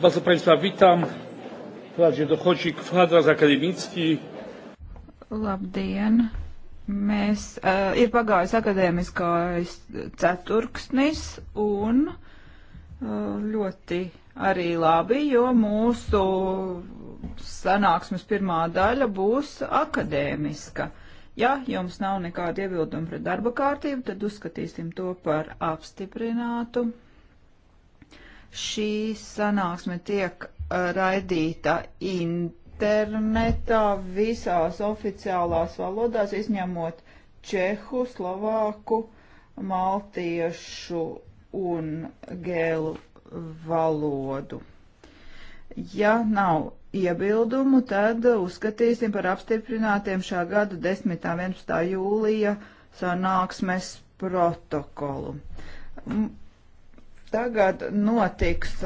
Bardzo Państwa witam. Wprawdzie dochodzi kwadrans akademicki. Labdien! Mēs, uh, ir pagājis akadēmiskais ceturksnis un uh, ļoti arī labi, jo mūsu sanāksmes pirmā daļa būs akadēmiska. Uh, Ja jums nav nekāda iebilduma pret darba kārtību, tad uzskatīsim to par apstiprinātu. Šī sanāksme tiek uh, raidīta internetā visās oficiālās valodās, izņemot čehu, slovāku, maltiešu un gēlu valodu. Ja nav iebildumu, tad uzskatīsim par apstiprinātiem šā gada 10. un 11. jūlija sanāksmes protokolu. Tagad notiks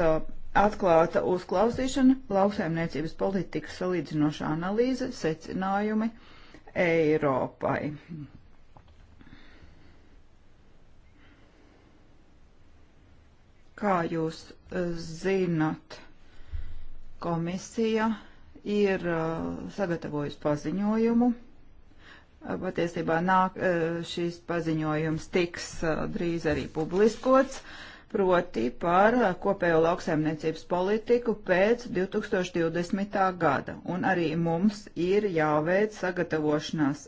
atklāta uzklausīšana, lauksaimniecības politikas salīdzinoša analīze, secinājumi Eiropai. Kā jūs zinat? Komisija ir uh, sagatavojusi paziņojumu. Uh, patiesībā nāk, uh, šīs paziņojums tiks drīz arī publiskots, proti par kopējo lauksaimniecības politiku pēc 2020. gada. Un arī mums ir jāveic sagatavošanās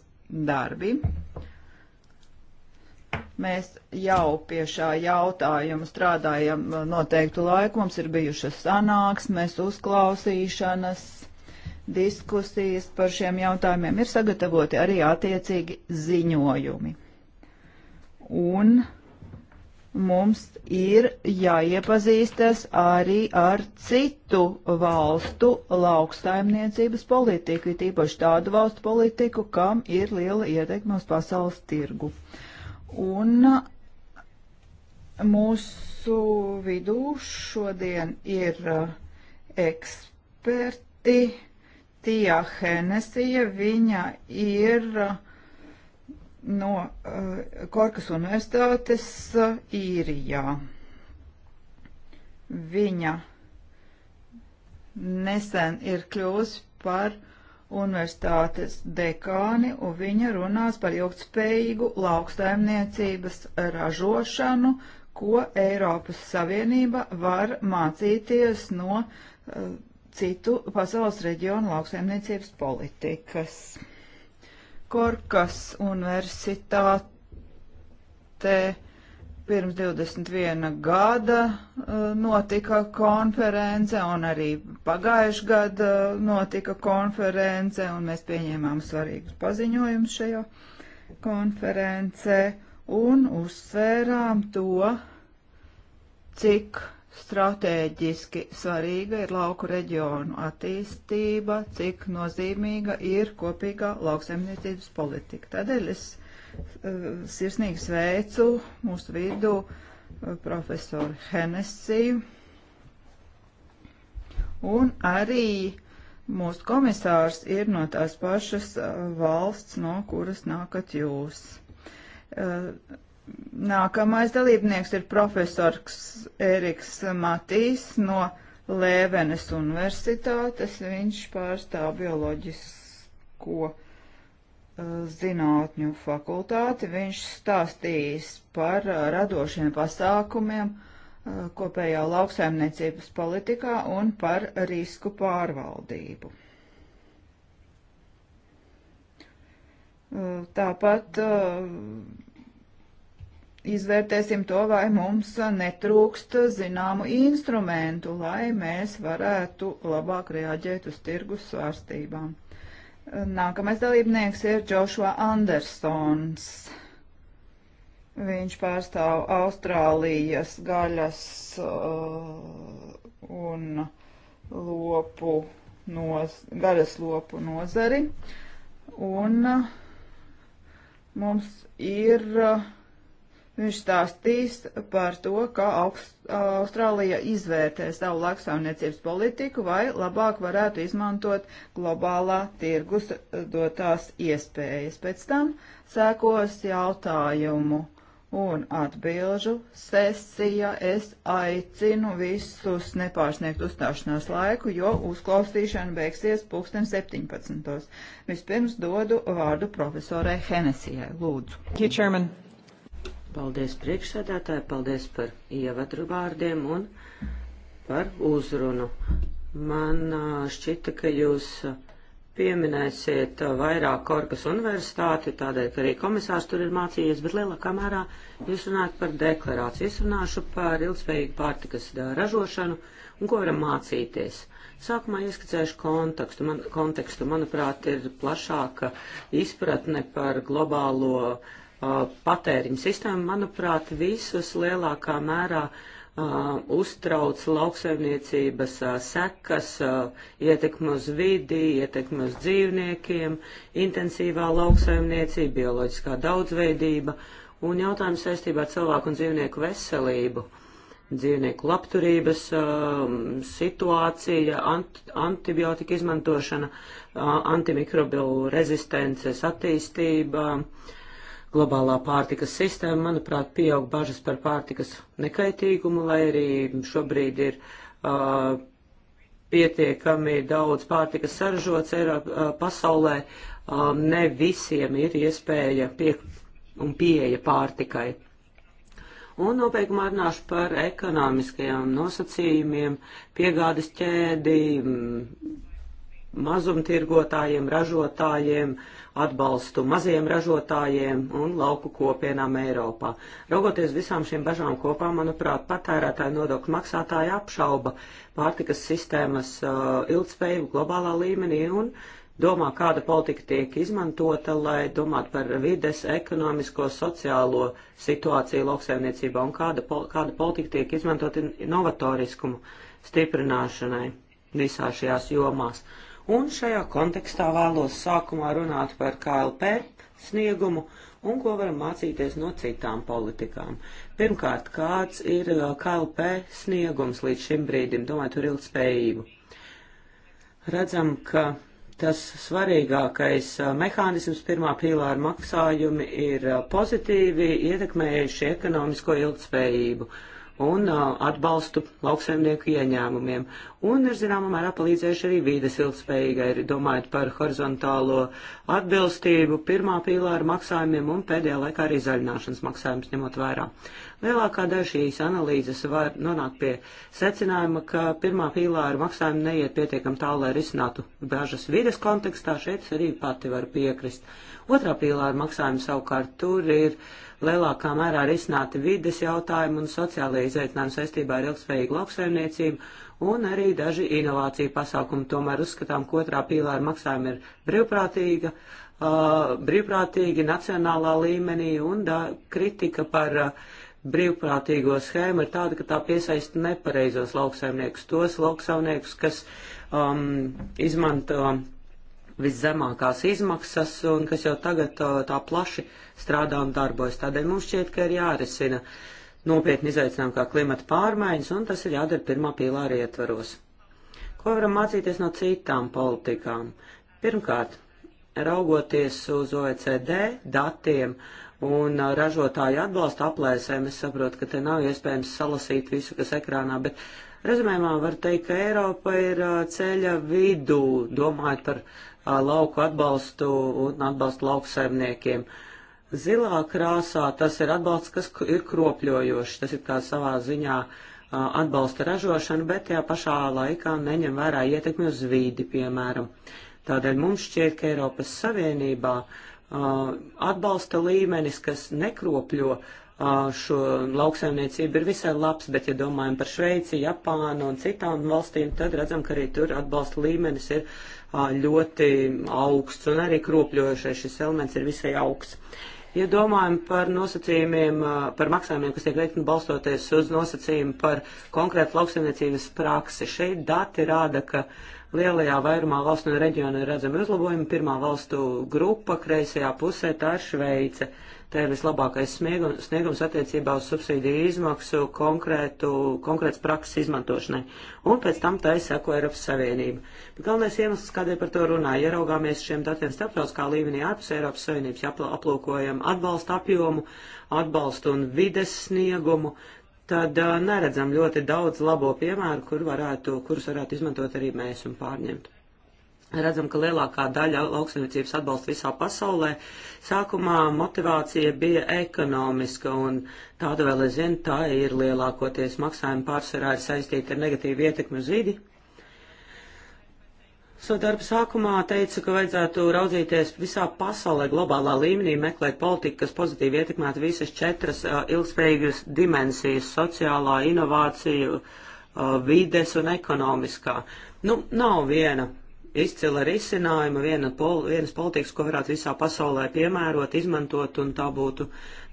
darbi Mēs jau pie šā jautājuma strādājam noteiktu laiku, mums ir bijušas sanāksmes, uzklausīšanas, diskusijas par šiem jautājumiem, ir sagatavoti arī attiecīgi ziņojumi. Un mums ir jāiepazīstas arī ar citu valstu lauksaimniecības politiku, it īpaši tādu valstu politiku, kam ir liela ietekme uz pasaules tirgu. Uh, Un mūsu vidū šodien ir eh, eksperti Tijā Henesija. Viņa ir eh, no eh, Korkas universitātes īrijā. Viņa nesen ir kļūst par uh, universitātes dekāni, un viņa runās par ilgtspējīgu lauksaimniecības ražošanu, ko Eiropas Savienība var mācīties no uh, citu pasaules reģionu lauksaimniecības politikas. Korkas universitāte Pirms 21 gada eh, notika konference, un arī pagājuši gada eh, notika konference, un mēs pieņēmām svarīgus paziņojumus šajā konferencē, un uzsvērām to, cik stratēģiski svarīga ir lauku reģionu attīstība, cik nozīmīga ir kopīgā lauksaimniecības politika. Tādēļ es Eh, sirsnīgi sveicu mūsu vidū eh, profesoru Henesiju un arī mūsu komisārs ir no tās pašas eh, valsts, no kuras nākat jūs. Nākamais dalībnieks ir profesors Eriks Matīs no Lēvenes universitātes. Viņš pārstāv bioloģisko zinātņu fakultāti. Viņš stāstīs par uh, radošiem pasākumiem uh, kopējā lauksaimniecības politikā un par risku pārvaldību. Uh, tāpat izvērtēsim to, vai mums netrūkst zināmu instrumentu, lai mēs varētu labāk reaģēt uz tirgus svārstībām. Nākamais dalībnieks ir Joshua Andersons. Viņš pārstāv Austrālijas gaļas uh, un lopu noz, gaļas lopu nozari. Un uh, mums ir uh, Viņš stāstīs par to, kā Augst, Austrālija izvērtē savu lauksaimniecības politiku vai labāk varētu izmantot globālā tirgus eh, dotās iespējas. Pēc tam sēkos jautājumu un atbilžu sesija. Es aicinu visus nepārsniegt uzstāšanās laiku, jo uzklausīšana beigsies pulksten 17. Vispirms dodu vārdu profesorai Henesijai. Lūdzu. Thank you, Chairman. Paldies priekšsēdētāji, paldies par ievadru vārdiem un par uzrunu. Man šķita, ka jūs pieminēsiet vairāk Korkas universitāti, tādēļ, ka arī komisārs tur ir mācījies, bet lielākā mērā jūs runājat par deklarāciju. Es runāšu par ilgspējīgu pārtikas ražošanu un ko varam mācīties. Sākumā ieskicēšu kontekstu. Man, kontekstu, manuprāt, ir plašāka izpratne par globālo uh, uh, patēriņu sistēmu, manuprāt, visus lielākā mērā uh, uztrauc lauksaimniecības uh, sekas, uh, ietekmi uz vidi, ietekmi uz dzīvniekiem, intensīvā lauksaimniecība, bioloģiskā daudzveidība un jautājums saistībā ar cilvēku un dzīvnieku veselību dzīvnieku labturības uh, situācija, ant, antibiotika izmantošana, uh, antimikrobilu rezistences attīstība, uh, globālā pārtikas sistēma, manuprāt, pieaug bažas par pārtikas nekaitīgumu, lai arī šobrīd ir uh, pietiekami daudz pārtikas saražots Eiropā, uh, pasaulē, um, ne visiem ir iespēja pie, un pieeja pārtikai. Un nobeigumā runāšu par ekonomiskajām nosacījumiem, piegādes ķēdi, mazumtirgotājiem, ražotājiem, uh, atbalstu maziem ražotājiem un lauku kopienām Eiropā. Raugoties visām šīm bažām kopā, manuprāt, patērētāji nodokļu maksātāji apšauba pārtikas sistēmas uh, ilgspējību globālā līmenī un domā, kāda politika tiek izmantota, lai domātu par vides, ekonomisko, sociālo situāciju lauksaimniecībā un kāda, pol kāda politika tiek izmantota novatoriskumu stiprināšanai visā šajās jomās. Uh, Un šajā kontekstā vēlos sākumā runāt par KLP sniegumu un ko varam mācīties no citām politikām. Pirmkārt, kāds ir uh, KLP sniegums līdz šim brīdim, domājot par ilgspējību? Redzam, ka tas svarīgākais uh, mehānisms pirmā pīlāra maksājumi ir uh, pozitīvi ietekmējuši ekonomisko ilgspējību. Uh, un atbalstu lauksaimnieku ieņēmumiem. Un ir zināmā mērā palīdzējuši arī vīdes ilgspējīgai, domājot par horizontālo atbilstību, pirmā pīlāra maksājumiem un pēdējā laikā arī zaļināšanas maksājumus ņemot vērā. Lielākā daļa šīs analīzes var nonākt pie secinājuma, ka pirmā pīlāra maksājumi neiet pietiekam tālu, lai risinātu dažas vides kontekstā. Šeit es arī pati varu piekrist. Otrā pīlāra maksājumi savukārt tur ir. Uh, lielākā mērā risināti vides jautājumi un sociālajie izaicinājumi saistībā ar ilgspējīgu lauksaimniecību, un arī daži inovāciju pasākumi. Tomēr uzskatām, ka otrā pīlāra maksājuma ir brīvprātīga, uh, brīvprātīgi nacionālā līmenī, un da, kritika par uh, brīvprātīgo schēmu ir tāda, ka tā piesaista nepareizos lauksaimniekus, tos lauksaimniekus, kas um, izmanto. Um, viszemākās izmaksas un kas jau tagad tā, tā plaši strādā un darbojas. Tādēļ mums šķiet, ka ir jārisina nopietni izaicinājumi kā klimata pārmaiņas, un tas ir jādara pirmā pīlāra ietvaros. Ko varam mācīties no citām politikām? Pirmkārt, raugoties uz OECD datiem un ražotāju atbalsta aplēsēm, es saprotu, ka te nav iespējams salasīt visu, kas ekrānā, bet Rezumējumā var teikt, ka Eiropa ir ceļa vidū, domājot par lauku atbalstu un atbalstu lauksaimniekiem. Zilā krāsā tas ir atbalsts, kas ir kropļojošs, tas ir kā savā ziņā atbalsta ražošanu, bet tajā pašā laikā neņem vērā ietekmi uz vīdi, piemēram. Tādēļ mums šķiet, ka Eiropas Savienībā atbalsta līmenis, kas nekropļo šo lauksaimniecību, ir visai labs, bet, ja domājam par Šveici, Japānu un citām valstīm, tad redzam, ka arī tur atbalsta līmenis ir ļoti augsts un arī kropļojošais šis elements ir visai augsts. Ja domājam par nosacījumiem, par maksājumiem, kas tiek veikti nu, balstoties uz nosacījumu par konkrētu lauksaimniecības praksi, šeit dati rāda, ka lielajā vairumā valstu un reģionu ir redzami uzlabojumi. Pirmā valstu grupa kreisajā pusē tā ir Šveice. Uh, te vislabākais sniegums, sniegums attiecībā uz subsīdiju izmaksu konkrētu, konkrēts prakses izmantošanai. Un pēc tam tai seko Eiropas Savienība. Bet galvenais iemesls, kādēļ par to runāju, ieraugāmies šiem datiem starptautiskā līmenī ārpus Eiropas Savienības, ja aplūkojam atbalsta apjomu, atbalstu un vides sniegumu, tad uh, neredzam ļoti daudz labo piemēru, kur varētu, kurus varētu izmantot arī mēs un pārņemt. Redzam, ka lielākā daļa lauksaimniecības atbalsta visā pasaulē. Sākumā motivācija bija ekonomiska, un tāda vēl es zinu, tā ir lielākoties maksājuma pārsvarā ir saistīta ar negatīvu ietekmi uz vidi. Sadarba sākumā teica, ka vajadzētu raudzīties visā pasaulē, globālā līmenī, meklēt politiku, kas pozitīvi ietekmētu visas četras uh, ilgspējīgas dimensijas - sociālā, inovāciju, uh, vides un ekonomiskā. Nu, nav viena izcila risinājuma, viena pol, vienas politikas, ko varētu visā pasaulē piemērot, izmantot, un tā būtu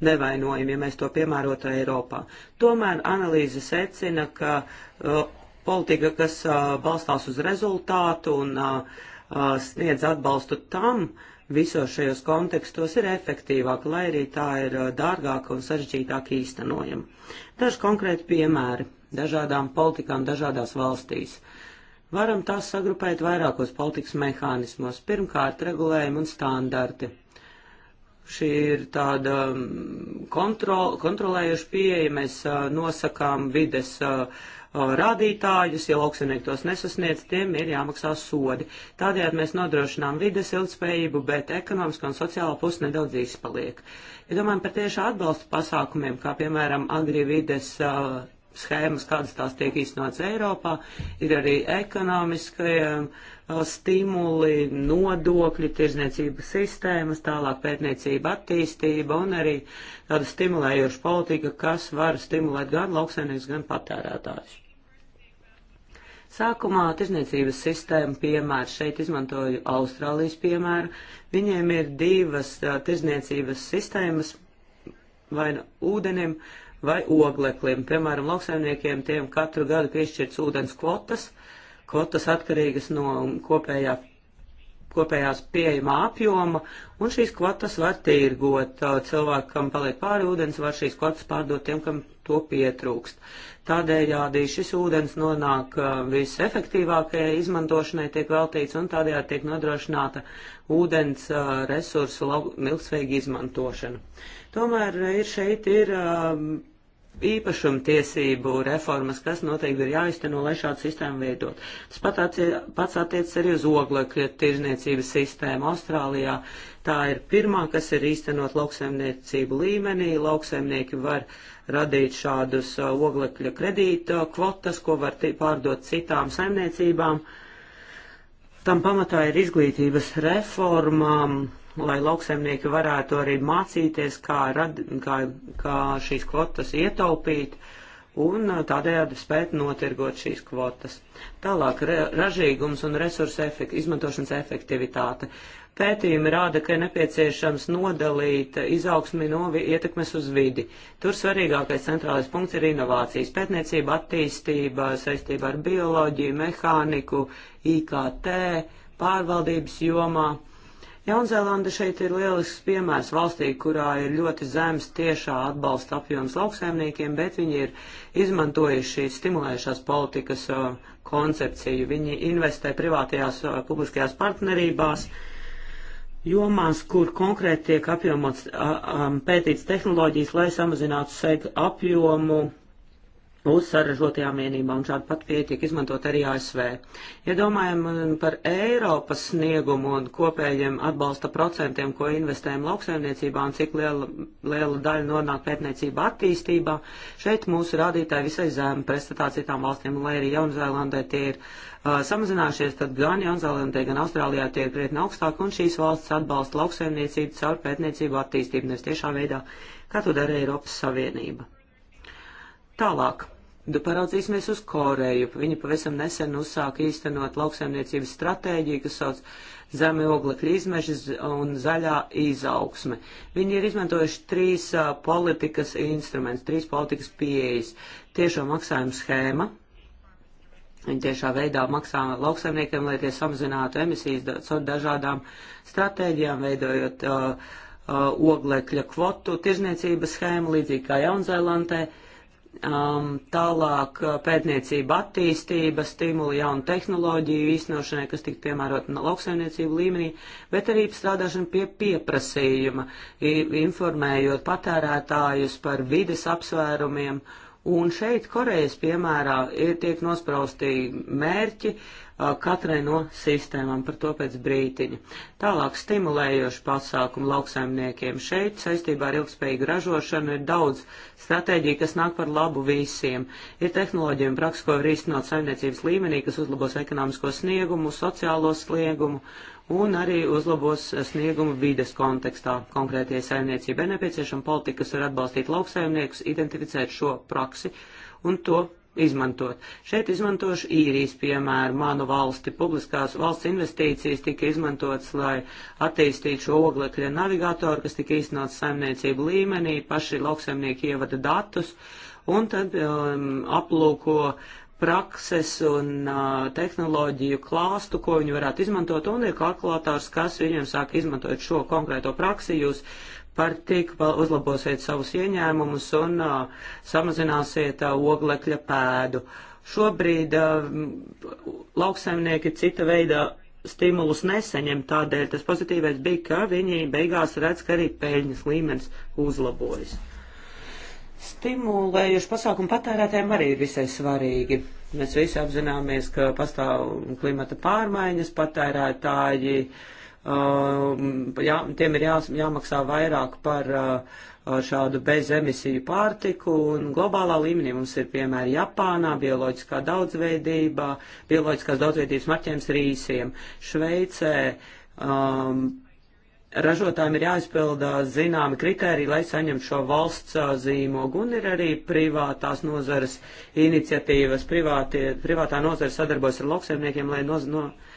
nevainojama, ja mēs to piemērotu Eiropā. Tomēr analīze secina, ka uh, politika, kas uh, balstās uz rezultātu un uh, uh, sniedz atbalstu tam, visos šajos kontekstos ir efektīvāk, lai arī tā ir uh, dārgāka un sarežģītāk īstenojama. Daži konkrēti piemēri dažādām politikām dažādās valstīs. Uh, Varam tās sagrupēt vairākos politikas mehānismos. Pirmkārt, regulējumi un standarti. Šī ir tāda mm, kontrol, kontrolējuša pieeja. Mēs uh, nosakām vides uh, rādītājus, ja lauksinieki tos nesasniedz, tiem ir jāmaksā sodi. Tādējādi mēs nodrošinām vides ilgspējību, bet ekonomiskā un sociālā puse nedaudz izpaliek. Ja domājam par tieši atbalstu pasākumiem, kā piemēram agri vides uh, schēmas, kādas tās tiek īstenotas Eiropā, ir arī ekonomiskie uh, stimuli, nodokļi, tirzniecības sistēmas, tālāk pētniecība, attīstība un arī tāda stimulējoša politika, kas var stimulēt gan lauksainieks, gan patērētājus. Sākumā tirzniecības sistēma piemērs, šeit izmantoju Austrālijas piemēru. Viņiem ir divas uh, tirzniecības sistēmas, vai nu ūdenim, uh, vai ogleklim. Piemēram, lauksaimniekiem tiem katru gadu piešķirts ūdens kvotas, kvotas atkarīgas no kopējā, kopējās pieejamā apjoma, un šīs kvotas var tīrgot. Cilvēkam paliek pāri ūdens, var šīs kvotas pārdot tiem, kam to pietrūkst. Tādējādi šis ūdens nonāk visefektīvākajai izmantošanai, tiek veltīts un tādējādi tiek nodrošināta ūdens resursu ilgspējīga izmantošana. Tomēr ir šeit ir īpašumtiesību reformas, kas noteikti ir jāizteno, lai šādu sistēmu veidot. Tas pat attie, pats attiecas arī uz oglekļa tirzniecības sistēmu Austrālijā. Tā ir pirmā, kas ir īstenot lauksaimniecību līmenī. Lauksaimnieki var radīt šādus uh, oglekļa kredīta kvotas, ko var pārdot citām saimniecībām. Tam pamatā ir izglītības reformām lai lauksaimnieki varētu arī mācīties, kā, rad, kā, kā šīs kvotas ietaupīt un uh, tādējādi spēt notirgot šīs kvotas. Tālāk re, ražīgums un resursu efekt, izmantošanas efektivitāte. Pētījumi rāda, ka ir nepieciešams nodalīt izaugsmi no ietekmes uz vidi. Tur svarīgākais centrālais punkts ir inovācijas, pētniecība, attīstība, saistība ar bioloģiju, mehāniku, IKT, pārvaldības jomā Jaunzēlanda šeit ir lielisks piemērs valstī, kurā ir ļoti zems tiešā atbalsta apjoms lauksaimniekiem, bet viņi ir izmantojuši šīs stimulējušās politikas uh, koncepciju. Viņi investē privātajās uh, publiskajās partnerībās, jomās, kur konkrēti tiek apjomots uh, um, pētīts tehnoloģijas, lai samazinātu segu apjomu uz saražotajām vienībām. Šāda pat pieeja tiek izmantot arī ASV. Ja domājam mm, par Eiropas sniegumu un kopējiem atbalsta procentiem, ko investējam lauksaimniecībā un cik liela, liela daļa nonāk pētniecība attīstībā, šeit mūsu rādītāji visai zemi prestatā citām valstīm, lai arī Jaunzēlandē tie ir uh, samazinājušies, tad gan Jaunzēlandē, gan Austrālijā tie ir krietni augstāk, un šīs valsts atbalsta lauksaimniecību caur pētniecību attīstību, nevis tiešā veidā, kā to dara Eiropas Savienība. Tālāk Paraudzīsimies uz Koreju. Viņi pavisam nesen uzsāka īstenot lauksaimniecības stratēģiju, kas sauc zeme oglekļa izmešas un zaļā izaugsme. Viņi ir izmantojuši trīs uh, politikas instrumentus, trīs politikas pieejas. Tiešo maksājumu schēma. Viņi tiešā veidā maksā lauksaimniekiem, lai tie samazinātu emisijas caur dažādām stratēģijām, veidojot uh, uh, oglekļa kvotu tirzniecības schēmu, līdzīgi kā Jaunzēlandē. Uh, Um, tālāk uh, pētniecība attīstība, stimuli jaunu tehnoloģiju īstenošanai, kas tiktu piemērot lauksaimniecību līmenī, bet arī strādāšana pie pieprasījuma, informējot patērētājus par vides apsvērumiem. Un šeit Korejas piemērā ir tiek nospraustī mērķi, uh, Uh, katrai no sistēmām, par to pēc brītiņa. Tālāk stimulējoši pasākumu lauksaimniekiem šeit saistībā ar ilgspējīgu ražošanu ir daudz stratēģiju, kas nāk par labu visiem. Ir tehnoloģija un praksa, ko var īstenot saimniecības līmenī, kas uzlabos ekonomisko sniegumu, sociālo sniegumu un arī uzlabos sniegumu vides kontekstā. Konkrētie saimniecībai nepieciešama politika, kas var atbalstīt lauksaimniekus, identificēt šo praksi un to izmantot. Šeit izmantošu īrijas piemēru, manu valsti. Publiskās valsts investīcijas tika izmantotas, lai attīstītu šo oglekļa navigātoru, kas tika īstenots saimniecību līmenī, paši lauksaimnieki ievada datus un tad um, aplūko prakses un uh, tehnoloģiju klāstu, ko viņi varētu izmantot, un ir kalkulators, kas viņiem sāk izmantot šo konkrēto praksi. Jūs uh, par tik uzlabosiet savus ieņēmumus un uh, samazināsiet uh, oglekļa pēdu. Šobrīd uh, lauksaimnieki cita veida stimulus neseņem, tādēļ tas pozitīvais bija, ka viņi beigās redz, ka arī peļņas līmenis uzlabojas. Stimulējuši pasākumu patērētēm arī ir visai svarīgi. Mēs visi apzināmies, ka pastāv klimata pārmaiņas, patērētāji uh, Uh, jā, tiem ir jā, jāmaksā vairāk par uh, šādu bezemisiju pārtiku, un globālā līmenī mums ir piemēri Japānā, bioloģiskā daudzveidība, bioloģiskās daudzveidības marķējums rīsiem, Šveicē. Um, ražotājiem ir jāizpildā zināmi kriteriji, lai saņemtu šo valsts uh, zīmogu, un ir arī privātās nozares iniciatīvas. Privātie, privātā nozara sadarbojas ar lauksaimniekiem, lai noz, no, no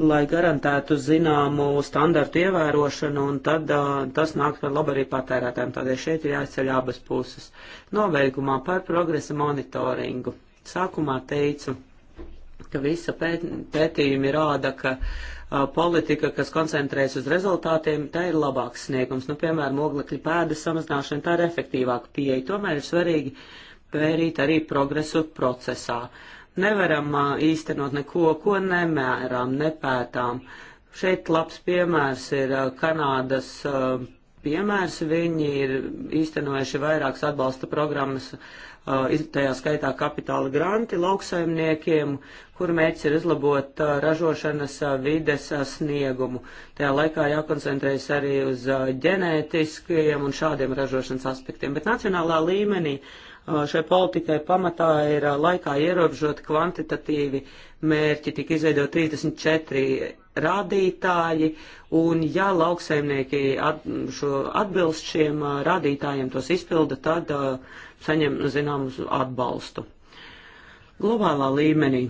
lai garantētu zināmu standartu ievērošanu, un tad uh, tas nāk par labu arī patērētājiem. Tādēļ šeit ir jāizceļ abas puses. Noveigumā par progresa monitoringu. Sākumā teicu, ka visa pēt, pētījumi rāda, ka uh, politika, kas koncentrējas uz rezultātiem, tā ir labāks sniegums. Nu, piemēram, oglekļa pēdas samazināšana, tā ir efektīvāka pieeja. Tomēr ir svarīgi pērīt arī progresu procesā. Uh, Nevaram īstenot neko, ko nemērām, nepētām. Šeit labs piemērs ir Kanādas piemērs. Viņi ir īstenojuši vairākas atbalsta programmas, tajā skaitā kapitāla granti lauksaimniekiem, kur mērķis ir uzlabot ražošanas vides sniegumu. Tajā laikā jākoncentrējas arī uz ģenētiskajiem un šādiem ražošanas aspektiem. Bet nacionālā līmenī uh, Uh, šai politikai pamatā ir uh, laikā ierobežoti kvantitatīvi mērķi, tika izveidot 34 rādītāji, un ja lauksaimnieki at, šo atbilst šiem uh, rādītājiem, tos izpilda, tad uh, saņem zināmus atbalstu. Globālā līmenī.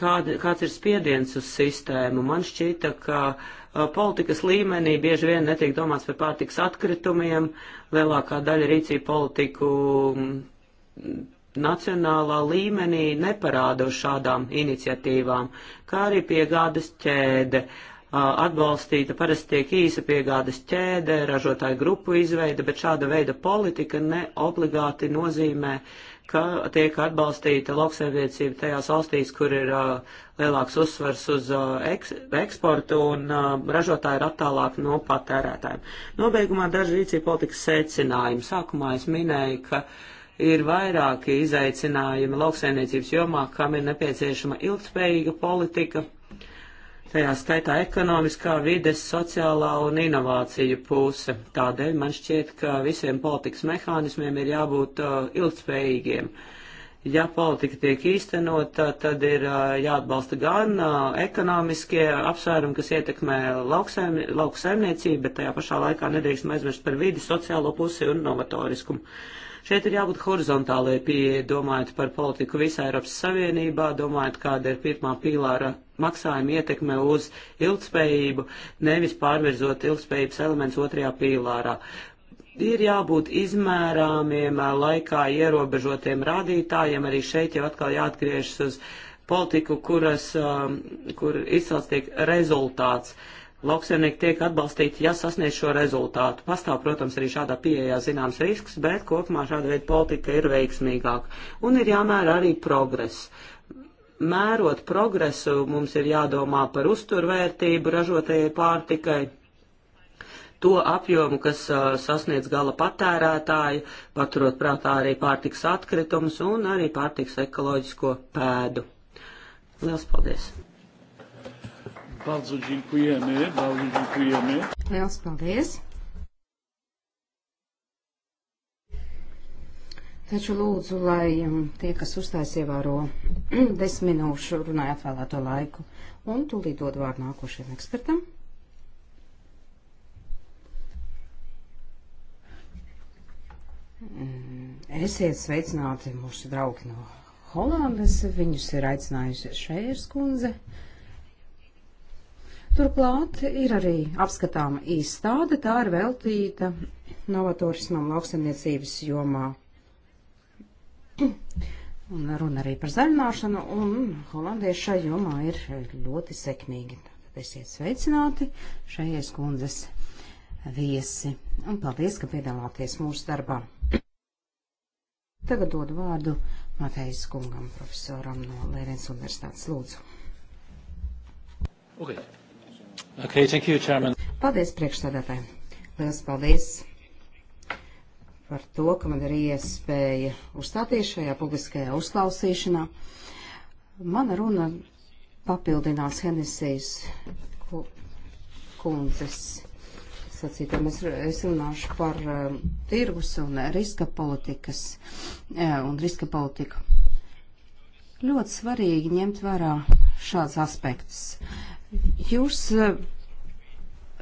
Kāda, kāds ir spiediens uz sistēmu? Man šķita, ka uh, politikas līmenī bieži vien netiek domāts par pārtiks atkritumiem, uh, lielākā daļa rīcību politiku nacionālā līmenī neparāda uz šādām iniciatīvām, kā arī piegādes ķēde. Atbalstīta parasti tiek īsa piegādes ķēde, ražotāju grupu izveida, bet šāda veida politika neobligāti nozīmē, ka tiek atbalstīta lauksaimniecība tajās valstīs, kur ir uh, lielāks uzsvers uz uh, eks, eksportu un uh, ražotāji ir attālāk no patērētājiem. Nobeigumā daži rīcība politikas secinājumi. Sākumā es minēju, ka ir vairāki izaicinājumi lauksaimniecības jomā, kam ir nepieciešama ilgspējīga politika, tajā skaitā ekonomiskā, vides, sociālā un inovāciju puse. Tādēļ man šķiet, ka visiem politikas mehānismiem ir jābūt uh, ilgspējīgiem. Uh, ja politika tiek īstenota, tad ir jāatbalsta gan ekonomiskie apsvērumi, kas ietekmē lauksaim, lauksaimniecību, bet tajā pašā laikā nedrīkstam aizmirst par vidi, sociālo pusi un novatoriskumu. Šeit ir jābūt horizontālajai pieeja, domājot par politiku visā Eiropas Savienībā, domājot, kāda ir pirmā pīlāra maksājuma ietekme uz ilgspējību, nevis pārvirzot ilgspējības elements otrajā pīlārā. Uh, ir jābūt izmērāmiem eh, laikā ierobežotiem rādītājiem. Arī šeit jau atkal jāatgriežas uz politiku, kuras, um, kur izcelts tiek rezultāts. Lauksaimnieki tiek atbalstīti, ja sasniedz šo rezultātu. Pastāv, protams, arī šādā pieejā zināms risks, bet kopumā šāda veida politika ir veiksmīgāka. Un ir jāmēra arī progress mērot progresu, mums ir jādomā par uzturvērtību ražotajai pārtikai, to apjomu, kas uh, sasniedz gala patērētāju, paturot prātā arī pārtiks atkritumus un arī pārtiks ekoloģisko pēdu. Lielas paldies! Bardzo dziękujemy, bardzo dziękujemy. Lielas paldies! Taču lūdzu, lai um, tie, kas uzstājas, ievēro desmit minūšu runājot vēlēto laiku. Un tūlīt dod vārdu nākošajam ekspertam. Mm, esiet sveicināti mūsu draugi no Holandes. Viņus ir aicinājusi Šērs kundze. Turklāt ir arī apskatāma izstāde, tā ir veltīta novatorismam lauksaimniecības jomā. Un runa arī par zaļināšanu, un holandieši šai jomā ir ļoti sekmīgi. Tad esiet sveicināti šajās kundzes viesi, un paldies, ka piedalāties mūsu darbā. Tagad dodu vārdu Matejas kungam, profesoram no Lērens universitātes lūdzu. Okay. Okay, thank you, chairman. Paldies priekšstādātājiem. Liels paldies par to, ka man ir iespēja uzstāties šajā publiskajā uzklausīšanā. Mana runa papildinās Henisijas kundzes sacīto. Mēs, es runāšu par uh, tirgus un uh, riska politikas uh, un riska politiku. Ļoti svarīgi ņemt vērā šāds aspekts. Jūs uh,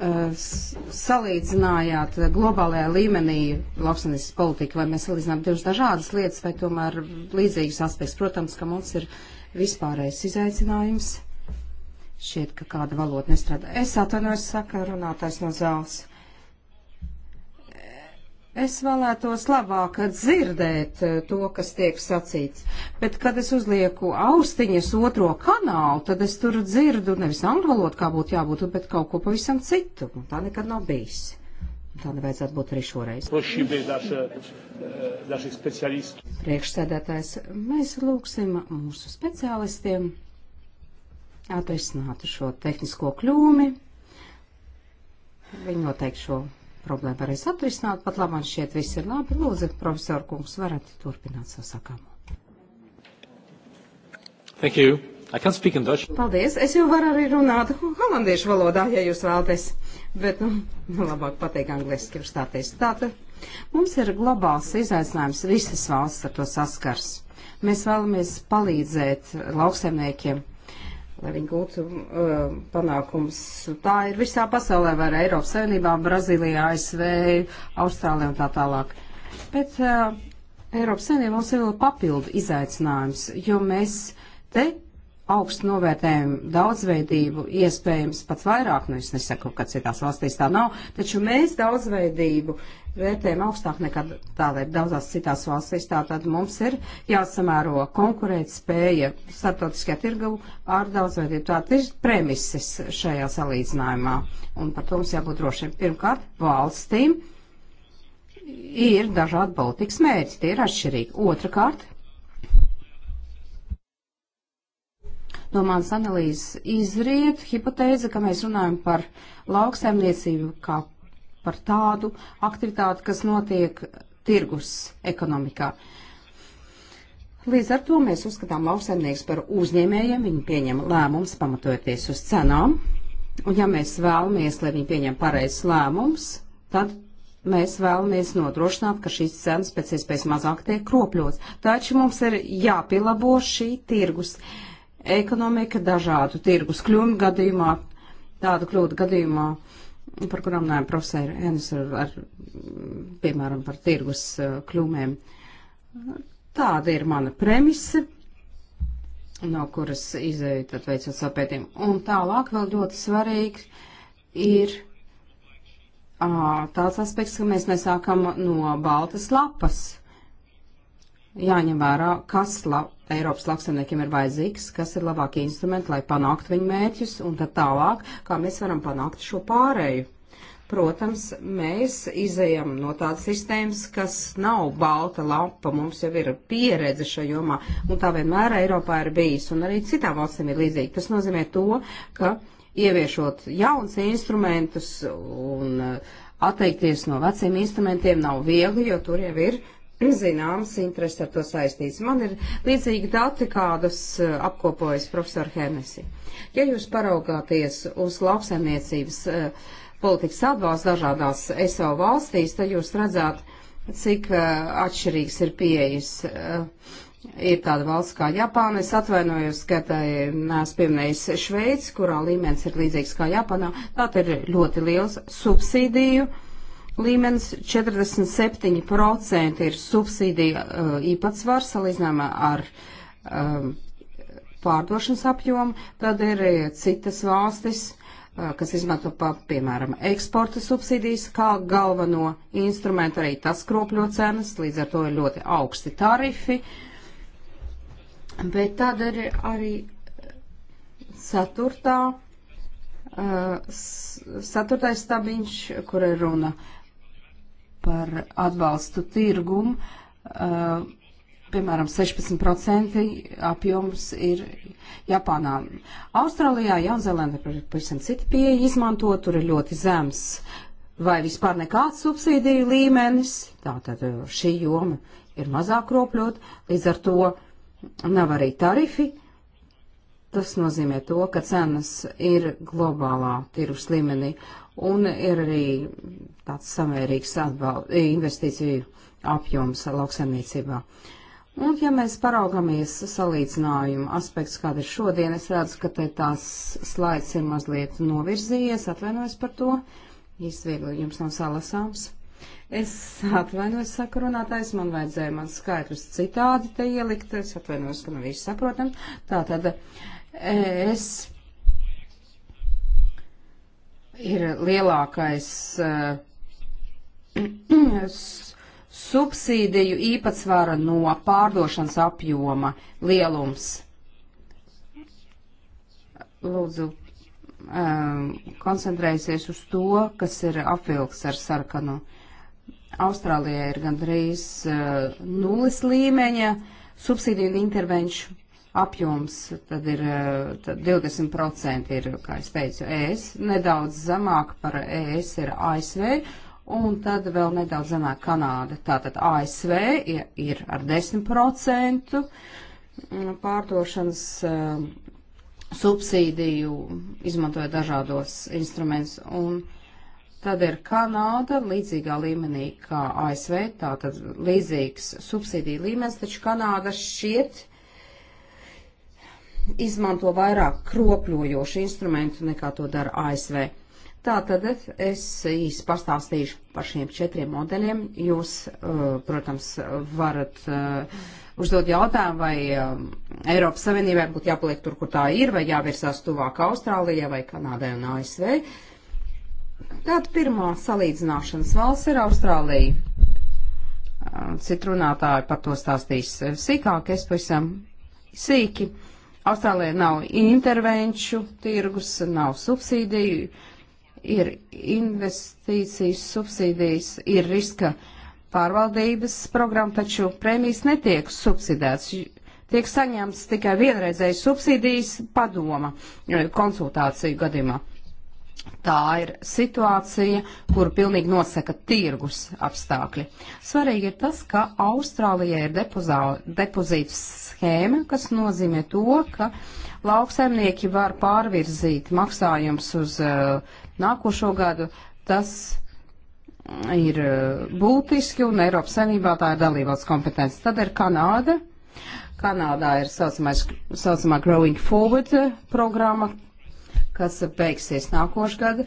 uh salīdzinājāt globālajā līmenī lauksanīstas politiku, vai mēs salīdzinām divas dažādas lietas, vai tomēr mm, līdzīgas aspekts. Protams, ka mums ir vispārējais izaicinājums Šķiet, ka kāda valoda nestrādā. Es atvainojos, saka runātājs no zāles. Es vēlētos labāk dzirdēt eh, to, kas tiek sacīts, bet, kad es uzlieku austiņas otro kanālu, tad es tur dzirdu nevis angļu valodu, kā būtu jābūt, bet kaut ko pavisam citu. Un tā nekad nav bijis. Un tā nevajadzētu būt arī šoreiz. E, Priekšsēdētājs, mēs lūgsim mūsu speciālistiem atrisinātu šo tehnisko kļūmi. Viņi noteikti šo problēmu varēs atrisināt. Pat labāk šķiet viss ir labi. Lūdzu, profesor kungs, varat turpināt savu sakāmu. Thank you. I can speak in Dutch. Paldies. Es jau varu arī runāt holandiešu valodā, ja jūs vēlaties. Bet, nu, nu labāk pateikt angliski, ir stāties. Tātad mums ir globāls izaicinājums. Visas valsts ar to saskars. Mēs vēlamies palīdzēt lauksaimniekiem lai viņi gūtu uh, panākums. Tā ir visā pasaulē, vai Eiropas Savienībā, Brazīlijā, ASV, Austrālijā un tā tālāk. Bet uh, Eiropas Savienībā mums ir vēl papildu izaicinājums, jo mēs te augstu novērtējumu daudzveidību, iespējams pat vairāk, nu es nesaku, ka citās valstīs tā nav, taču mēs daudzveidību vērtējam augstāk nekā tā ir daudzās citās valstīs, tā tad mums ir jāsamēro konkurēt spēja starptautiskajā tirgu ar daudzveidību. Tā ir premises šajā salīdzinājumā, un par to mums jābūt drošiem. Pirmkārt, valstīm ir dažādi politikas mērķi, tie ir atšķirīgi. Otrakārt, No manas analīzes izriet hipotēze, ka mēs runājam par lauksaimniecību kā par tādu aktivitāti, kas notiek tirgus ekonomikā. Līdz ar to mēs uzskatām lauksaimnieks par uzņēmējiem, viņi pieņem lēmums pamatojoties uz cenām, un ja mēs vēlamies, lai viņi pieņem pareizs lēmums, tad mēs vēlamies nodrošināt, ka šīs cenas pēc iespējas mazāk tiek kropļots. Taču mums ir jāpielabo šī tirgus ekonomika dažādu tirgus kļūmu gadījumā, tādu kļūdu gadījumā, par kurām nē, profesori Enis ar, ar, piemēram, par tirgus eh, kļūmēm. Tāda ir mana premisa no kuras izēju tad veicot sapētījumu. Un tālāk vēl ļoti svarīgi ir ā, tāds aspekts, ka mēs nesākam no baltas lapas jāņem vērā, kas la, Eiropas lauksaimniekiem ir vajadzīgs, kas ir labākie instrumenti, lai panāktu viņu mērķus, un tad tālāk, kā mēs varam panākt šo pārēju. Protams, mēs izējam no tādas sistēmas, kas nav balta lapa, mums jau ir pieredze šajā jomā, un tā vienmēr Eiropā ir bijis, un arī citām valstīm ir līdzīgi. Tas nozīmē to, ka ieviešot jauns instrumentus un uh, atteikties no veciem instrumentiem nav viegli, jo tur jau ir uh, zināmas intereses ar to saistīts. Man ir līdzīgi dati, kādus eh, apkopojas profesori Hennesi. Ja jūs paraugāties uz lauksaimniecības eh, politikas atbalstu dažādās ESO valstīs, tad jūs redzat, cik eh, atšķirīgs ir pieejas. Ir tāda valsts kā Japāna, es atvainojos, ka tā neesmu pieminējis Šveici, kurā līmenis ir līdzīgs kā Japānā. Tā ir ļoti liels subsīdiju uh, līmenis 47% ir subsīdija uh, īpatsvars salīdzinājumā ar um, pārdošanas apjomu, tad ir uh, citas valstis, uh, kas izmanto, pa, piemēram, eksporta subsīdijas kā galveno instrumentu, arī tas kropļo cenas, līdz ar to ir ļoti augsti tarifi. Bet tad ir arī ceturtā, uh, ceturtais stabiņš, kur ir runa uh, par atbalstu tirgumu. Uh, piemēram, 16% apjoms ir Japānā. Austrālijā, Jaunzēlēnā ir pavisam cita pieeja izmanto, tur ir ļoti zems vai vispār nekāds subsīdiju līmenis, tātad uh, šī joma ir mazāk ropļot, līdz ar to nav arī tarifi. Tas nozīmē to, ka cenas ir globālā tirus līmenī un ir arī tāds samērīgs atbalsts, investīciju apjoms lauksaimniecībā. Un, ja mēs paraugamies salīdzinājumu aspekts, kāda ir šodien, es redzu, ka te tās slaids ir mazliet novirzījies, atvainojos par to, izviegli jums nav salasāms. Es atvainojos, saka runātājs, man vajadzēja man skaidrus citādi te ielikt, es atvainojos, ka nav īsti saprotam. Tātad es ir lielākais uh, subsīdiju īpatsvara no pārdošanas apjoma lielums. Lūdzu, um, koncentrēsies uz to, kas ir apvilks ar sarkanu. Austrālijā ir gandrīz uh, eh, nulis līmeņa subsīdiju un intervenšu apjoms, tad ir eh, tad 20% ir, kā es teicu, ES, nedaudz zemāk par ES ir ASV, un tad vēl nedaudz zemāk Kanāda. Tātad ASV ir, ir ar 10% mm, pārdošanas eh, subsīdiju, izmantoja dažādos instrumentus, un tad ir Kanāda līdzīgā līmenī kā ASV, tātad līdzīgs subsīdiju līmenis, taču Kanāda šķiet, izmanto vairāk kropļojošu instrumentu nekā to dara ASV. Tātad es īsi pastāstīšu par šiem četriem modeļiem. Jūs, eh, protams, varat eh, uzdot jautājumu, vai eh, Eiropas Savienībai būtu jāpaliek tur, kur tā ir, vai jāvirsās tuvāk Austrālijai vai Kanādai un ASV. Tāda pirmā salīdzināšanas valsts ir Austrālija. Citrunātāji par to stāstīs sīkāk, es pavisam sīki. Uh, Austrālijā nav intervenču tirgus, nav subsīdiju, ir investīcijas subsīdijas, ir riska pārvaldības programma, taču prēmijas netiek subsidēts. Tiek saņemts tikai vienreizējas subsīdijas padoma eh, konsultāciju gadījumā. Tā ir situācija, kuru pilnīgi nosaka tirgus apstākļi. Svarīgi ir tas, ka Austrālijai ir depozītu schēma, kas nozīmē to, ka lauksaimnieki var pārvirzīt maksājums uz uh, nākošo gadu. Tas ir uh, būtiski un Eiropas saimnībā tā ir dalībvalsts kompetence. Tad ir Kanāda. Kanādā ir saucamā Growing Forward eh, programma, kas beigsies nākošu gadu.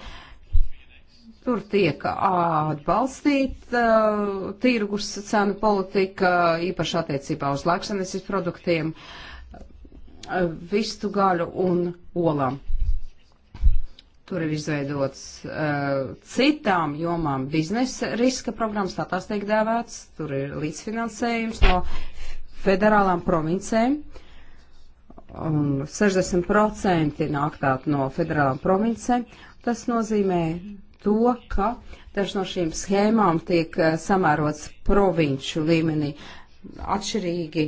Tur tiek atbalstīta uh, tirgus cenu politika, īpaši attiecībā uz laiksanesis produktiem, uh, vistu gaļu un olām. Tur ir izveidots uh, citām jomām biznesa riska programmas, tā tās tiek dēvēts. Tur ir līdzfinansējums no federālām provincēm. Uh, un 60% nāk tātad no federālām provincēm. Tas nozīmē to, ka daži no šīm schēmām tiek eh, samērots provinču līmenī. Atšķirīgi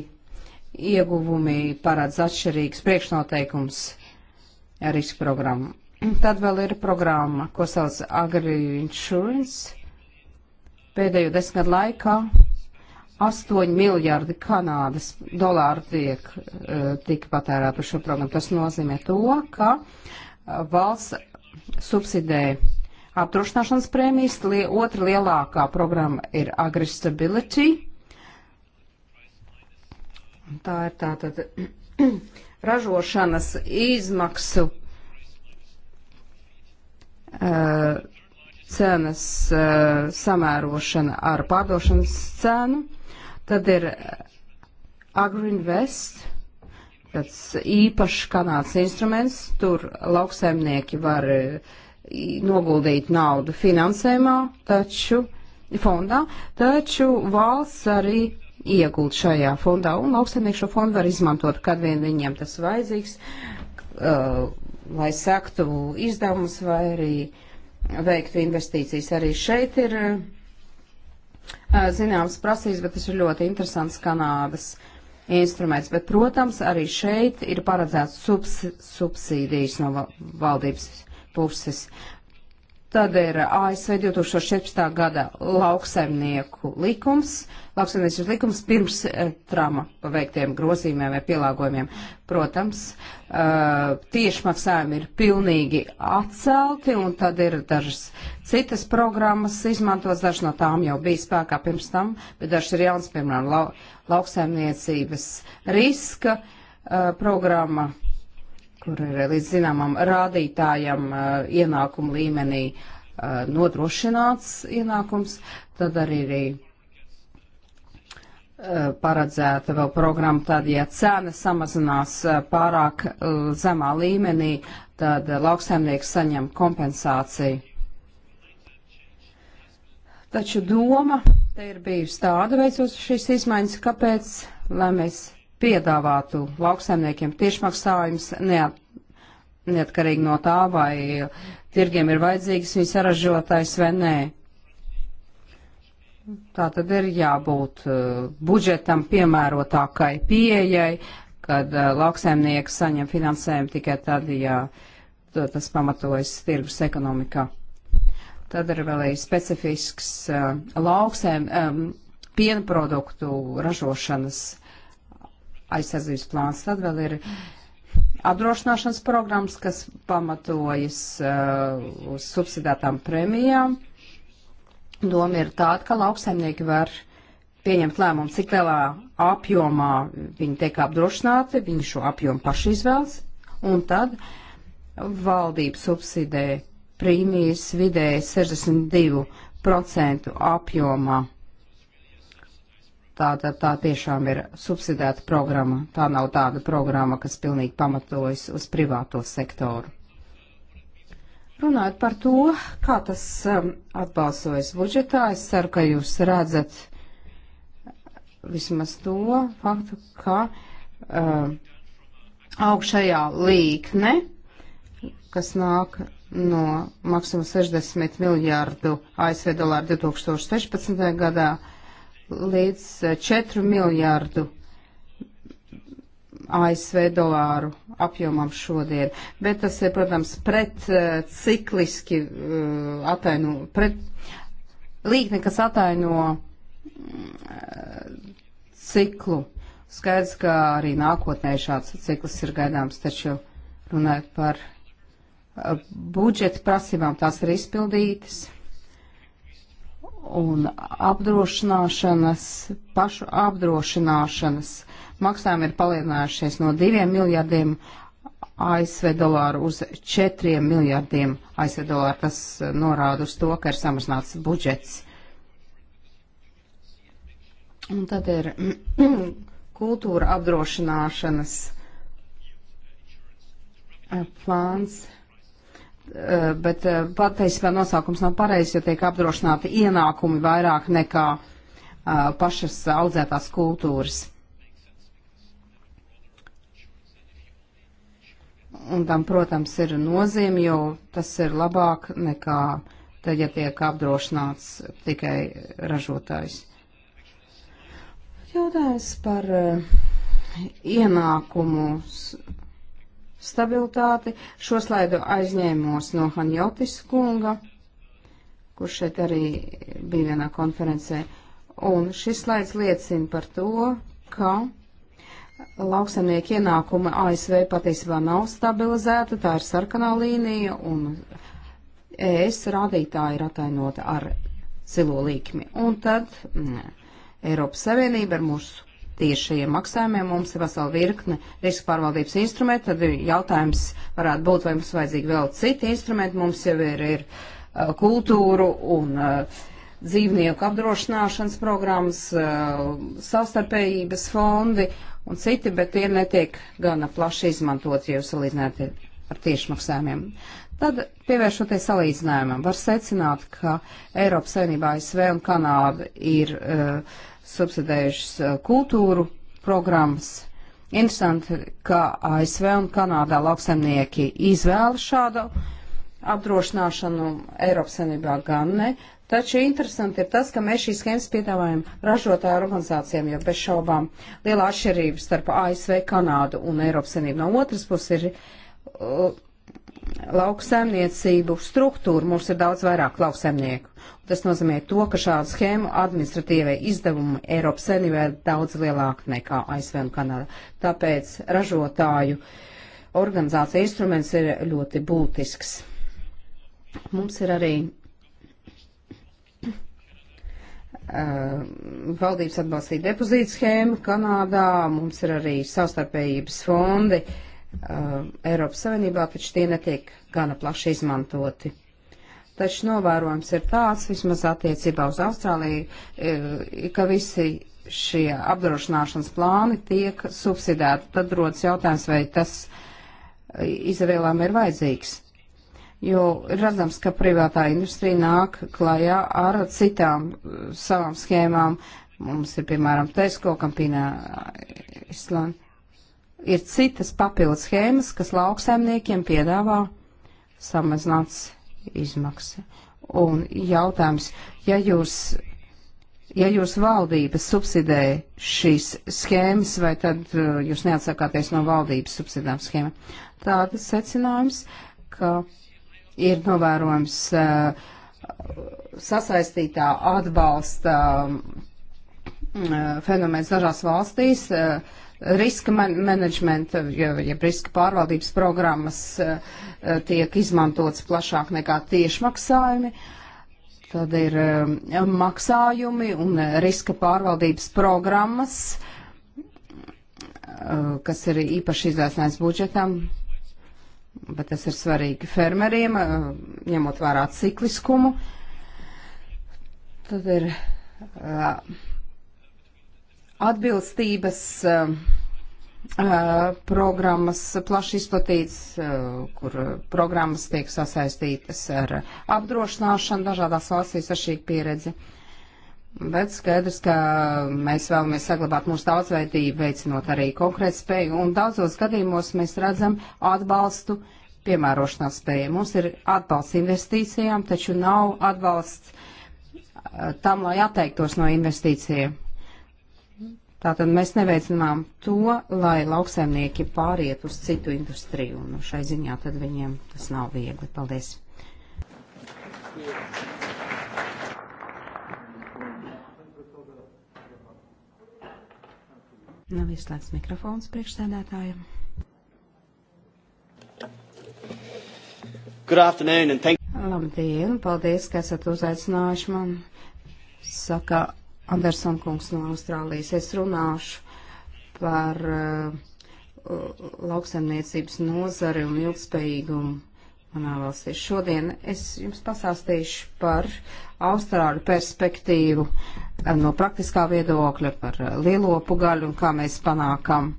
ieguvumi parāds atšķirīgs priekšnoteikums riska programmu. Tad vēl ir programma, ko sauc Agri Insurance. Pēdējo desmit gadu laikā 8 miljardi Kanādas dolāru tiek eh, tika patērēt par šo programmu. Tas nozīmē to, ka eh, valsts subsidē apdrošināšanas prēmijas, otra lielākā programma ir AgriStability. Tā ir tātad ražošanas izmaksu uh, cenas uh, samērošana ar pārdošanas cenu. Tad ir eh, Agrinvest, tāds īpašs kanāds instruments, tur lauksaimnieki var eh, noguldīt naudu finansējumā, taču fondā, taču valsts arī iegūt šajā fondā, un lauksaimnieki šo fondu var izmantot, kad vien viņiem tas vajadzīgs, uh, lai sektu izdevumus vai arī veiktu investīcijas. Arī šeit ir uh, Eh, zināmas prasības, bet tas ir ļoti interesants Kanādas instruments. Bet, protams, arī šeit ir paredzēts subs, subsīdijas no valdības puses. Tad ir ASV 2014. gada lauksaimnieku likums, lauksaimniecības likums pirms eh, trama paveiktiem grozījumiem vai pielāgojumiem. Protams, eh, tiešmaksājumi ir pilnīgi atcelti un tad ir dažas Citas programmas izmantos, daži no tām jau bija spēkā pirms tam, bet daži ir jauns, piemēram, lau, lauksaimniecības riska uh, programma, kur ir līdz zināmam rādītājam uh, ienākumu līmenī uh, nodrošināts ienākums, tad arī ir paredzēta vēl programma, tad, ja cena samazinās pārāk zemā līmenī, tad lauksaimnieks saņem kompensāciju. Taču doma te ir bijusi tāda veicot šīs izmaiņas, kāpēc, lai mēs piedāvātu lauksaimniekiem tiešmaksājums neat, neatkarīgi no tā, vai tirgiem ir vajadzīgs viņas saražotājs vai nē. Tā tad ir jābūt uh, budžetam piemērotākai pieejai, kad uh, lauksaimnieks saņem finansējumu tikai tad, ja tas pamatojas tirgus ekonomikā. Tad ir vēl arī specifisks uh, lauksēm um, piena produktu ražošanas aizsardzības plāns. Tad vēl ir apdrošināšanas programmas, kas pamatojas uh, uz subsidētām premijām. Doma ir tāda, ka lauksaimnieki var pieņemt lēmumu, cik lielā apjomā viņi tiek apdrošināti, viņi šo apjomu paši izvēlas, un tad valdība subsidē prīmijas vidēji 62% apjomā. Tā, tā, tā tiešām ir subsidēta programma. Tā nav tāda programma, kas pilnīgi pamatojas uz privāto sektoru. Runājot par to, kā tas um, atbalsojas budžetā, es ceru, ka jūs redzat uh, vismaz to faktu, ka um, uh, augšējā līkne, kas nāk no maksimuma 60 miljārdu ASV dolāru 2016. gadā līdz 4 e, miljārdu ASV dolāru apjomam šodien. Bet tas ir, protams, pret uh, cikliski uh, e, ataino, pret līkni, kas ataino uh, ciklu. Skaidrs, ka arī nākotnē šāds cikls ir gaidāms, taču runājot par budžeta prasībām, tās ir izpildītas. Un apdrošināšanas, pašu apdrošināšanas maksājumi ir palielinājušies no 2 miljardiem ASV dolāru uz 4 miljardiem ASV dolāru. Tas eh, norāda uz to, ka ir samazināts budžets. Un tad ir kultūra apdrošināšanas eh, plāns. Uh, Eh, bet eh, patiesībā nosaukums nav pareizs, jo tiek apdrošināti ienākumi vairāk nekā eh, pašas audzētās kultūras. Un tam, protams, ir nozīme, jo tas ir labāk nekā tad, ja tiek apdrošināts tikai ražotājs. Jautājums par ienākumu stabilitāti. Šo slaidu aizņēmos no Hanjotis kunga, kurš šeit arī bija vienā konferencē. Un šis slaids liecina par to, ka lauksaimnieku ienākuma ASV patiesībā nav stabilizēta, tā ir sarkanā līnija, un ES rādītāji ir atainota ar zilo līkmi. Un tad ne, mm, Eiropas Savienība ar mūsu tiešajiem maksājumiem. Mums ir vesela virkne riska pārvaldības instrumenti. Tad jautājums varētu būt, vai mums vajadzīgi vēl citi instrumenti. Mums jau ir, ir uh, kultūru un uh, dzīvnieku apdrošināšanas programmas, uh, savstarpējības fondi un citi, bet tie netiek gana plaši izmantot, ja jūs salīdzinātu ar tiešmaksājumiem. Tad, pievēršoties salīdzinājumam, var secināt, ka Eiropas Savienībā ASV un Kanāda ir uh, subsidējušas uh, kultūru programmas. Interesanti, ka ASV un Kanādā lauksaimnieki izvēla šādu apdrošināšanu, Eiropas Savienībā gan ne. Taču interesanti ir tas, ka mēs šīs schēmas piedāvājam ražotāju organizācijām, jo bez šaubām liela atšķirība starp ASV, Kanādu un Eiropas Savienību no otras puses ir uh, lauksaimniecību struktūru mums ir daudz vairāk lauksaimnieku. Tas nozīmē to, ka šādu schēmu administratīvai izdevumi Eiropas saimnībā ir daudz lielāki nekā ASV un Kanādā. Tāpēc ražotāju organizācija instruments ir ļoti būtisks. Mums ir arī Uh, valdības atbalstīja depozītu schēmu Kanādā, mums ir arī savstarpējības fondi, uh, uh, Eiropas Savienībā, taču tie netiek gana plaši izmantoti. Taču novērojums ir tāds, vismaz attiecībā uz Austrāliju, e, ka visi šie apdrošināšanas plāni tiek subsidēti. Tad rodas jautājums, vai tas e, Izrēlām ir vajadzīgs. Jo ir redzams, ka privātā industrija nāk klajā ar citām e, savām schēmām. Mums ir, piemēram, Tesco, Kampīnā, Islanda ir citas papildus schēmas, kas lauksaimniekiem piedāvā samazināts izmaksas. Un jautājums, ja jūs, ja jūs valdības subsidē šīs schēmas, vai tad uh, jūs neatsakāties no valdības subsidām schēma? Tādas secinājums, ka ir novērojams uh, sasaistītā atbalsta um, uh, fenomens dažās valstīs. Uh, riska man menedžmenta, jeb ja, ja riska pārvaldības programmas uh, tiek izmantotas plašāk nekā tiešmaksājumi. Tad ir uh, maksājumi un riska pārvaldības programmas, uh, kas ir īpaši izaicinājums budžetam, bet tas ir svarīgi fermeriem, ņemot vērā cikliskumu. Tad ir atbilstības uh, programmas plaši izplatīts, uh, eh, kur programmas tiek sasaistītas ar apdrošināšanu dažādās valstīs ar šī pieredze. Bet skaidrs, ka mēs vēlamies saglabāt mūsu daudzveidību, veicinot arī konkrētu spēju, un daudzos gadījumos mēs redzam atbalstu piemērošanās spēju. Mums ir atbalsts investīcijām, taču nav atbalsts tam, lai atteiktos no investīcijiem. Tātad mēs neveicinām to, lai lauksaimnieki pāriet uz citu industriju, un nu, šai ziņā tad viņiem tas nav viegli. Paldies! Nav izslēgts mikrofons priekšsēdētājiem. Good afternoon and thank you. Labdien, paldies, ka esat uzaicinājuši man. Saka Anderson kungs no Austrālijas. Es runāšu par uh, lauksaimniecības nozari un ilgspējīgumu manā valstī. Šodien es jums pasāstīšu par Austrāļu perspektīvu uh, no praktiskā viedokļa par uh, lielopu gaļu un kā mēs panākam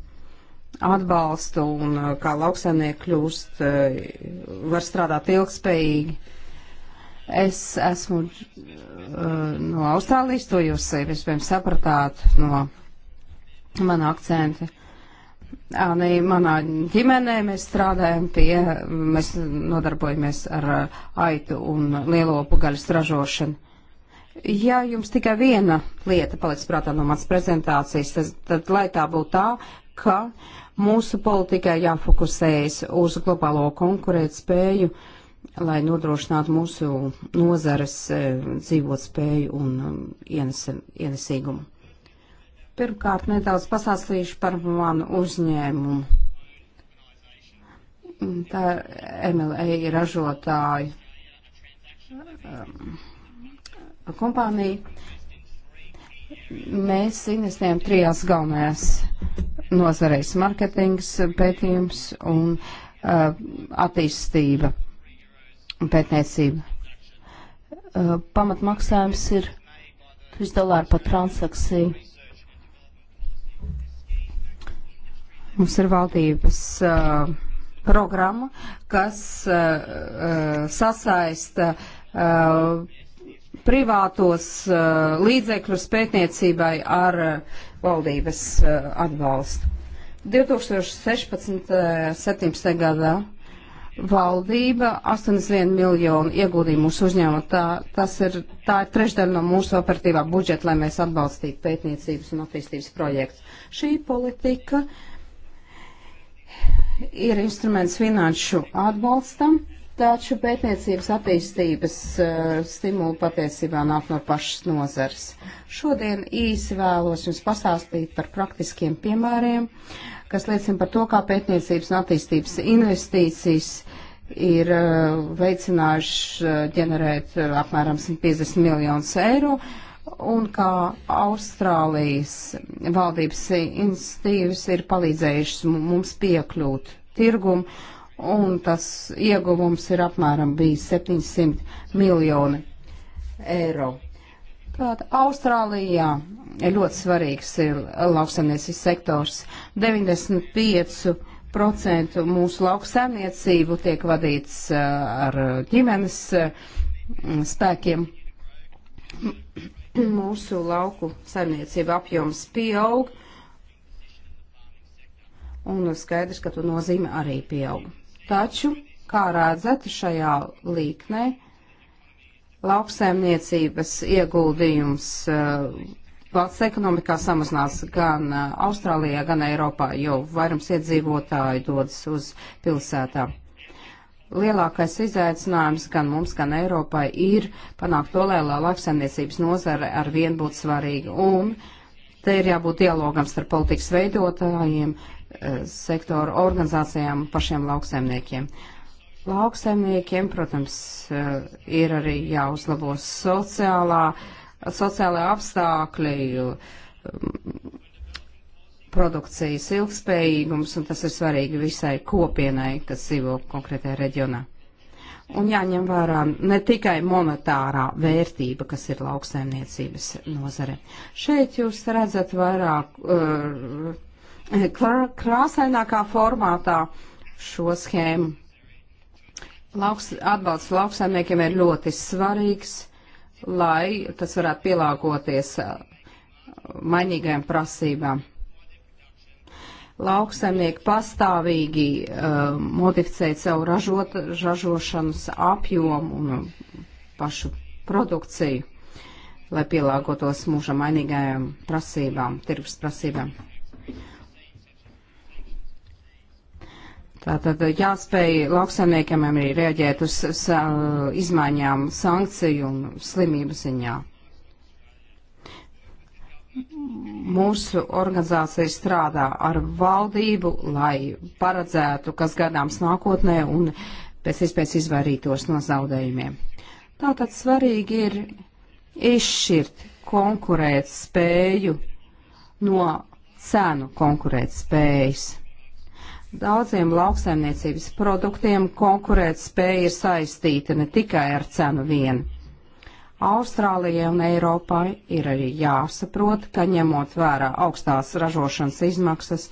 atbalstu un uh, kā lauksaimnieki kļūst, var strādāt ilgspējīgi Es esmu uh, no Austrālijas, to jūs vispirms sapratāt no mana akcenta. Arī manā ģimenē mēs strādājam pie, mēs nodarbojamies ar uh, aitu un lielopu gaļas ražošanu. Ja jums tikai viena lieta paliks prātā no manas prezentācijas, tad, tad lai tā būtu tā, ka mūsu politikai jāfokusējas uz globālo konkurētspēju spēju lai nodrošinātu mūsu nozares e, dzīvot spēju un um, ienes, ienesīgumu. Pirmkārt, nedaudz pasāstīšu par manu uzņēmumu. Tā MLA ir e ražotāju um, kompānija. Mēs investējam trijās galvenajās nozareis - marketings, pētījums un uh, attīstība un pētniecību. Uh, pamatmaksājums ir 3 dolāri par transakciju. Mums ir valdības uh, programma, kas uh, uh sasaista uh, privātos uh, līdzekļus pētniecībai ar valdības atbalstu. 2016. 17. gadā valdība 81 miljonu ieguldīja mūsu uzņēmumu. Tā, tas ir, tā ir trešdaļa no mūsu operatīvā budžeta, lai mēs atbalstītu pētniecības un attīstības projektus. Šī politika ir instruments finanšu atbalstam, taču pētniecības attīstības uh, eh, stimulu patiesībā nāk no pašas nozars. Šodien īsi vēlos jums pastāstīt par praktiskiem piemēriem. Uh, kas liecina par to, kā pētniecības un attīstības investīcijas ir uh, veicinājuši uh, ģenerēt uh, apmēram 150 miljonus eiro, un kā Austrālijas valdības institīvas ir palīdzējušas mums piekļūt tirgumu, un tas ieguvums ir apmēram bijis 700 miljoni eiro. Tātad Austrālijā ļoti svarīgs ir lauksaimniecības sektors. 95% mūsu lauksaimniecību tiek vadīts eh, ar ģimenes eh, spēkiem. Mūsu lauku saimniecība apjoms pieaug, un skaidrs, ka to nozīme arī pieaug. Taču, kā redzat, šajā līknē Lauksaimniecības ieguldījums eh, valsts ekonomikā samazinās gan eh, Austrālijā, gan Eiropā, jo vairums iedzīvotāju dodas uz pilsētām. Lielākais izaicinājums gan mums, gan Eiropai ir panākt to, lai lauksaimniecības nozare ar vien būtu svarīga. Un te ir jābūt dialogam starp politikas veidotājiem, eh, sektoru organizācijām, pašiem lauksaimniekiem. Uh, lauksaimniekiem, protams, eh, ir arī jāuzlabo sociālā, sociālā apstākļi, mm, produkcijas ilgspējīgums, un tas ir svarīgi visai kopienai, kas dzīvo konkrētajā reģionā. Un jāņem vērā ne tikai monetārā vērtība, kas ir lauksaimniecības nozare. Šeit jūs redzat vairāk uh, krāsainākā formātā šo schēmu Lauks, atbalsts lauksaimniekiem ir ļoti svarīgs, lai tas varētu pielāgoties uh, mainīgajām prasībām. Lauksaimnieki pastāvīgi uh, modificē savu ražot, ražošanas apjomu un pašu produkciju, lai pielāgotos mūža mainīgajām prasībām, tirgus prasībām. Tātad jāspēj lauksaimniekiem arī reaģēt uz sa, izmaiņām sankciju un slimību ziņā. Mūsu organizācija strādā ar valdību, lai paredzētu, kas gadāms nākotnē un pēc iespējas izvairītos no zaudējumiem. Tātad svarīgi ir izšķirt konkurēt spēju no cenu konkurēt spējas Daudziem lauksaimniecības produktiem konkurēt spēja ir saistīta ne tikai ar cenu vienu. Austrālijai un Eiropai ir arī jāsaprot, ka ņemot vērā augstās ražošanas izmaksas,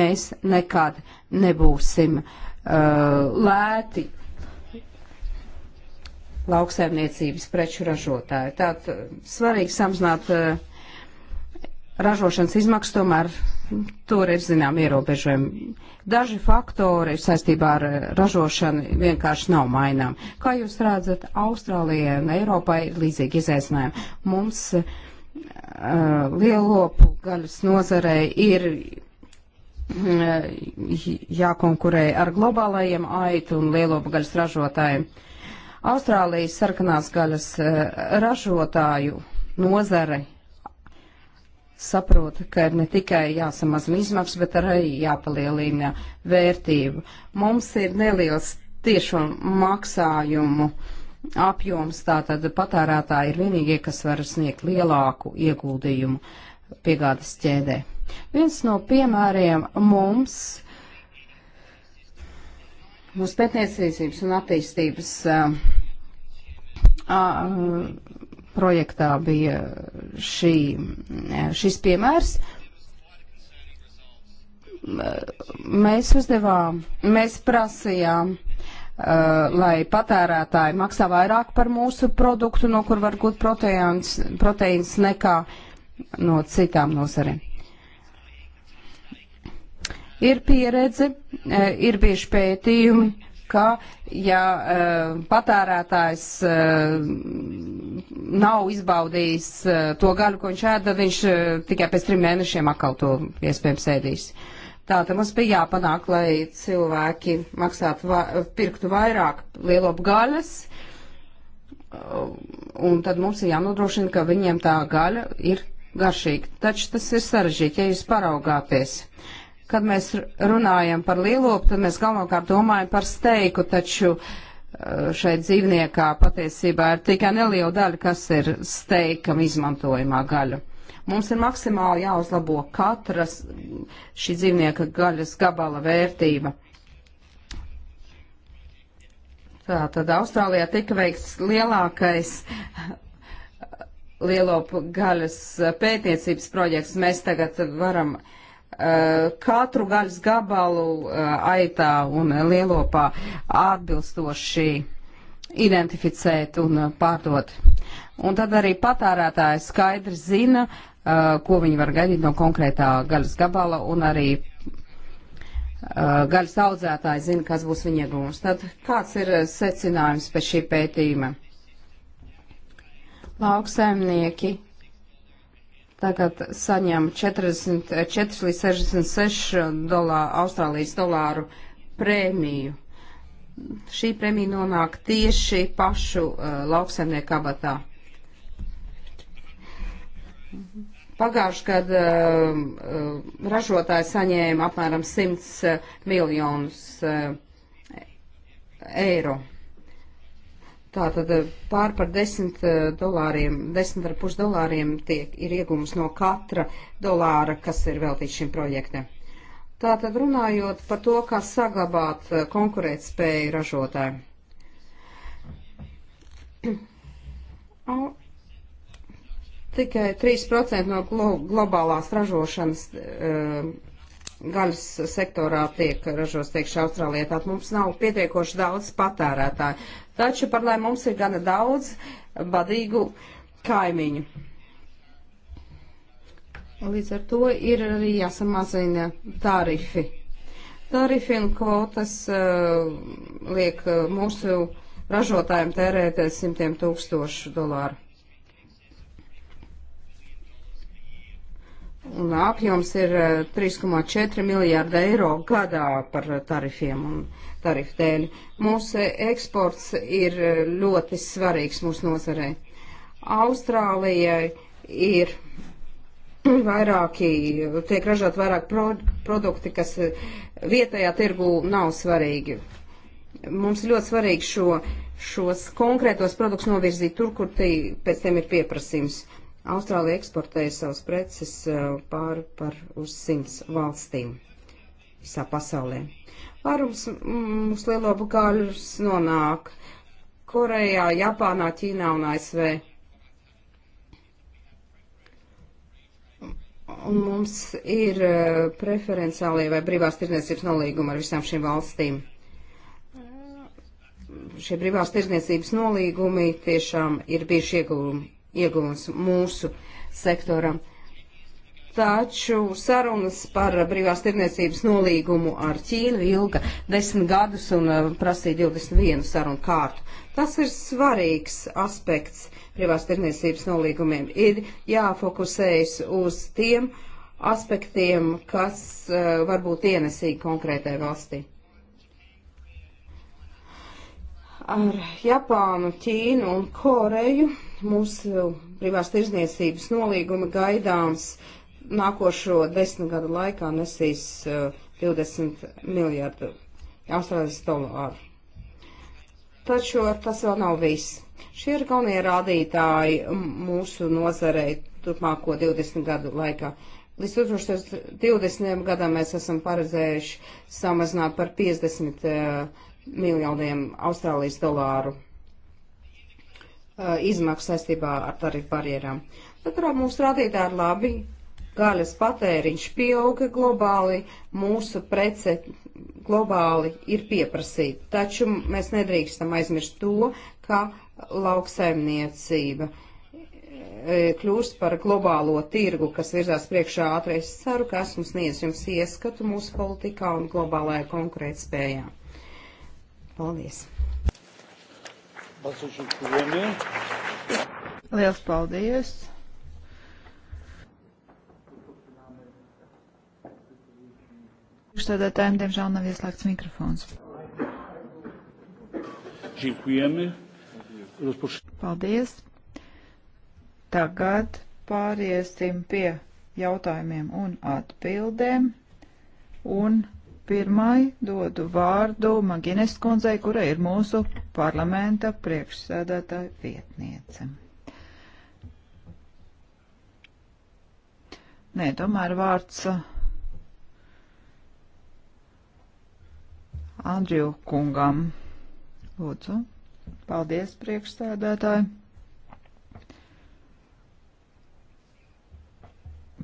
mēs nekad nebūsim uh, lēti lauksaimniecības preču ražotāji. Tātad uh, svarīgi samazināt uh, ražošanas izmaksas, tomēr Tur ir zinām ierobežojumi. Daži faktori saistībā ar ražošanu vienkārši nav mainām. Kā jūs redzat, Austrālijai un Eiropai ir līdzīgi izaicinājumi. Mums uh, lielopu gaļas nozarei ir uh, jākonkurē ar globālajiem aitu un lielopu gaļas ražotājiem. Austrālijas sarkanās gaļas uh, ražotāju nozare saprota, ka ir ne tikai jāsamazina izmaksas, bet arī jāpalielina vērtību. Mums ir neliels tiešo maksājumu apjoms, tātad patērētāji ir vienīgie, kas var sniegt lielāku ieguldījumu piegādes ķēdē. Viens no piemēriem mums. Mūsu pētniecības un attīstības uh, uh, projektā bija šī, šis piemērs. Mēs uzdevām, mēs prasījām, uh, lai patērētāji maksā vairāk par mūsu produktu, no kur var gūt proteīns, proteīns nekā no citām nozarēm. Ir pieredze, uh, ir bieži pētījumi ka ja uh, patērētājs uh, nav izbaudījis uh, to gaļu, ko viņš ēda, tad viņš uh, tikai pēc trim mēnešiem atkal to iespējams ēdīs. Tā tad mums bija jāpanāk, lai cilvēki maksātu, va pirktu vairāk lielopu gaļas, un tad mums ir jānodrošina, ka viņiem tā gaļa ir garšīga. Taču tas ir sarežģīti, ja jūs paraugāties. Kad mēs runājam par lielopu, tad mēs galvenokārt domājam par steiku, taču uh, šeit dzīvniekā patiesībā ir tikai neliela daļa, kas ir steikam izmantojumā gaļa. Mums ir maksimāli jāuzlabo katras šī dzīvnieka gaļas gabala vērtība. Tā tad Austrālijā tika veikts lielākais lielo gaļas pētniecības projekts. Mēs tagad varam Eh, katru gaļas gabalu eh, aitā un lielopā atbilstoši identificēt un eh, pārdot. Un tad arī patērētāji skaidri zina, ko viņi var gaidīt no konkrētā gaļas gabala un arī gaļas audzētāji zina, kas būs viņa iegūms. Tad kāds ir secinājums pēc šī pētījuma? Lauksaimnieki tagad saņem 44 līdz 66 dolāru, Austrālijas dolāru prēmiju. Šī prēmija nonāk tieši pašu uh, lauksaimnieku kabatā. Pagājuši gadu um, uh, ražotāji saņēma apmēram 100 uh, miljonus uh, eiro. Tātad eh, pār par 10 eh, dolāriem, 10,5 dolāriem tiek, ir iegums no katra dolāra, kas ir veltīts šim projektam. Tātad runājot par to, kā saglabāt eh, konkurētspēju ražotājiem. Tikai 3% no glo globālās ražošanas uh, gaļas sektorā tiek ražos, teikšu, Austrālijā. Tātad mums nav pietiekoši daudz patērētāju. Taču par lai mums ir gana daudz badīgu kaimiņu. Līdz ar to ir arī jāsamazina tarifi. Tarifi un kvotas uh, liek eh, mūsu ražotājiem tērēt eh, simtiem tūkstošu dolāru. Un apjoms ir 3,4 miljārda eiro gadā par tarifiem. Un tarifu dēļ. Mūsu eksports ir eh, ļoti svarīgs mūsu nozarei. Austrālijai ir vairāki, tiek ražot vairāk pro, produkti, kas eh, vietējā tirgu nav svarīgi. Mums ir ļoti svarīgi šo, šos konkrētos produktus novirzīt tur, kur tī, pēc tiem ir pieprasījums. Austrālija eksportēja savus preces eh, pār par uz simts valstīm visā pasaulē. Vairums mums lielopu gaļus nonāk Korejā, Japānā, Ķīnā un ASV. Un mums ir eh, preferenciālie vai brīvās tirdzniecības nolīgumi ar visām šīm valstīm. Šie brīvās tirdzniecības nolīgumi tiešām ir bijuši ieguvums mūsu sektoram. Uh, Taču sarunas par brīvās tirniecības nolīgumu ar Ķīnu ilga desmit gadus un eh, prasīja 21 sarunu kārtu. Tas ir svarīgs aspekts brīvās tirniecības nolīgumiem. Ir jāfokusējas uz tiem aspektiem, kas uh, eh, var būt ienesīgi konkrētai valstī. Ar Japānu, Ķīnu un Koreju mūsu brīvās tirzniecības nolīguma gaidāms uh, nākošo desmit gadu laikā nesīs uh, eh, 20 miljardu austrālijas dolāru. Taču tas vēl nav viss. Šie ir galvenie rādītāji mūsu nozarei turpmāko 20 gadu laikā. Līdz 2020. gadam mēs esam paredzējuši samazināt par 50 uh, miljoniem Austrālijas dolāru uh, izmaksu saistībā ar tarifu barjerām. Tad, protams, mūsu rādītāji ir labi, gaļas patēriņš pieauga globāli, mūsu prece globāli ir pieprasīta. Taču mēs nedrīkstam aizmirst to, ka lauksaimniecība e, kļūst par globālo tirgu, kas virzās priekšā ātrais. Es ceru, ka esmu sniedzis jums ieskatu mūsu politikā un globālajā konkurētspējā. Paldies! Liels paldies! Priekšsēdētājiem, diemžēl, nav ieslēgts mikrofons. Paldies. Tagad pāriesim pie jautājumiem un atbildēm. Un pirmai dodu vārdu Magines kundzei, kura ir mūsu parlamenta priekšsēdētāja vietniece. Nē, tomēr vārds. Uh, Andriju kungam. Lūdzu. Paldies, priekšsēdētāji.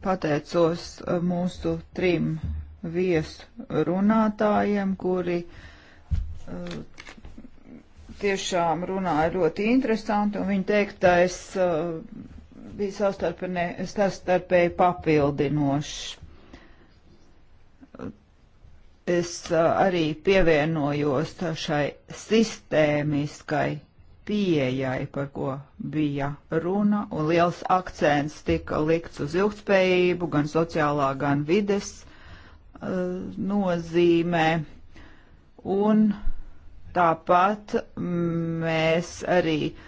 Pateicos uh, mūsu trim viesu runātājiem, kuri uh, tiešām runāja ļoti interesanti, un viņa teiktais uh, bija savstarpēji papildinošs. Es arī pievienojos šai sistēmiskai pieejai, par ko bija runa, un liels akcents tika likts uz ilgspējību, gan sociālā, gan vides uh, nozīmē. Un tāpat mēs arī uh,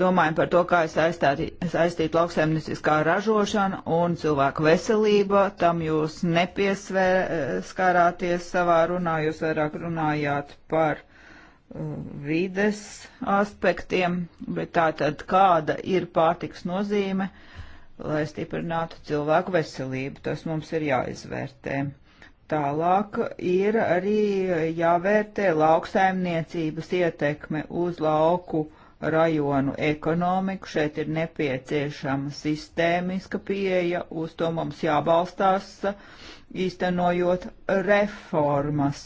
domājam par to, kā saistāt, saistīt lauksaimnieciskā ražošana un cilvēku veselība. Tam jūs nepieskārāties savā runā, jūs vairāk runājāt par uh, vides aspektiem, bet tā tad kāda ir pārtiks nozīme, lai stiprinātu cilvēku veselību, tas mums ir jāizvērtē. Tālāk ir arī jāvērtē lauksaimniecības ietekme uz lauku rajonu ekonomiku. Šeit ir nepieciešama sistēmiska pieeja, uz to mums jābalstās īstenojot reformas.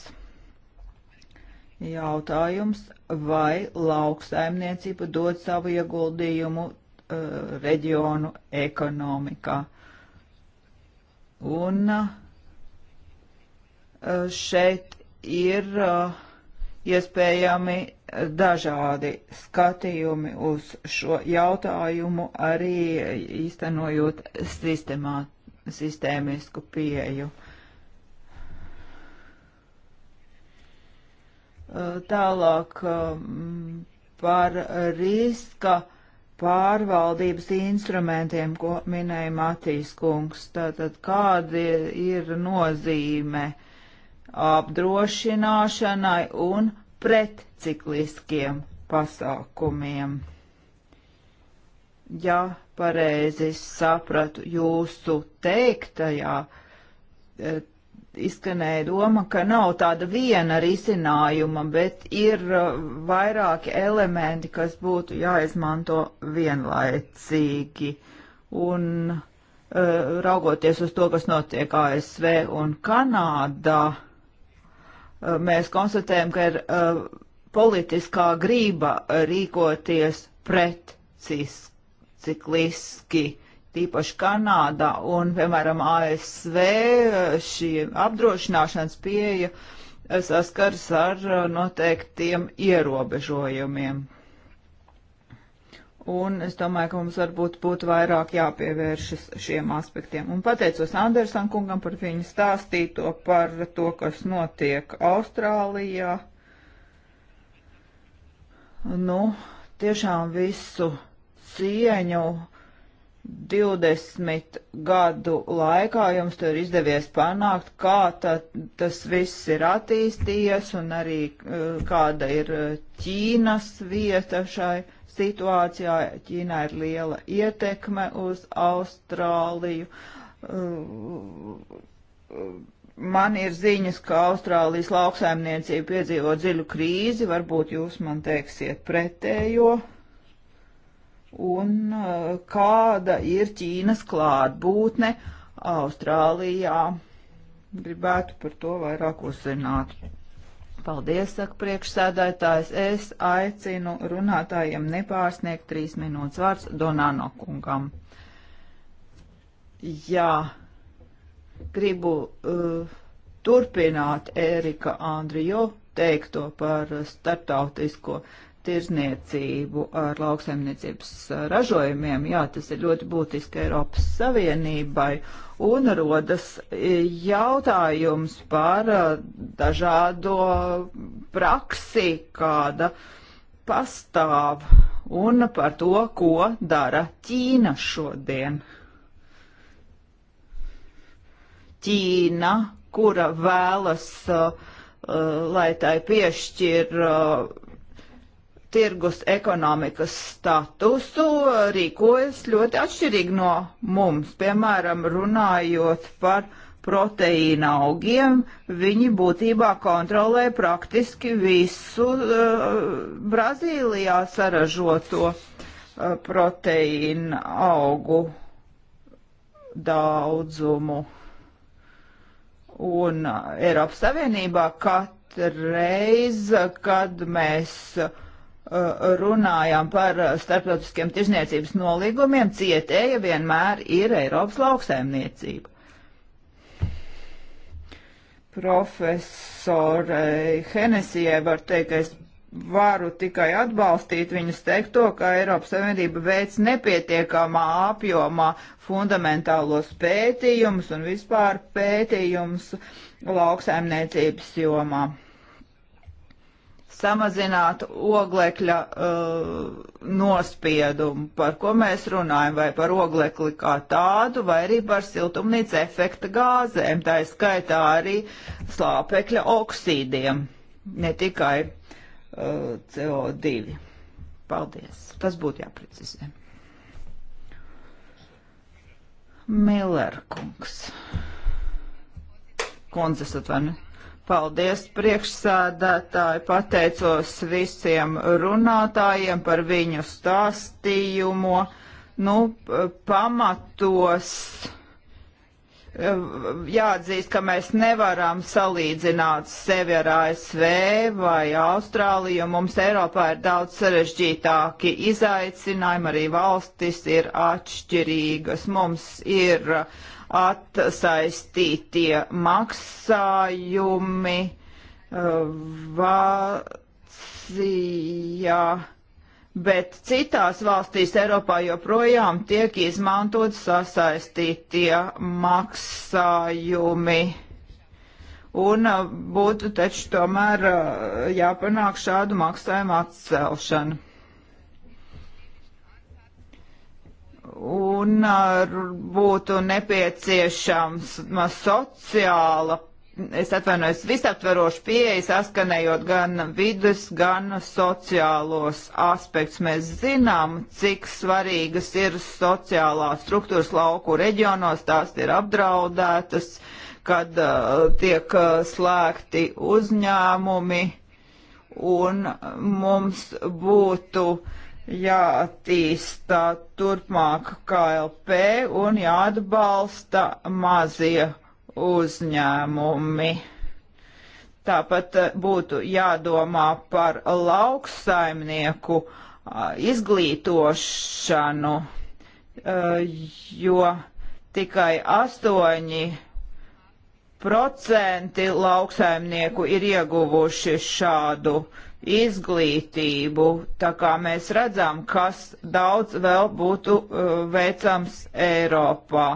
Jautājums, vai lauksaimniecība dod savu ieguldījumu uh, reģionu ekonomikā? Un uh, šeit ir uh, iespējami dažādi skatījumi uz šo jautājumu, arī īstenojot sistemā, sistēmisku pieju. Eh, tālāk eh, par riska pārvaldības instrumentiem, ko minēja Matīs kungs. Tātad kāda ir nozīme apdrošināšanai un pret procikliskiem pasākumiem. Ja pareizi sapratu jūsu teiktajā, eh, izskanēja doma, ka nav tāda viena risinājuma, bet ir eh, vairāki elementi, kas būtu jāizmanto vienlaicīgi. Un eh, raugoties uz to, kas notiek ASV un Kanādā, mēs konstatējam, ka ir politiskā grība rīkoties pret cikliski, tīpaši Kanādā un, piemēram, ASV šī apdrošināšanas pieeja eh, saskars ar eh, noteiktiem ierobežojumiem. Un es domāju, ka mums varbūt būtu vairāk jāpievēršas šiem aspektiem. Un pateicos Andersam kungam par viņu stāstīto par to, kas notiek Austrālijā nu, tiešām visu cieņu 20 gadu laikā jums tur izdevies panākt, kā tā, tas viss ir attīstījies un arī e, kāda ir e, Ķīnas vieta šai situācijā. Ķīnā ir liela ietekme uz Austrāliju. E, man ir ziņas, ka Austrālijas lauksaimniecība piedzīvo dziļu krīzi, varbūt jūs man teiksiet pretējo. Un uh, kāda ir Ķīnas klātbūtne Austrālijā? Gribētu par to vairāk uzzināt. Paldies, saka priekšsēdētājs. Es aicinu runātājiem nepārsniegt trīs minūtes vārds Donāno kungam. Jā. Gribu uh, turpināt Ērika Andriju teikto par starptautisko tirzniecību ar lauksaimniecības ražojumiem. Jā, tas ir ļoti būtiski Eiropas Savienībai un rodas eh, jautājums par eh, dažādo praksi, kāda pastāv un par to, ko dara Ķīna šodien. Ķīna, kura vēlas, uh, uh, lai tai piešķir uh, tirgus ekonomikas statusu, rīkojas ļoti atšķirīgi no mums. Piemēram, runājot par proteīna augiem, viņi būtībā kontrolē praktiski visu uh, Brazīlijā saražoto uh, proteīna augu daudzumu. Un Eiropas Savienībā katreiz, kad mēs runājam par starptautiskiem tirzniecības nolīgumiem, cietēja vienmēr ir Eiropas lauksaimniecība profesorai Henesijai var teikt, ka es varu tikai atbalstīt viņus teikto, ka Eiropas Savienība veic nepietiekamā apjomā fundamentālos pētījumus un vispār pētījumus lauksaimniecības jomā. Samazināt oglekļa uh, nospiedumu, par ko mēs runājam, vai par oglekli kā tādu, vai arī par siltumnīca efekta gāzēm, tā ir skaitā arī slāpekļa oksīdiem, ne tikai CO2. Paldies. Tas būtu jāprecizē. Miller kungs. Kundzes atvainojiet. Paldies priekšsēdētāji, pateicos visiem runātājiem par viņu stāstījumu. Nu, pamatos Eh, jāatzīst, ka mēs nevaram salīdzināt sevi ar ASV vai Austrāliju. Mums Eiropā ir daudz sarežģītāki izaicinājumi, arī valstis ir atšķirīgas. Mums ir atsaistītie maksājumi. Eh, Vācijā bet citās valstīs Eiropā joprojām tiek izmantot sasaistītie maksājumi. Un uh, būtu taču tomēr uh, jāpanāk šādu maksājumu atcelšanu. Un uh, būtu nepieciešams sociāla es atvainojos, visaptverošu pieeja saskanējot gan vidus, gan sociālos aspektus. Mēs zinām, cik svarīgas ir sociālās struktūras lauku reģionos, tās ir apdraudētas, kad uh, tiek uh, slēgti uzņēmumi, un mums būtu jātīstā turpmāk KLP un jāatbalsta mazie uzņēmumi. Tāpat eh, būtu jādomā par lauksaimnieku eh, izglītošanu, eh, jo tikai astoņi procenti lauksaimnieku ir ieguvuši šādu izglītību, tā kā mēs redzam, kas daudz vēl būtu uh, veicams Eiropā.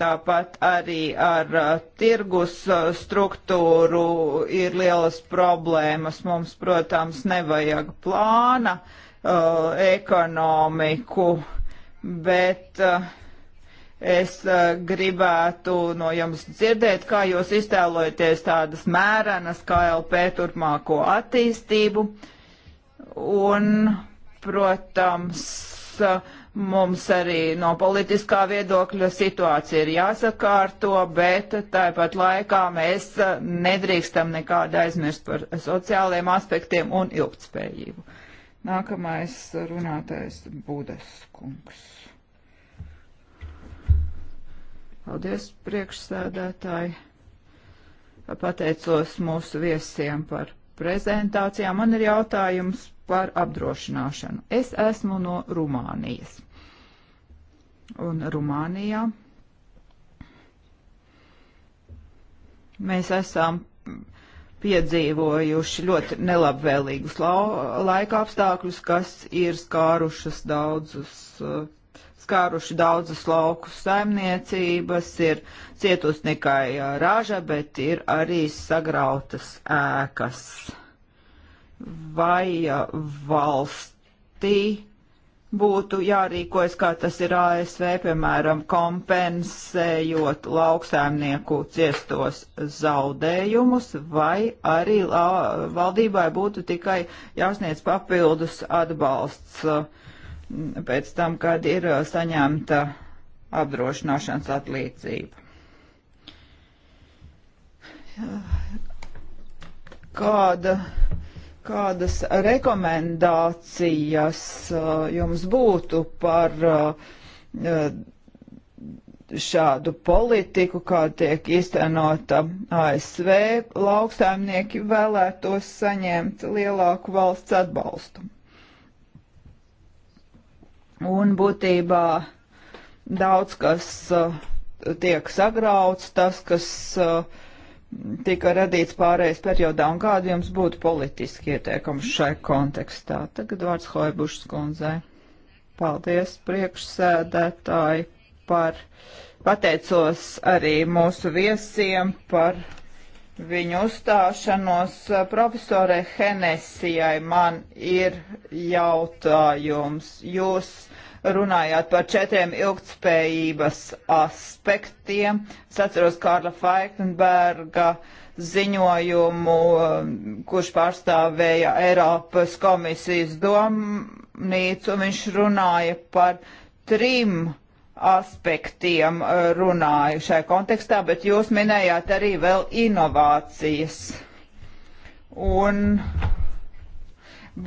Tāpat arī ar uh, tirgus uh, struktūru ir lielas problēmas. Mums, protams, nevajag plāna uh, ekonomiku, bet uh, es uh, gribētu no jums dzirdēt, kā jūs iztēlojaties tādas mērenas KLP turpmāko attīstību. Un, protams, uh, Mums arī no politiskā viedokļa situācija ir jāsakārto, bet tāpat laikā mēs eh, nedrīkstam nekādu aizmirst par sociālajiem aspektiem un ilgtspējību. Nākamais runātais Budas kungs. Paldies, priekšsēdētāji. Pateicos mūsu viesiem par prezentācijām. Man ir jautājums par apdrošināšanu. Es esmu no Rumānijas. Un Rumānijā mēs esam piedzīvojuši ļoti nelabvēlīgus laika apstākļus, kas ir skārušas daudzus, skāruši daudzus laukus saimniecības, ir cietusi tikai raža, bet ir arī sagrautas ēkas vai valstī būtu jārīkojas, kā tas ir ASV, piemēram, kompensējot lauksēmnieku ciestos zaudējumus, vai arī la, valdībai būtu tikai jāsniedz papildus atbalsts mm, pēc tam, kad ir saņemta apdrošināšanas atlīdzība. Kāda Kādas rekomendācijas uh, jums būtu par uh, uh, šādu politiku, kā tiek īstenota ASV, lauksaimnieki vēlētos saņemt lielāku valsts atbalstu. Un būtībā daudz kas tiek sagrauts, tas, kas uh, tika radīts pārējais periodā, un kādi jums būtu politiski ieteikumi šai kontekstā? Tagad vārds Hoibušas kundzei. Paldies priekšsēdētāji par, pateicos arī mūsu viesiem par viņu uzstāšanos. Profesore Henesijai man ir jautājums. Jūs runājāt par četriem ilgtspējības aspektiem. Es atceros Kārla Faiknberga ziņojumu, kurš pārstāvēja Eiropas komisijas domnīcu, un viņš runāja par trim aspektiem runāju šajā kontekstā, bet jūs minējāt arī vēl inovācijas. Un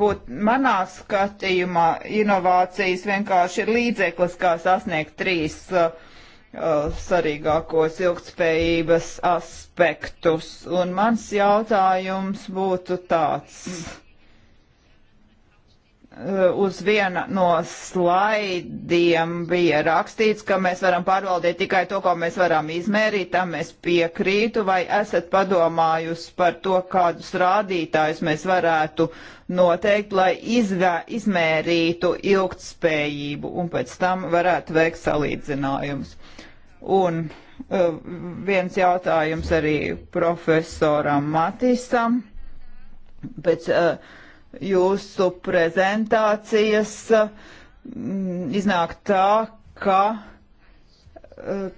būt manā skatījumā inovācijas vienkārši ir līdzeklis, kā sasniegt trīs uh, uh svarīgākos ilgtspējības aspektus. Un mans jautājums būtu tāds. Mm Eh, uz viena no slaidiem bija rakstīts, ka mēs varam pārvaldīt tikai to, ko mēs varam izmērīt, tam es piekrītu, vai esat padomājusi par to, kādus rādītājus mēs varētu noteikt, lai izvē, izmērītu ilgtspējību un pēc tam varētu veikt salīdzinājumus. Un uh, viens jautājums arī profesoram Matisam. Pēc, uh, jūsu prezentācijas mm, iznāk tā, ka eh,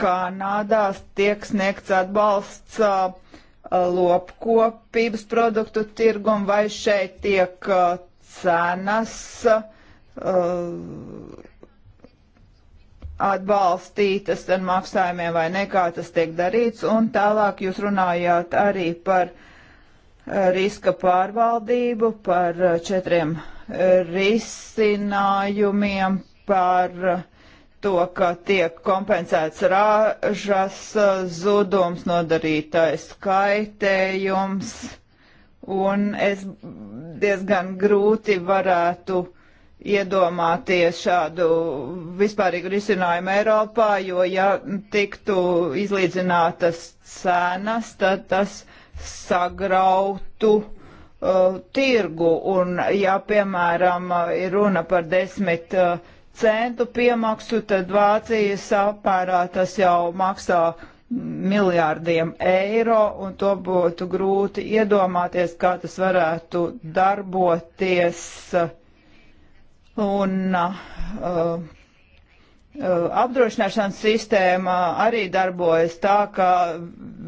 Kanādā tiek sniegts atbalsts eh, lopkopības produktu tirgumu vai šeit tiek eh, cenas atbalstītas ar maksājumiem vai nekā tas tiek darīts. Un tālāk jūs runājāt arī par uh, riska pārvaldību, par eh, četriem eh, risinājumiem, par eh, to, ka tiek kompensēts rāžas zudums, nodarītais kaitējums, un es diezgan grūti varētu iedomāties šādu vispārīgu risinājumu Eiropā, jo ja tiktu izlīdzinātas cenas, tad tas sagrautu uh, tirgu. Un, ja, piemēram, uh, ir runa par desmit uh, centu piemaksu, tad Vācijas apmērā tas jau maksā miljārdiem eiro, un to būtu grūti iedomāties, kā tas varētu darboties. Un, uh, Eh, apdrošināšanas sistēma arī darbojas tā, ka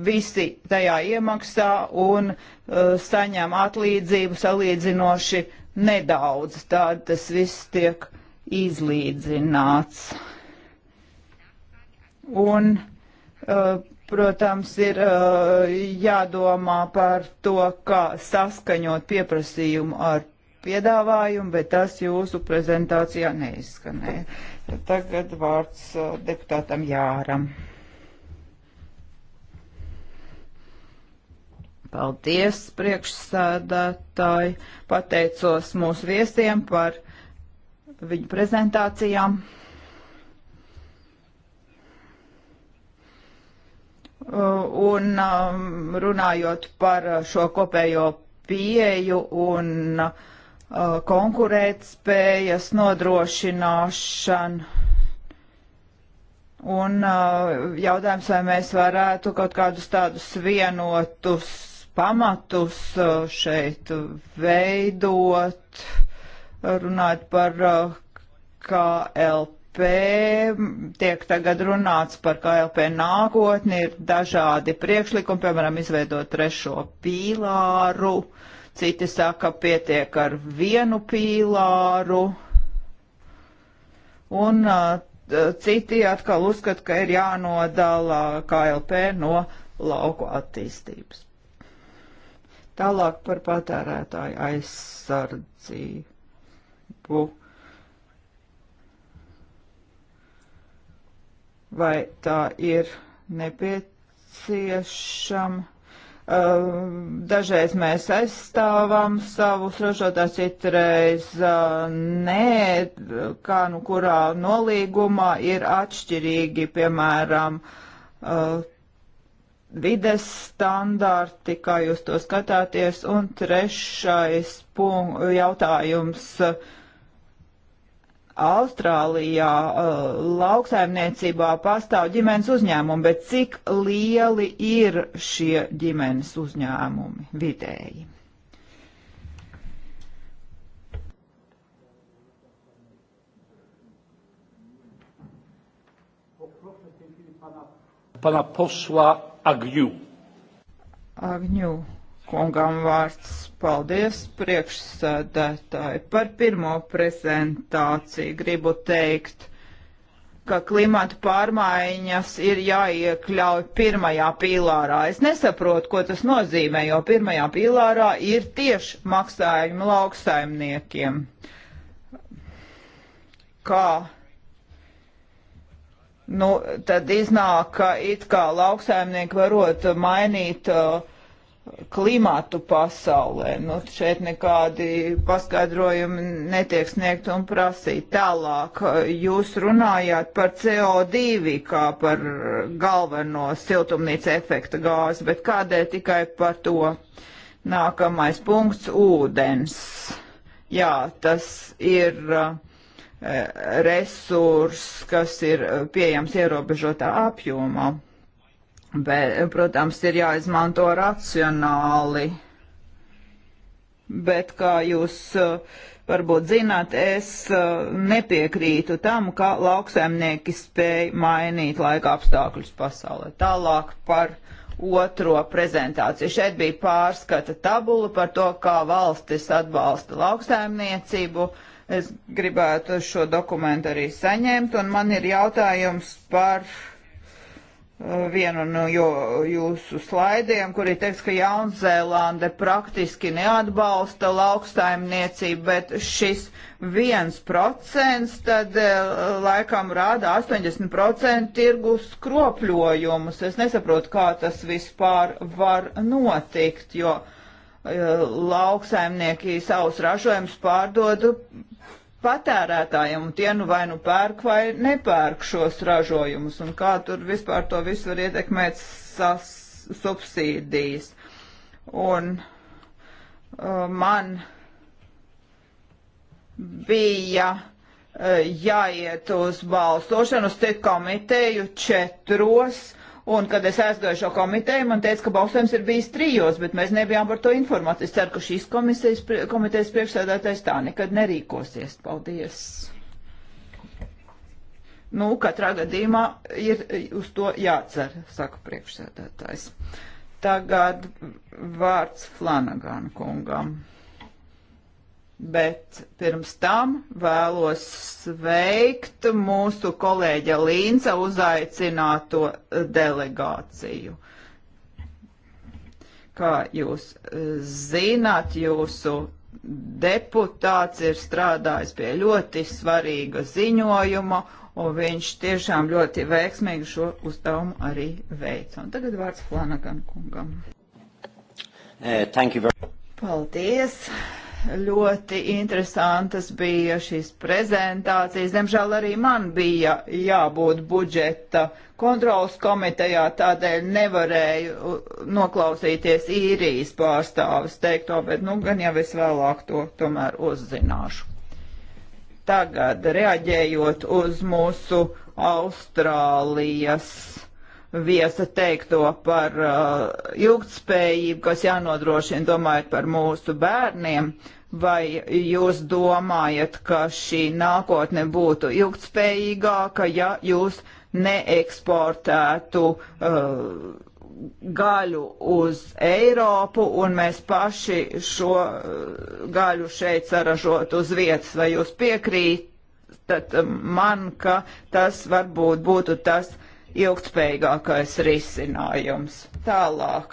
visi tajā iemaksā un uh, saņem atlīdzību salīdzinoši nedaudz. Tad tas viss tiek izlīdzināts. Un, uh, protams, ir uh, jādomā par to, kā saskaņot pieprasījumu ar piedāvājumu, bet tas jūsu prezentācijā neizskanēja. Tagad vārds uh, deputātam Jāram. Paldies, priekšsēdētāji. Pateicos mūsu viesiem par viņu prezentācijām. Uh, un um, runājot par uh, šo kopējo pieeju un uh, Uh, konkurētspējas nodrošināšanu. Un uh, jautājums, vai mēs varētu kaut kādus tādus vienotus pamatus uh, šeit veidot, runāt par KLP. Tiek tagad runāts par KLP nākotni, ir dažādi priekšlikumi, piemēram, izveidot trešo pīlāru. Uh, citi saka, pietiek ar vienu pīlāru, un citi atkal uzskata, ka ir jānodala KLP no lauku attīstības. Tālāk par patērētāju aizsardzību. Vai tā ir nepieciešama? Um, dažreiz mēs aizstāvam savus ražotājus, citreiz uh, nē, kā nu kurā nolīgumā ir atšķirīgi, piemēram, uh, vides standarti, kā jūs to skatāties, un trešais jautājums. Uh, Austrālijā uh, lauksaimniecībā pastāv ģimenes uzņēmumi, bet cik lieli ir šie ģimenes uzņēmumi vidēji? Pana posła Agniu. Agniu kungam vārds. Paldies priekšsēdētāji. Par pirmo prezentāciju gribu teikt, ka klimata pārmaiņas ir jāiekļauj pirmajā pīlārā. Es nesaprotu, ko tas nozīmē, jo pirmajā pīlārā ir tieši maksājumi lauksaimniekiem. Kā nu, tad iznāk, ka it kā lauksaimnieki varot mainīt uh, klimātu pasaulē. Nu, šeit nekādi paskaidrojumi netiek sniegt un prasīt. Tālāk jūs runājāt par CO2 kā par galveno siltumnīca efekta gāzi, bet kādēļ tikai par to nākamais punkts - ūdens. Jā, tas ir eh, resurss, kas ir eh, pieejams ierobežotā apjomā. Bet, protams, ir jāizmanto racionāli. Bet, kā jūs uh, varbūt zināt, es uh, nepiekrītu tam, ka lauksaimnieki spēj mainīt laika apstākļus pasaulē. Tālāk par otro prezentāciju. Šeit bija pārskata tabula par to, kā valstis atbalsta lauksaimniecību. Es gribētu šo dokumentu arī saņemt, un man ir jautājums par uh, vienu no nu, jūsu slaidiem, kur ir teiks, ka Jaunzēlande praktiski neatbalsta lauksaimniecību, bet šis viens procents tad e, laikam rāda 80% tirgus kropļojumus. Es nesaprotu, kā tas vispār var notikt, jo e, lauksaimnieki savus ražojumus pārdodu patērētājiem, un tie nu vai nu pērk vai nepērk šos ražojumus, un kā tur vispār to visu var ietekmēt sas, subsīdijas. Un uh, man bija uh, jāiet uz balsošanu, uz tik komiteju četros, Un, kad es aizgāju šo komiteju, man teica, ka balsojums ir bijis trijos, bet mēs nebijām par to informēti. Es ceru, ka šīs komitejas, komitejas priekšsēdētājs tā nekad nerīkosies. Paldies! Nu, katrā gadījumā ir uz to jācer, saka priekšsēdētājs. Tagad vārds Flanagan kungam bet pirms tam vēlos sveikt mūsu kolēģa Līnca uzaicināto delegāciju. Kā jūs e, zināt, jūsu deputāts ir strādājis pie ļoti svarīga ziņojuma, un viņš tiešām ļoti veiksmīgi šo uzdevumu arī veica. Un tagad vārds Flanagan kungam. Uh, Paldies! ļoti interesantas bija šīs prezentācijas. Diemžēl arī man bija jābūt budžeta kontrolas komitejā, tādēļ nevarēju noklausīties īrijas pārstāvis teikto, bet nu gan jau es vēlāk to tomēr uzzināšu. Tagad reaģējot uz mūsu Austrālijas viesa teikto par uh, ilgtspējību, kas jānodrošina domājot par mūsu bērniem. Vai jūs domājat, ka šī nākotne būtu ilgtspējīgāka, ja jūs neeksportētu uh, gaļu uz Eiropu un mēs paši šo uh, gaļu šeit saražot uz vietas? Vai jūs piekrītat man, ka tas varbūt būtu tas ilgtspējīgākais risinājums. Tālāk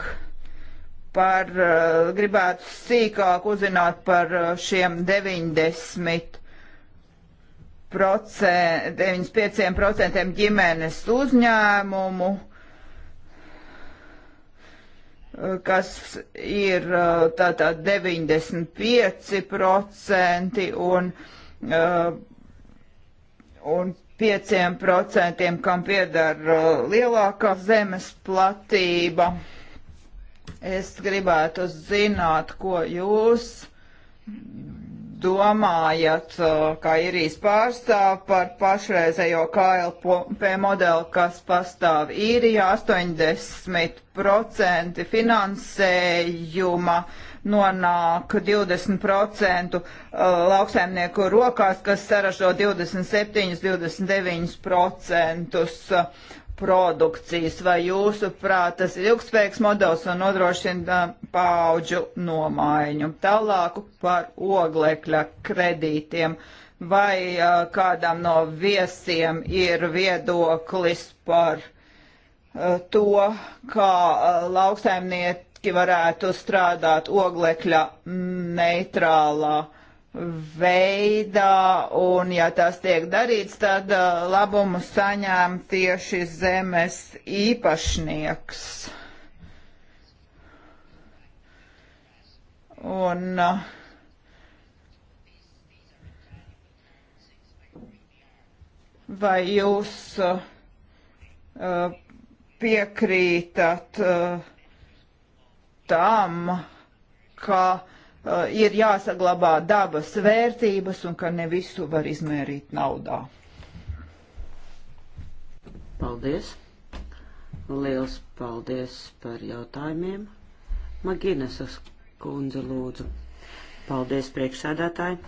par, eh, gribētu sīkāk uzzināt par eh, šiem 90 95% ģimenes uzņēmumu, eh, kas ir tātad 95% un, un 5%, kam piedar uh, lielākā zemes platība. Es gribētu zināt, ko jūs domājat, uh, kā īrijas pārstāv par pašreizējo KLP modeli, kas pastāv īrijā 80% finansējuma. Uh, nonāk 20% uh, lauksaimnieku rokās, kas saražo 27-29% uh, produkcijas. Vai jūsuprāt tas ir ilgspējīgs modelis un nodrošina uh, pauģu nomaiņu? Tālāk par oglekļa kredītiem vai uh, kādam no viesiem ir viedoklis par uh, to, kā uh, lauksaimnieki praktiski varētu strādāt oglekļa neitrālā veidā, un ja tas tiek darīts, tad uh, labumu saņēma tieši zemes īpašnieks. Un uh, vai jūs uh, piekrītat uh, tam, ka uh, ir jāsaglabā dabas vērtības un ka ne visu var izmērīt naudā. Paldies! Liels paldies par jautājumiem! Maginesas kundze lūdzu. Paldies priekšsēdētāji!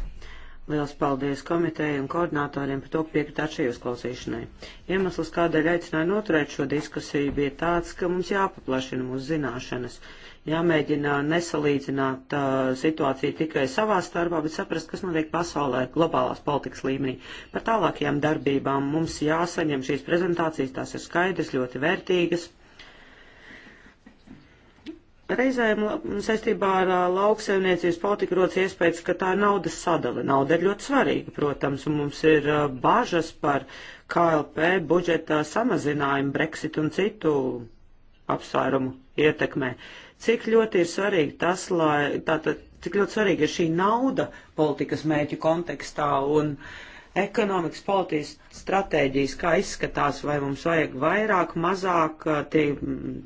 Liels paldies komiteju un koordinātoriem par to, ka piekritāt šī uzklausīšanai. Iemesls, kādēļ aicināju noturēt šo diskusiju, bija tāds, ka mums jāpaplašina mūsu zināšanas. Uh, jāmēģina nesalīdzināt uh, situāciju tikai savā starpā, bet saprast, kas notiek pasaulē globālās politikas līmenī. Par tālākajām darbībām mums jāsaņem šīs prezentācijas, tās ir skaidrs, ļoti vērtīgas. Reizēm saistībā ar uh, lauksaimniecības politiku rodas iespējas, ka tā ir naudas sadale. Nauda ir ļoti svarīga, protams, un mums ir uh, bažas par KLP budžeta samazinājumu Brexit un citu apsvērumu ietekmē. Uh, cik ļoti ir svarīgi tas, lai tātad, cik ļoti svarīgi ir šī nauda politikas mēķu kontekstā un ekonomikas politikas stratēģijas, kā izskatās, vai mums vajag vairāk, mazāk, eh, tie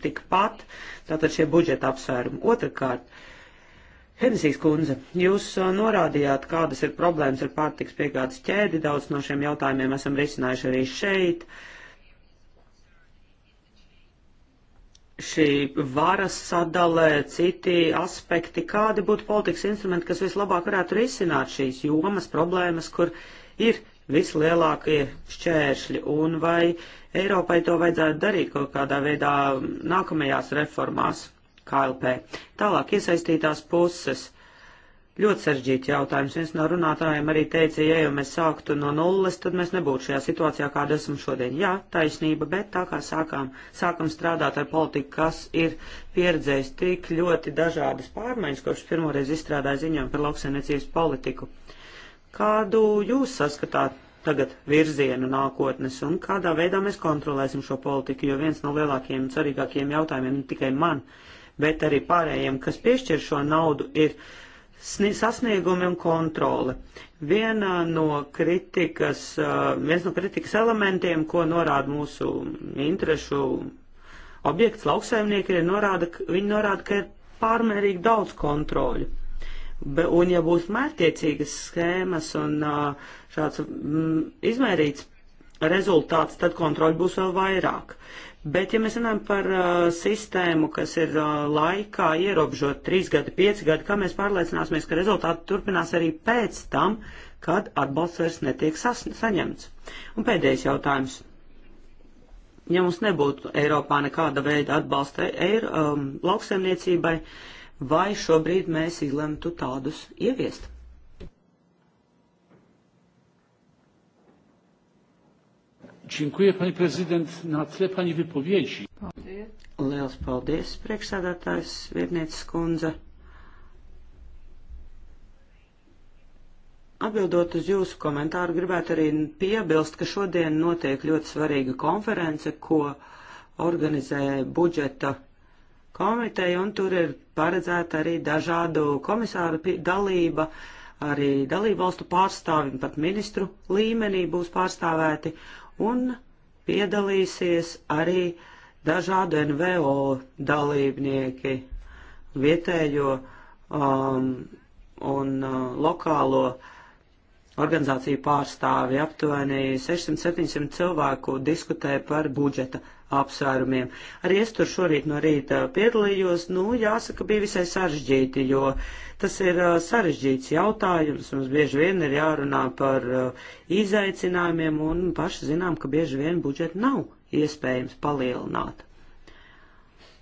tikpat, tātad šie budžeta apsvērumi. Otrakārt, Henisijas kundze, jūs eh, norādījāt, kādas ir problēmas ar pārtiks piegādes ķēdi, daudz no šiem jautājumiem esam risinājuši arī šeit. Uh, šī varas sadalē, citi aspekti, kādi būtu politikas instrumenti, kas vislabāk varētu risināt šīs jomas, problēmas, kur ir vislielākie šķēršļi, un vai Eiropai to vajadzētu darīt kaut kādā veidā nākamajās reformās KLP. Tālāk iesaistītās puses. Ļoti sarežģīti jautājums. Viens no runātājiem arī teica, ja jau mēs sāktu no nulles, tad mēs nebūtu šajā situācijā, kāda esam šodien. Jā, taisnība, bet tā kā sākām, sākam strādāt ar politiku, kas ir pieredzējis tik ļoti dažādas pārmaiņas, kopš pirmoreiz izstrādāja ziņojumu par lauksainiecības politiku. Kādu jūs saskatāt tagad virzienu nākotnes un kādā veidā mēs kontrolēsim šo politiku, jo viens no lielākajiem un svarīgākajiem jautājumiem ne tikai man, bet arī pārējiem, kas piešķir šo naudu, ir sasniegumi un kontrole. Viena no kritikas, uh, viens no kritikas elementiem, ko norāda mūsu interešu objekts lauksaimnieki, ir norāda, viņi norāda, ka ir pārmērīgi daudz kontroļu. Be, un ja būs mērķiecīgas schēmas un uh, šāds mm, izmērīts rezultāts, tad kontroļi būs vēl vairāk. Bet, ja mēs runājam par uh, sistēmu, kas ir uh, laikā ierobežot 3 gadi, 5 gadi, kā mēs pārliecināsimies, ka rezultāti turpinās arī pēc tam, kad atbalsts vairs netiek saņemts? Un pēdējais jautājums. Ja mums nebūtu Eiropā nekāda veida atbalsta eiro, um, lauksaimniecībai, vai šobrīd mēs izlemtu tādus ieviest? Dziękuję, pani prezydent, na tle pani wypowiedzi. Paldies. Liels paldies, priekšsēdētājs Vietniecis kundze. Atbildot uz jūsu komentāru, gribētu arī piebilst, ka šodien notiek ļoti svarīga konference, ko organizē budžeta komiteja, un tur ir paredzēta arī dažādu komisāru dalība, arī dalību valstu pārstāvi, pat ministru līmenī būs pārstāvēti, un piedalīsies arī dažādi NVO dalībnieki, vietējo um, un uh, lokālo organizāciju pārstāvi. Aptuveni 600-700 cilvēku diskutē par budžeta apsvērumiem. Arī es tur šorīt no rīta piedalījos, nu, jāsaka, bija visai sarežģīti, jo tas ir sarežģīts jautājums, mums bieži vien ir jārunā par izaicinājumiem, un paši zinām, ka bieži vien budžetu nav iespējams palielināt.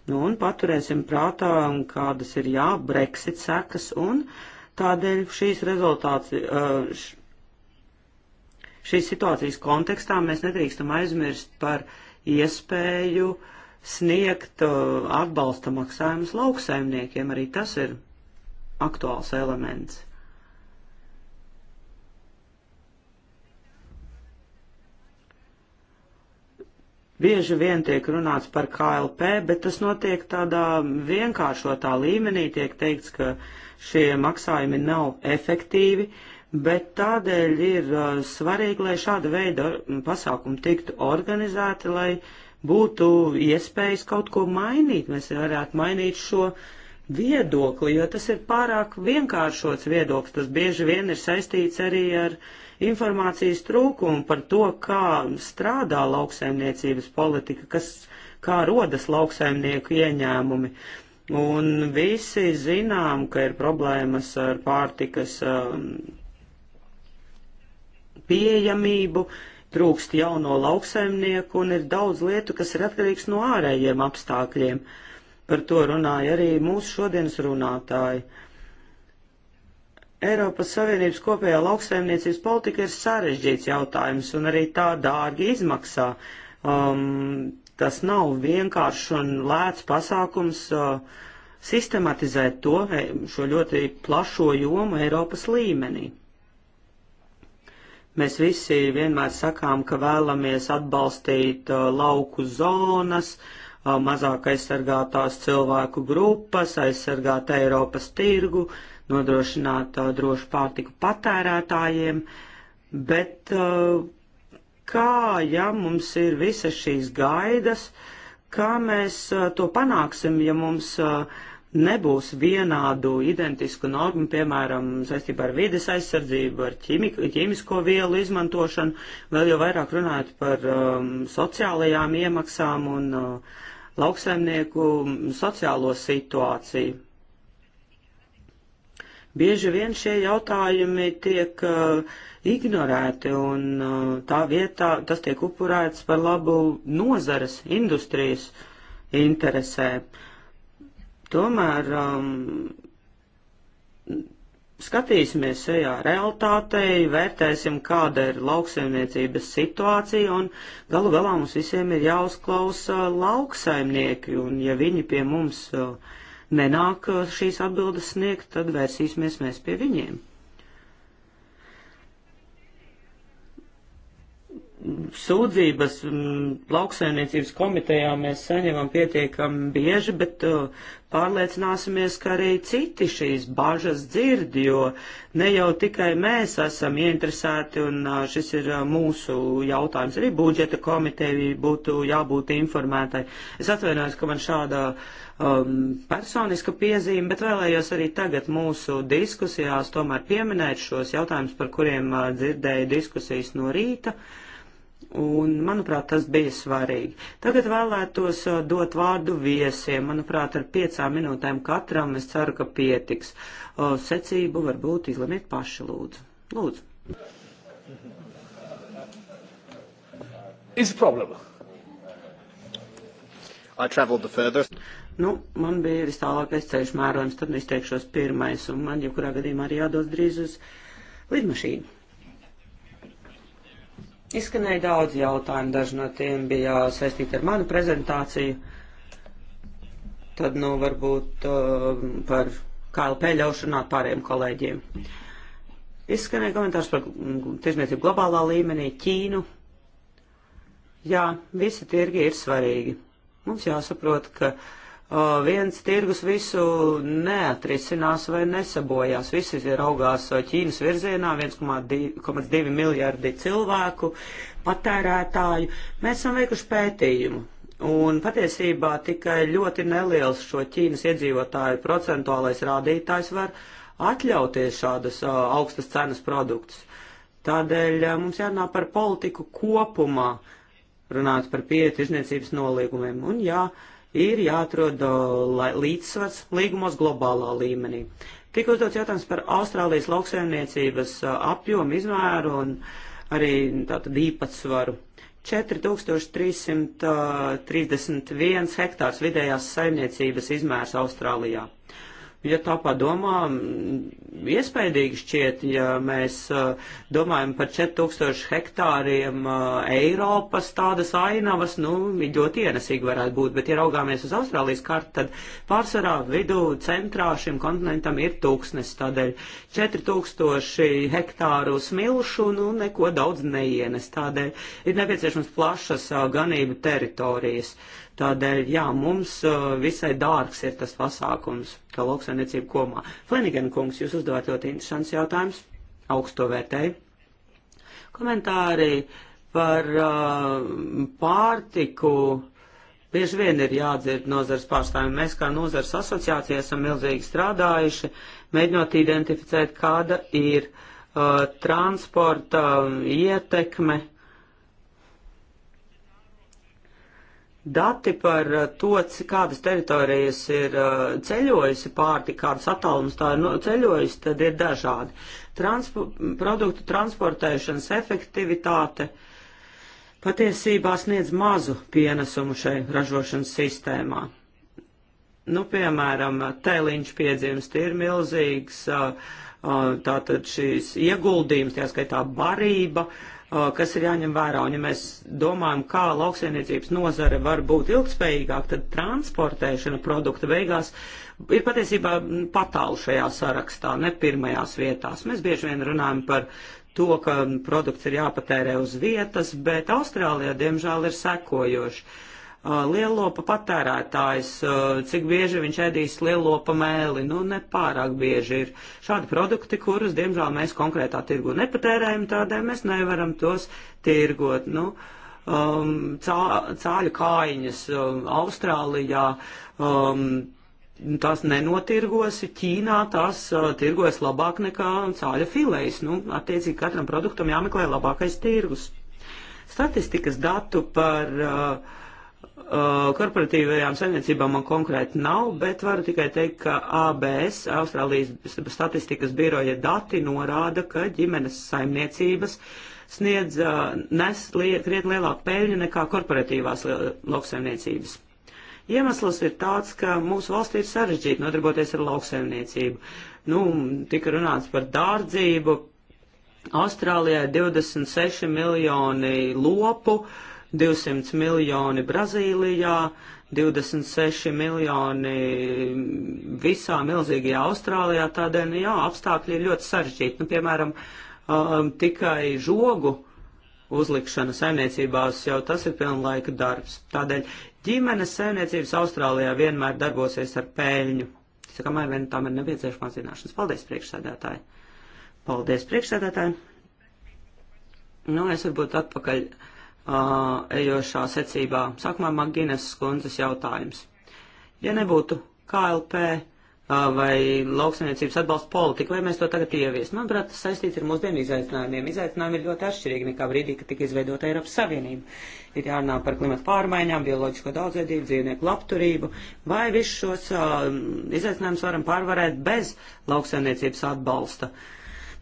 Nu, un paturēsim prātā, kādas ir jā, Brexit sekas, un tādēļ šīs rezultāts, šīs situācijas kontekstā mēs nedrīkstam aizmirst par iespēju sniegt uh, atbalsta maksājumus lauksaimniekiem. Arī tas ir aktuāls elements. Bieži vien tiek runāts par KLP, bet tas notiek tādā vienkāršotā līmenī, tiek teikts, ka šie maksājumi nav efektīvi, uh, bet tādēļ ir uh, svarīgi, lai šāda veida mm, pasākumi tiktu organizēti, lai būtu iespējas kaut ko mainīt. Mēs varētu mainīt šo viedokli, jo tas ir pārāk vienkāršots viedoklis. Tas bieži vien ir saistīts arī ar informācijas trūkumu par to, kā strādā lauksaimniecības politika, kas, kā rodas lauksaimnieku ieņēmumi. Un visi zinām, ka ir problēmas ar pārtikas um, pieejamību, trūkst jauno lauksaimnieku un ir daudz lietu, kas ir atkarīgs no ārējiem apstākļiem. Par to runāja arī mūsu šodienas runātāji. Eiropas Savienības kopējā lauksaimniecības politika ir sarežģīts jautājums un arī tā dārgi izmaksā. Um, tas nav vienkāršs un lēts pasākums. Uh, sistematizēt to, eh, šo ļoti plašo jomu Eiropas līmenī. Mēs visi vienmēr sakām, ka vēlamies atbalstīt uh, lauku zonas, uh, mazāk aizsargātās cilvēku grupas, aizsargāt Eiropas tirgu, nodrošināt uh, drošu pārtiku patērētājiem, bet uh, kā, ja mums ir visas šīs gaidas, kā mēs uh, to panāksim, ja mums uh, nebūs vienādu identisku normu, piemēram, saistībā ar vides aizsardzību, ar ķīmiku, ķīmisko vielu izmantošanu, vēl jau vairāk runājot par um, sociālajām iemaksām un uh, lauksaimnieku um, sociālo situāciju. Bieži vien šie jautājumi tiek uh, ignorēti un uh, tā vietā tas tiek upurēts par labu nozares, industrijas interesē. Uh, Tomēr um, skatīsimies šajā realitātei, vērtēsim, kāda ir lauksaimniecības situācija, un galu galā mums visiem ir jāuzklausa lauksaimnieki, un ja viņi pie mums uh, nenāk uh, šīs atbildes sniegt, tad vērsīsimies mēs pie viņiem. sūdzības mm, lauksaimniecības komitejā mēs saņemam pietiekami bieži, bet uh, pārliecināsimies, ka arī citi šīs bažas dzird, jo ne jau tikai mēs esam ieinteresēti, un uh, šis ir uh, mūsu jautājums. Arī budžeta komiteja būtu jābūt informētai. Es atvainojos, ka man šāda um, personiska piezīme, bet vēlējos arī tagad mūsu diskusijās tomēr pieminēt šos jautājumus, par kuriem dzirdēju diskusijas no rīta. Uh, un, manuprāt, tas bija svarīgi. Tagad vēlētos uh, dot vārdu viesiem. Manuprāt, ar piecām minūtēm katram es ceru, ka pietiks. Secību varbūt izlemiet paši, lūdzu. Lūdzu. Is a problem. I travelled the furthest. Nu, man bija arī tālākais ceļš mērojums, tad nu izteikšos pirmais, un man jebkurā gadījumā arī jādodas drīz uz lidmašīnu. Izskanēja daudz jautājumu, daži no tiem bija saistīti ar manu prezentāciju. Tad, nu, varbūt uh, par KLP ļaušanā pāriem kolēģiem. Izskanēja komentārs par mm, tirzniecību globālā līmenī, Ķīnu. Jā, visi tirgi ir svarīgi. Mums jāsaprot, ka uh, viens tirgus visu neatrisinās vai nesabojās. Visi ir augās Ķīnas virzienā, 1,2 miljardi cilvēku, patērētāju. Mēs esam veikuši pētījumu. Un patiesībā tikai ļoti neliels šo Ķīnas iedzīvotāju procentuālais rādītājs var atļauties šādas uh, augstas cenas produktus. Tādēļ uh, mums jārunā par politiku kopumā, runāt par pieeja tirzniecības nolīgumiem. Un jā, uh, ir jāatrod līdzsvars līgumos globālā līmenī. Tik uzdots jautājums par Austrālijas lauksaimniecības apjomu, izmēru un arī tātad īpatsvaru. 4331 hektārs vidējās saimniecības izmērs Austrālijā ja tā padomā, iespējīgi šķiet, ja mēs domājam par 4000 hektāriem Eiropas tādas ainavas, nu, ļoti ienesīgi varētu būt, bet, ja raugāmies uz Austrālijas kartu, tad pārsvarā vidū centrā šim kontinentam ir tūkstnes, tādēļ 4000 hektāru smilšu, nu, neko daudz neienes, tādēļ ir nepieciešams plašas ganību teritorijas. Uh, Tādēļ, jā, mums uh, visai dārgs ir tas pasākums, kā lauksainiecība komā. Flanagan kungs, jūs uzdevāt ļoti interesants jautājums, augsto vērtēju. Komentāri par uh, pārtiku bieži vien ir jādzird nozars pārstāvjiem. Mēs kā nozars asociācija esam milzīgi strādājuši, mēģinot identificēt, kāda ir uh, transporta ietekme Dati par eh, to, kādas teritorijas ir eh, ceļojusi pārtika, kādas attālums tā ir ceļojusi, tad ir dažādi. Transpo produktu transportēšanas efektivitāte patiesībā sniedz mazu pienesumu šai ražošanas sistēmā. Nu, piemēram, tēliņš piedzimst ir milzīgs, eh, tātad šīs ieguldījums, tā skaitā barība, uh, kas ir jāņem vērā. Un ja mēs domājam, kā lauksainiecības nozare var būt ilgspējīgāk, tad transportēšana produkta beigās ir patiesībā mm, patālu šajā sarakstā, ne pirmajās vietās. Mēs bieži vien runājam par to, ka produkts ir jāpatērē uz vietas, bet Austrālijā, diemžēl, ir sekojoši. Uh, Uh, lielopa patērētājs, uh, cik bieži viņš ēdīs lielopa mēli, nu nepārāk bieži ir šādi produkti, kurus, diemžēl, mēs konkrētā tirgu nepatērējam, tādēļ mēs nevaram tos tirgot. Nu, um, cā, cāļu kājiņas um, Austrālijā. Um, Tās nenotirgosi, Ķīnā tās uh, tirgojas labāk nekā cāļa filējas. Nu, attiecīgi katram produktam jāmeklē labākais tirgus. Statistikas datu par uh, Uh, korporatīvajām saimniecībām man konkrēti nav, bet varu tikai teikt, ka ABS, Austrālijas statistikas biroja dati norāda, ka ģimenes saimniecības sniedz uh, nes krietni lielāku peļņu nekā korporatīvās lauksaimniecības. Iemesls ir tāds, ka mūsu valstī ir sarežģīti nodarboties ar lauksaimniecību. Nu, tika runāts par dārdzību. Austrālijā ir 26 miljoni lopu. Uh, 200 miljoni Brazīlijā, 26 miljoni visā milzīgajā Austrālijā. Tādēļ, nu jā, apstākļi ir ļoti sarežģīti. Nu, piemēram, um, tikai žogu uzlikšana saimniecībās jau tas ir pilnlaika darbs. Tādēļ ģimenes saimniecības Austrālijā vienmēr darbosies ar pēļņu. Kamēr vien nu tam ir nepieciešamās zināšanas. Paldies, priekšsēdētāji! Paldies, priekšsēdētāji! Nu, es varbūt atpakaļ uh, ejošā secībā. Sākumā Maginas skundzes jautājums. Ja nebūtu KLP uh, vai lauksaimniecības atbalsta politika, vai mēs to tagad ieviestu? Manuprāt, tas saistīts ar mūsdienu izaicinājumiem. Izaicinājumi ir ļoti atšķirīgi nekā brīdī, kad tika izveidota Eiropas Savienība. Ir jārunā par klimatu pārmaiņām, bioloģisko daudzveidību, dzīvnieku labturību, vai visus šos uh, izaicinājumus varam pārvarēt bez lauksaimniecības atbalsta. Uh,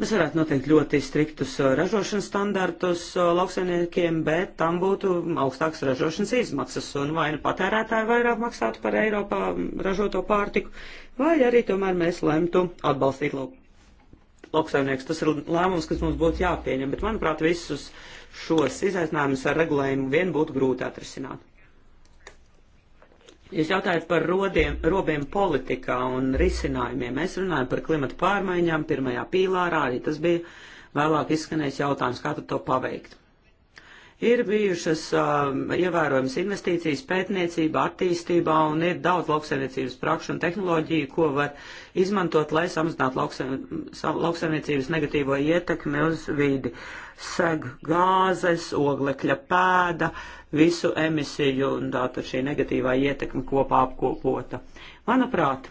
Mēs varētu noteikt ļoti striktus uh, ražošanas standartus uh, lauksainiekiem, bet tam būtu augstāks ražošanas izmaksas, un vai nu patērētāji vairāk maksātu par Eiropā ražoto pārtiku, vai arī tomēr mēs lemtu atbalstīt lauk lauksaimnieks. Tas ir lēmums, kas mums būtu jāpieņem, bet manuprāt, visus šos izaicinājumus ar regulējumu vien būtu grūti atrisināt. Jūs jautājat par rodiem, robiem politikā un risinājumiem. Mēs runājam par klimatu pārmaiņām pirmajā pīlārā, arī tas bija vēlāk izskanējis jautājums, kā tad to paveikt. Ir bijušas um, ievērojamas investīcijas pētniecībā, attīstībā un ir daudz lauksaimniecības prakšu un tehnoloģiju, ko var izmantot, lai samazinātu lauksaimniecības negatīvo ietekmi uz vidi. Seg gāzes, oglekļa pēda, uh, visu emisiju un tātad šī negatīvā ietekme kopā apkopota. Manuprāt,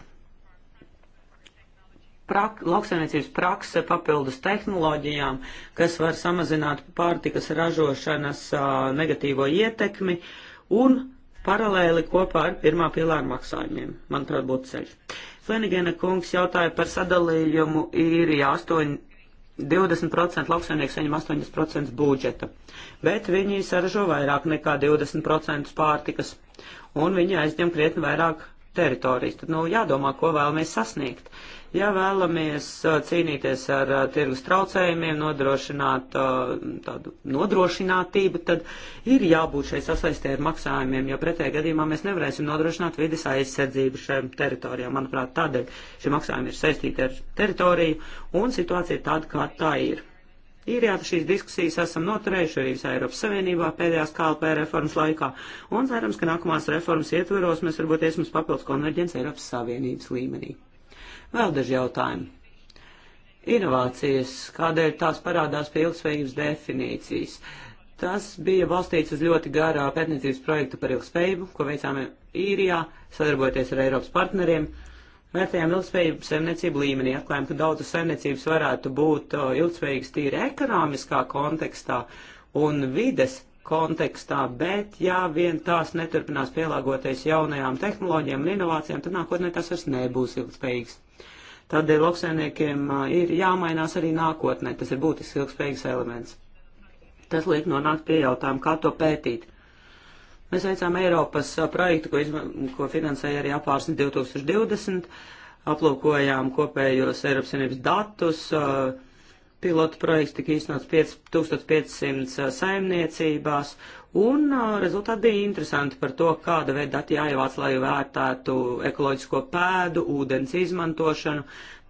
prak, lauksainiecības prakse papildus tehnoloģijām, kas var samazināt pārtikas ražošanas uh, negatīvo ietekmi un paralēli kopā ar pirmā pilāra maksājumiem, manuprāt, būtu ceļš. Flenigena kungs jautāja par sadalījumu īrijā 8 20% lauksaimnieku saņem 8% budžeta, bet viņi saražo vairāk nekā 20% pārtikas, un viņi aizņem krietni vairāk teritorijas. Tad, nu, jādomā, ko vēlamies sasniegt. Uh, Ja vēlamies uh, cīnīties ar uh, tirgus traucējumiem, nodrošināt uh, tādu nodrošinātību, tad ir jābūt šai sasaistē ar maksājumiem, jo pretējā gadījumā mēs nevarēsim nodrošināt vides aizsardzību šajām teritorijām. Manuprāt, tādēļ šie maksājumi ir saistīti ar teritoriju un situācija ir tāda, kā tā ir. Īrijā šīs diskusijas esam noturējuši arī visā Eiropas Savienībā pēdējās KLP reformas laikā, un cerams, ka nākamās reformas ietveros mēs varbūt iesim uz papildus konverģents Eiropas Savienības līmenī. Vēl daži jautājumi. Inovācijas, kādēļ tās parādās pie ilgspējības definīcijas? Tas bija balstīts uz ļoti garā pētniecības projektu par ilgspējību, ko veicām īrijā, sadarbojoties ar Eiropas partneriem. Vērtējām ilgspējību saimniecību līmenī, atklājām, ka daudzas saimniecības varētu būt ilgspējīgas tīri ekonomiskā kontekstā un vides kontekstā, bet ja vien tās neturpinās pielāgoties jaunajām tehnoloģijām un inovācijām, tad nākotnē tas vairs nebūs ilgspējīgs. Tādēļ lauksainiekiem ir jāmainās arī nākotnē, tas ir būtisks ilgspējīgs elements. Tas liek nonākt pie jautājuma, kā to pētīt. Mēs veicām Eiropas projektu, ko, izma, ko finansēja arī apārsni 2020, aplūkojām kopējos Eiropas Savienības datus, uh, Pilotu projekts tika īstenots 1500 saimniecībās, un rezultāti bija interesanti par to, kāda veida dati jāievāc, lai vērtētu ekoloģisko pēdu, ūdens izmantošanu,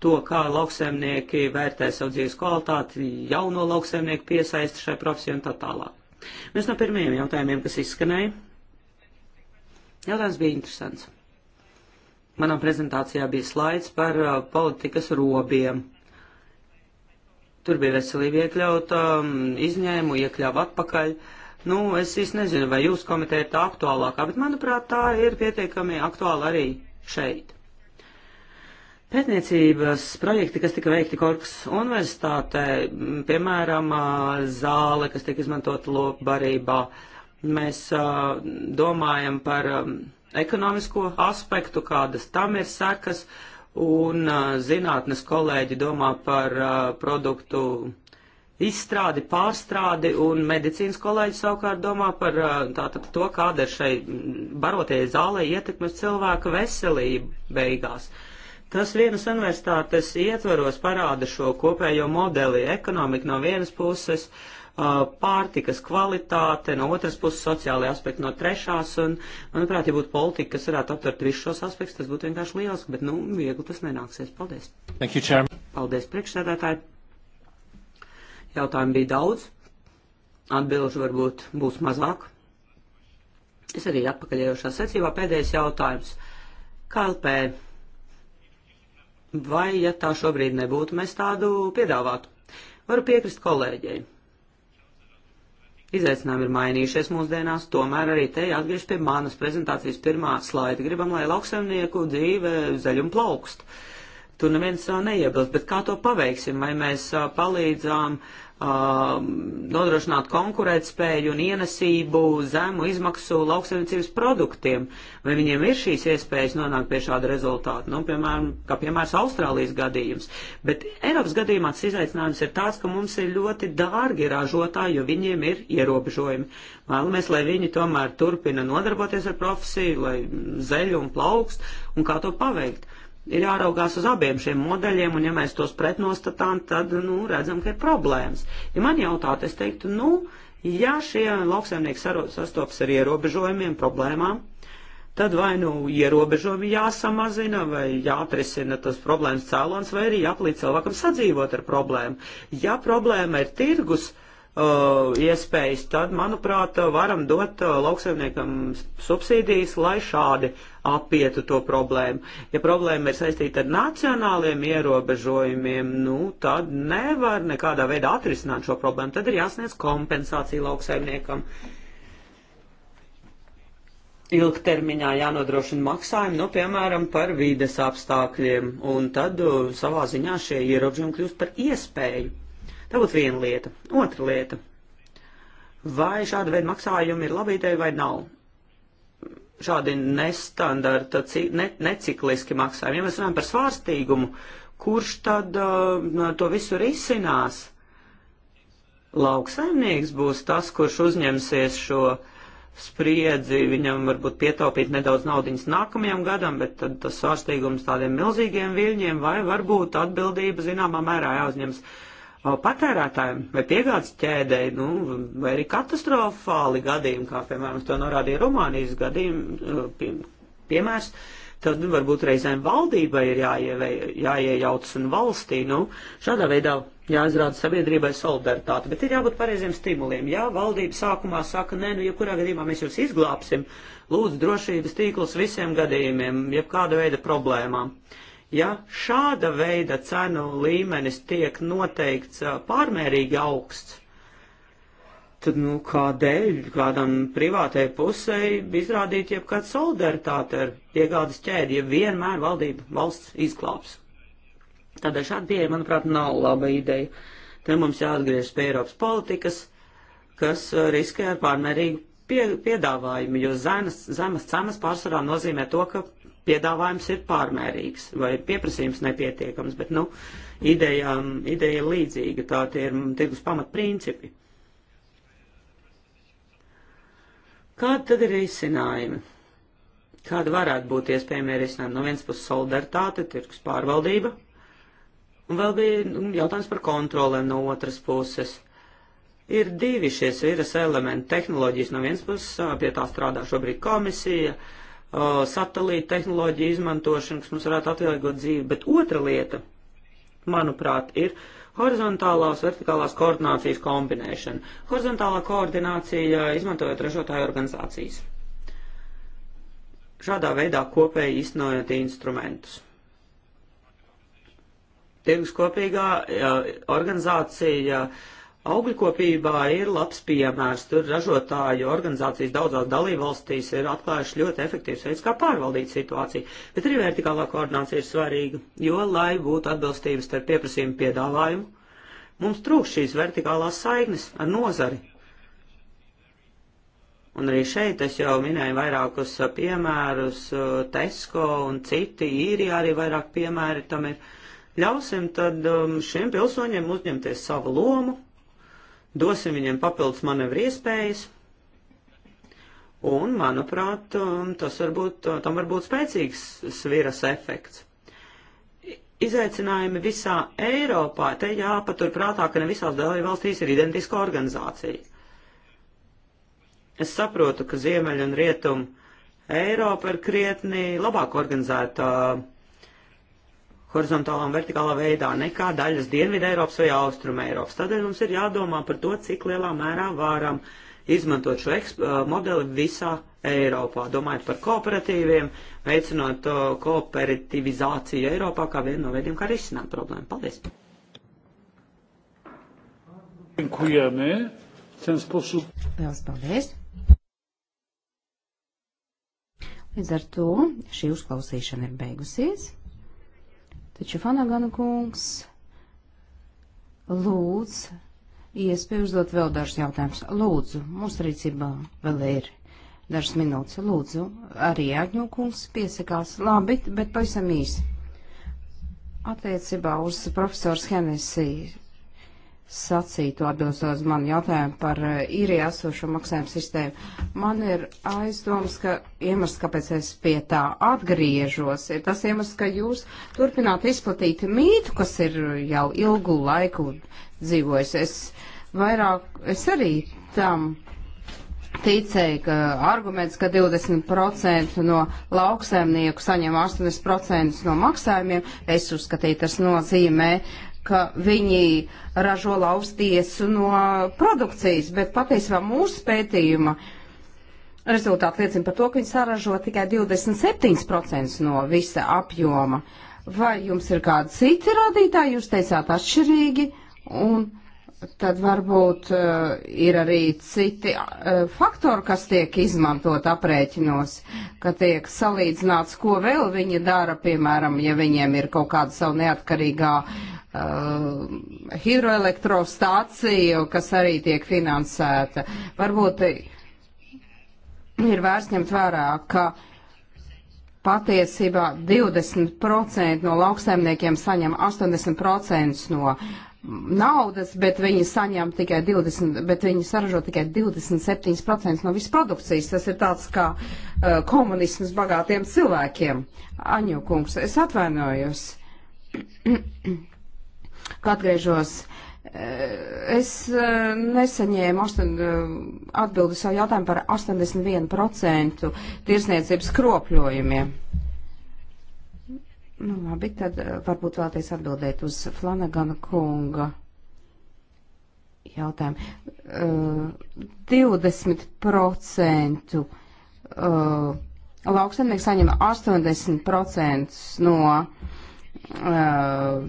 to, kā lauksaimnieki vērtē savu dzīves kvalitāti, jauno lauksaimnieku piesaisti šai profesijai un tā tālāk. Mēs no pirmajiem jautājumiem, kas izskanēja, jautājums bija interesants. Manā prezentācijā bija slaids par politikas robiem Tur bija veselība iekļauta, mm, izņēmu, iekļāvu atpakaļ. Nu, es īsti nezinu, vai jūsu komiteja ir tā aktuālākā, bet manuprāt, tā ir pietiekami aktuāla arī šeit. Pētniecības projekti, kas tika veikti Korkas universitātē, mm, piemēram, zāle, kas tika izmantota lobarībā, mēs domājam par ekonomisko aspektu, kādas tam ir sekas. Uh, un uh, zinātnes kolēģi domā par uh, produktu izstrādi, pārstrādi, un medicīnas kolēģi savukārt domā par uh, tātad to, kāda ir šai barotajai zālē ietekmes cilvēka veselību beigās. Tas vienas universitātes ietvaros parāda šo kopējo modeli ekonomiku no vienas puses, uh, pārtikas kvalitāte, no otras puses sociālai aspekti, no trešās. Un, manuprāt, ja būtu politika, kas varētu aptvert visus šos aspektus, tas būtu vienkārši lieliski, bet nu, viegli tas nenāksies. Paldies! Thank you, chairman. Paldies, priekšsēdētāji! Jautājumu bija daudz, atbilžu varbūt būs mazāk. Es arī atpakaļējošā secībā pēdējais jautājums. KLP, vai ja tā šobrīd nebūtu, mēs tādu piedāvātu? Varu piekrist kolēģei. Izaicinājumi ir mainījušies mūsdienās, tomēr arī te jāatgriež pie manas prezentācijas pirmā slaida. Gribam, lai lauksaimnieku dzīve zaļum plaukst. Tur neviens neiebilst, bet kā to paveiksim? Vai mēs palīdzām uh, Um, nodrošināt konkurētspēju un ienesību zemu izmaksu lauksaimniecības produktiem, vai viņiem ir šīs iespējas nonākt pie šāda rezultāta, nu, piemēram, kā piemērs Austrālijas gadījums. Bet Eiropas gadījumā tas izaicinājums ir tāds, ka mums ir ļoti dārgi ražotāji, jo viņiem ir ierobežojumi. Vēlamies, lai viņi tomēr turpina nodarboties ar profesiju, lai zeļu un plaukst, un kā to paveikt. Uh, ir jāraugās uz abiem šiem modeļiem, un ja mēs tos pretnostatām, tad, nu, redzam, ka ir problēmas. Ja man jautātu, es teiktu, nu, ja šie lauksaimnieki sastopas ar ierobežojumiem, problēmām, tad vai nu ierobežojumi jāsamazina, vai jāatrisina tas problēmas cēlons, vai arī jāpalīdz cilvēkam sadzīvot ar problēmu. Ja problēma ir tirgus, uh, Uh, iespējas, tad, manuprāt, varam dot uh, lauksaimniekam subsīdijas, lai šādi apietu to problēmu. Ja problēma ir saistīta ar nacionāliem ierobežojumiem, nu, tad nevar nekādā veidā atrisināt šo problēmu. Tad ir jāsniedz kompensācija lauksaimniekam. Ilgtermiņā jānodrošina maksājumi, nu, piemēram, par vides apstākļiem, un tad uh, savā ziņā šie ierobežojumi kļūst par iespēju Tā būtu viena lieta. Otra lieta. Vai šāda veida maksājumi ir laba ideja vai nav? Šādi nestandarta, ne, necikliski maksājumi. Ja mēs runājam par svārstīgumu, kurš tad uh, to visu risinās? Lauksaimnieks būs tas, kurš uzņemsies šo spriedzi, viņam varbūt pietaupīt nedaudz naudiņas nākamajam gadam, bet tad tas svārstīgums tādiem milzīgiem viļņiem vai varbūt atbildība zināmā mērā jāuzņems. Uh, patērētājiem vai piegādes ķēdēji, nu, vai arī katastrofāli gadījumi, kā piemēram to norādīja Rumānijas gadījumi, pie, piemērs, tad nu, varbūt reizēm valdībai ir jāievē, jāiejaucas un valstī, nu, šādā veidā jāizrāda sabiedrībai solidaritāte, bet ir jābūt pareiziem stimuliem. Ja valdība sākumā saka, nē, nu, jebkurā ja gadījumā mēs jūs izglābsim, lūdzu drošības tīklus visiem gadījumiem, jebkāda veida problēmām. Uh, Ja šāda veida cenu līmenis tiek noteikts pārmērīgi augsts, tad nu, kādēļ kādam privātai pusei izrādīt jebkādu solidaritāti ar piegādes ķēdi, ja vienmēr valdība valsts izklāps? Tādēļ šāda pieeja, manuprāt, nav laba ideja. Te mums jāatgriežas pie Eiropas politikas, kas riskē ar pārmērīgu pie, piedāvājumu, jo zemes, zemes cenas pārsvarā nozīmē to, ka piedāvājums ir pārmērīgs vai pieprasījums nepietiekams, bet, nu, ideja, ideja ir līdzīga, tā tie ir tirgus pamatprincipi. Kāda tad ir risinājumi? Kāda varētu būt iespējami risinājumi? No vienas puses solidaritāte, tirgus pārvaldība, un vēl bija jautājums par kontrolēm no otras puses ir divi šie sviras elementi. Tehnoloģijas no vienas puses, pie tā strādā šobrīd komisija, uh, satelīta tehnoloģiju izmantošanu, kas mums varētu atvieglot dzīvi. Bet otra lieta, manuprāt, ir horizontālās, vertikālās koordinācijas kombinēšana. Horizontālā koordinācija izmantojot ražotāju organizācijas. Šādā veidā kopēji iznojot instrumentus tirgus kopīgā organizācija Augļkopībā ir labs piemērs. Tur ražotāju organizācijas daudzās dalībvalstīs ir atklājuši ļoti efektīvs veids, kā pārvaldīt situāciju. Bet arī vertikālā koordinācija ir svarīga, jo, lai būtu atbilstības starp pieprasījumu piedāvājumu, mums trūkst šīs vertikālās saiknes ar nozari. Un arī šeit es jau minēju vairākus piemērus, Tesco un citi īrijā arī vairāk piemēri tam ir. Ļausim tad um, šiem pilsoņiem uzņemties savu lomu, dosim viņiem papildus manevru iespējas, un, manuprāt, um, tas varbūt, tam var būt spēcīgs sviras efekts. Izaicinājumi visā Eiropā, te jāpaturprātā, ka ne visās dalībvalstīs ir identiska organizācija. Es saprotu, ka Ziemeļa un Rietuma Eiropa ir krietni labāk organizēta uh, horizontālā un vertikālā veidā nekā daļas Dienvidē Eiropas vai Austruma Eiropas. Tādēļ mums ir jādomā par to, cik lielā mērā varam izmantot šo eh, modeli visā Eiropā, domājot par kooperatīviem, veicinot eh, kooperativizāciju Eiropā kā vienu no veidiem, kā risināt problēmu. Paldies! Lielas paldies! Līdz ar to šī uzklausīšana ir beigusies. Taču Fanagana kungs lūdz iespēju uzdot vēl dažus jautājumus. Lūdzu, mūsu rīcībā vēl ir dažas minūtes. Lūdzu, arī Agņokungs piesakās. Labi, bet pavisam īsi. Attiecībā uz profesors Henesī sacītu atbilstot uz manu jautājumu par eh, īrijā esošo maksājumu sistēmu. Man ir aizdoms, ka iemesls, kāpēc es pie tā atgriežos, ir tas iemesls, ka jūs turpināt izplatīt mītu, kas ir jau ilgu laiku dzīvojis. Es vairāk, es arī tam ticēju, ka arguments, ka 20% no lauksēmnieku saņem 80% no maksājumiem, es uzskatīju, tas nozīmē. Uh, ka viņi ražo laustiesu no produkcijas, bet patiesībā mūsu pētījuma rezultāti liecina par to, ka viņi saražo tikai 27% no visa apjoma. Vai jums ir kādi citi rādītāji, jūs teicāt atšķirīgi, un tad varbūt uh, ir arī citi uh, faktori, kas tiek izmantot aprēķinos, ka tiek salīdzināts, ko vēl viņi dara, piemēram, ja viņiem ir kaut kāda savu neatkarīgā uh, uh, hidroelektrostāciju, kas arī tiek finansēta. Varbūt ir vērts ņemt vērā, ka patiesībā 20% no lauksaimniekiem saņem 80% no naudas, bet viņi saņem tikai 20, bet viņi saražo tikai 27% no visas produkcijas. Tas ir tāds kā uh, komunisms bagātiem cilvēkiem. Aņukungs, es atvainojos. ka atgriežos. Eh, es eh, nesaņēmu eh, atbildi savu jautājumu par 81% tirsniecības kropļojumiem. Nu, labi, tad varbūt vēlties atbildēt uz Flanagana kunga jautājumu. Uh, 20% uh, lauksaimnieks saņem 80% no uh,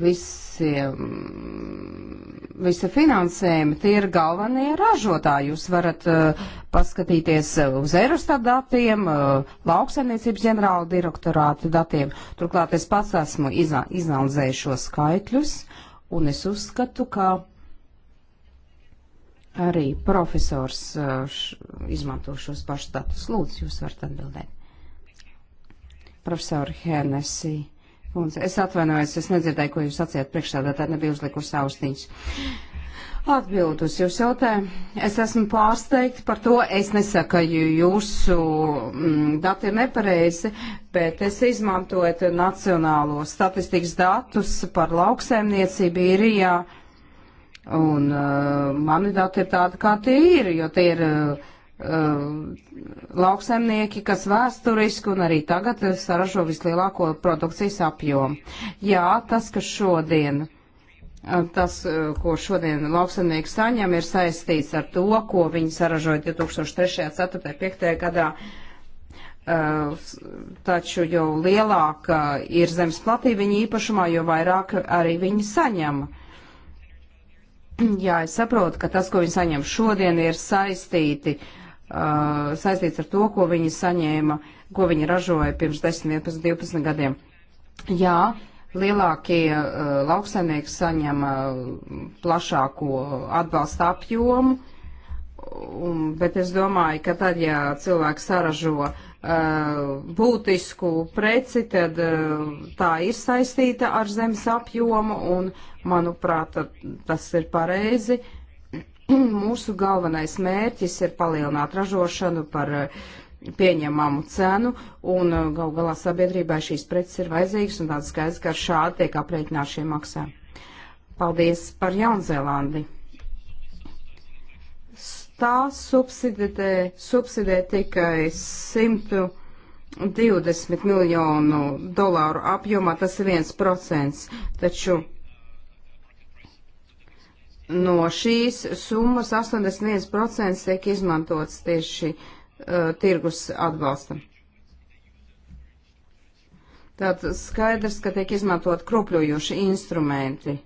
viss visie, mm, visi finansējumi, tie ir galvenie ražotāji. Jūs varat uh, paskatīties uz Eurostat datiem, uh, lauksaimniecības ģenerāla direktorātu datiem. Turklāt es pats esmu izna izanalizējis šo skaitļus, un es uzskatu, ka arī profesors uh, š, izmanto šos pašus datus. Lūdzu, jūs varat atbildēt. Profesori Hēnesī. Uh, Kundze, es atvainojos, es nedzirdēju, ko jūs sacījāt priekšstādātāji, nebija uzlikusi austiņas. Atbild uz jūsu jautājumu. Es esmu pārsteigta par to. Es nesaku, ka jūsu mm, dati ir nepareizi, bet es izmantoju nacionālo statistikas datus par lauksēmniecību īrijā. Un uh, mani dati ir tādi, kā tie ir, jo tie ir uh, Um, lauksaimnieki, kas vēsturiski un arī tagad saražo vislielāko produkcijas apjomu. Jā, tas, kas šodien, uh, tas, uh, ko šodien lauksaimnieki saņem, ir saistīts ar to, ko viņi saražoja 2003., 4., 5. gadā. Uh, taču jo lielāka ir zemes platība viņa īpašumā, jo vairāk arī viņi saņem. Jā, es saprotu, ka tas, ko viņi saņem šodien, ir saistīti uh, uh, saistīts ar to, ko viņi saņēma, ko viņi ražoja pirms 10, 11, 12 gadiem. Jā, lielākie uh, lauksaimnieki saņem uh, plašāko atbalsta apjomu, un, bet es domāju, ka tad, ja cilvēks saražo uh, būtisku preci, tad tā ir saistīta ar zemes apjomu, un, manuprāt, tas ir pareizi. Mūsu galvenais mērķis ir palielināt ražošanu par eh, pieņemamu cenu, un eh, gal galā sabiedrībai šīs preces ir vajadzīgas, un tāds skaidrs, ka ar šādu tiek aprēķināts šie maksājumi. Paldies par Jaunzēlandi. Tā subsidē, subsidē tikai 120 miljonu dolāru apjomā, tas ir 1%, taču no šīs summas 81% tiek izmantots tieši uh, tirgus atbalstam. Tātad skaidrs, ka tiek izmantot kropļojoši instrumenti.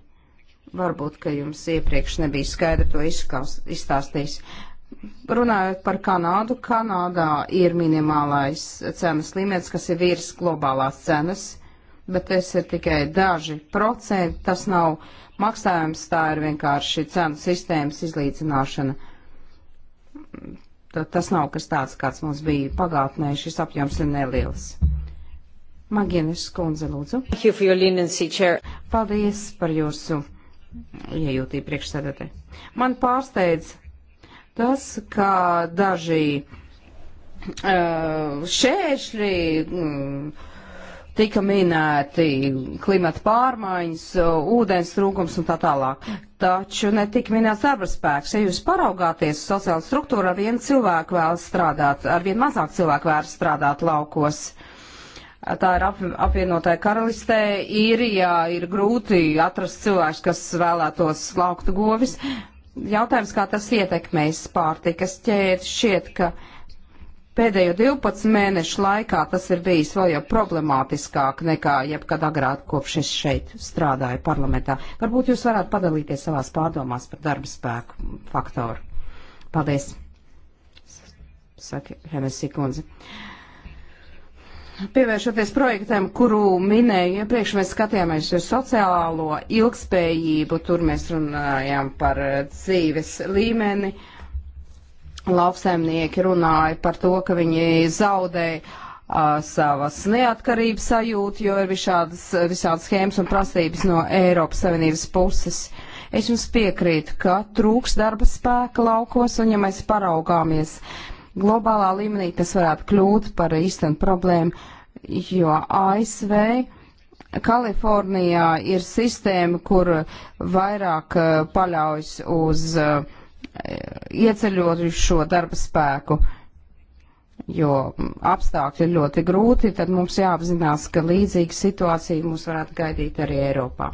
Varbūt, ka jums iepriekš nebija skaidri to izstāstījis. Runājot par Kanādu, Kanādā ir minimālais cenas līmenis, kas ir virs globālās cenas bet tas ir tikai daži procenti, tas nav maksājums, tā ir vienkārši cenu sistēmas izlīdzināšana. Tad tas nav kas tāds, kāds mums bija pagātnē, šis apjoms ir neliels. Magienes skundze, lūdzu. Paldies par jūsu iejūtību priekšsēdētē. Man pārsteidz tas, ka daži uh, eh, šēršļi. Uh, mm, Tika minēti klimata pārmaiņas, ūdens trūkums un tā tālāk. Taču netika minēts darba spēks. Ja jūs paraugāties uz sociālu struktūru, ar vienu cilvēku vēl strādāt, ar vien mazāk cilvēku vēl strādāt laukos. Tā ir ap, apvienotāja karalistē. Īrijā ir grūti atrast cilvēks, kas vēlētos slaukt govis. Jautājums, kā tas ietekmēs pārtikas ķēdi, šķiet, ka. Uh, Pēdējo 12 mēnešu laikā tas ir bijis vēl jau problemātiskāk nekā jebkad agrāk, kopš es šeit strādāju parlamentā. Varbūt jūs varētu padalīties savās pārdomās par darba spēku faktoru. Paldies, saka Hemesī kundze. Pievēršoties projektam, kuru minēju iepriekš, ja mēs skatījāmies uz sociālo ilgspējību, tur mēs runājām par dzīves līmeni. Uh, lauksaimnieki runāja par to, ka viņi zaudēja uh, savas neatkarības sajūtu, jo ir visādas, visādas schēmas un prasības no Eiropas Savienības puses. Es jums piekrītu, ka trūks darba spēka laukos, un ja mēs paraugāmies globālā līmenī, tas varētu kļūt par īstenu problēmu, jo ASV Kalifornijā ir sistēma, kur vairāk uh, paļaujas uz uh, ieceļojušo darba spēku, jo apstākļi ir ļoti grūti, tad mums jāapzinās, ka līdzīga situācija mūs varētu gaidīt arī Eiropā.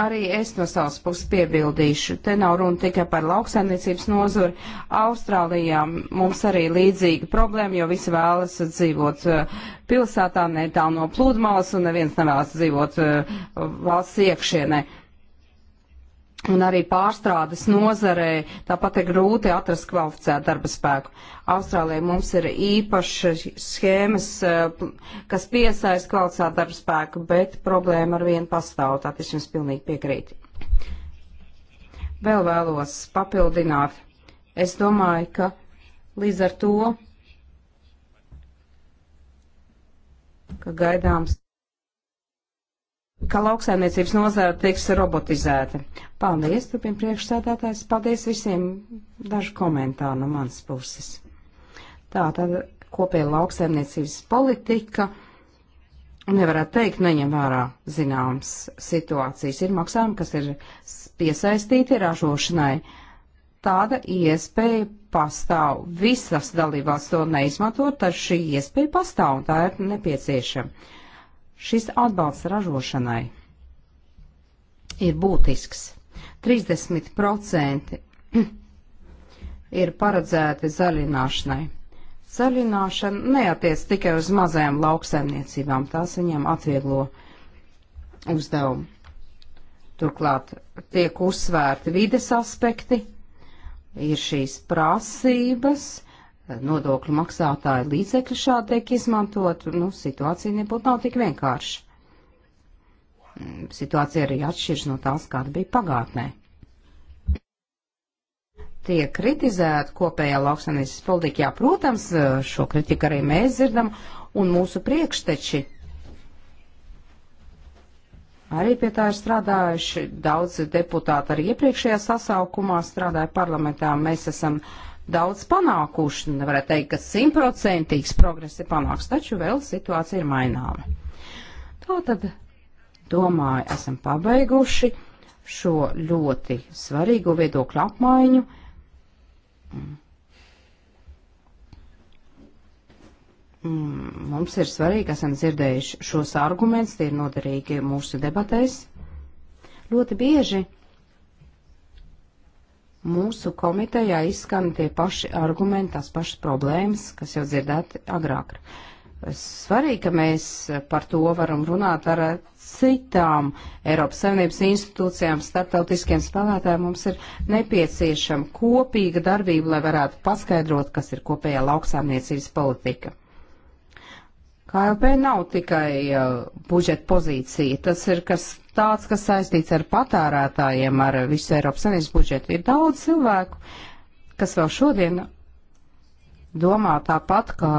Arī es no savas puses piebildīšu, te nav runa tikai par lauksaimniecības nozari. Austrālijā mums arī līdzīga problēma, jo visi vēlas dzīvot uh, pilsētā, netālu no plūdmalas, un neviens nevēlas dzīvot uh, valsts iekšienē. Ne un arī pārstrādes nozarē tāpat ir grūti atrast kvalificētu darba spēku. Austrālijā mums ir īpašas schēmas, eh, kas piesaist kvalificētu darba spēku, bet problēma ar vienu pastāv, tātad es jums pilnīgi piekrītu. Vēl vēlos papildināt. Es domāju, ka līdz ar to, ka gaidāms ka lauksaimniecības nozara tiks robotizēta. Paldies, turpin priekšsēdētājs, paldies visiem dažu komentāru no manas puses. Tā tad kopēja lauksaimniecības politika nevarētu teikt, neņem vērā zināmas situācijas. Ir maksājumi, kas ir piesaistīti ražošanai. Tāda iespēja pastāv. Visas dalībās to neizmanto, tad šī iespēja pastāv un tā ir nepieciešama. Šis atbalsts ražošanai ir būtisks. 30% ir paredzēti zaļināšanai. Zaļināšana neatiec tikai uz mazajām lauksaimniecībām, tās viņiem atvieglo uzdevumu. Turklāt tiek uzsvērti vides aspekti, ir šīs prasības, nodokļu maksātāju līdzekļi šādi tiek izmantot, nu, situācija nebūtu nav tik vienkārša. Mm, situācija arī atšķiras no tās, kāda bija pagātnē. Tiek kritizēta kopējā lauksanīsas politika, jā, protams, šo kritiku arī mēs dzirdam, un mūsu priekšteči arī pie tā ir strādājuši. Daudz deputāti arī iepriekšējā sasaukumā strādāja parlamentā. Mēs esam uh, daudz panākuši. Nevarētu teikt, ka simtprocentīgs progress ir panāks, taču vēl situācija ir maināma. Tā tad, domāju, esam pabeiguši šo ļoti svarīgo viedokļu apmaiņu. Mm, mums ir svarīgi, esam dzirdējuši šos argumentus, tie ir noderīgi mūsu debatēs. Ļoti bieži Mūsu komitejā izskan tie paši argumenti, tās pašas problēmas, kas jau dzirdēti agrāk. Svarīgi, ka mēs par to varam runāt ar citām Eiropas Savienības institūcijām, starptautiskiem spēlētājiem. Mums ir nepieciešama kopīga darbība, lai varētu paskaidrot, kas ir kopējā lauksāmniecības politika. KLP nav tikai uh, budžeta pozīcija, tas ir kas tāds, kas saistīts ar patērētājiem, ar visu Eiropas Savienības budžetu. Ir daudz cilvēku, kas vēl šodien domā tāpat, kā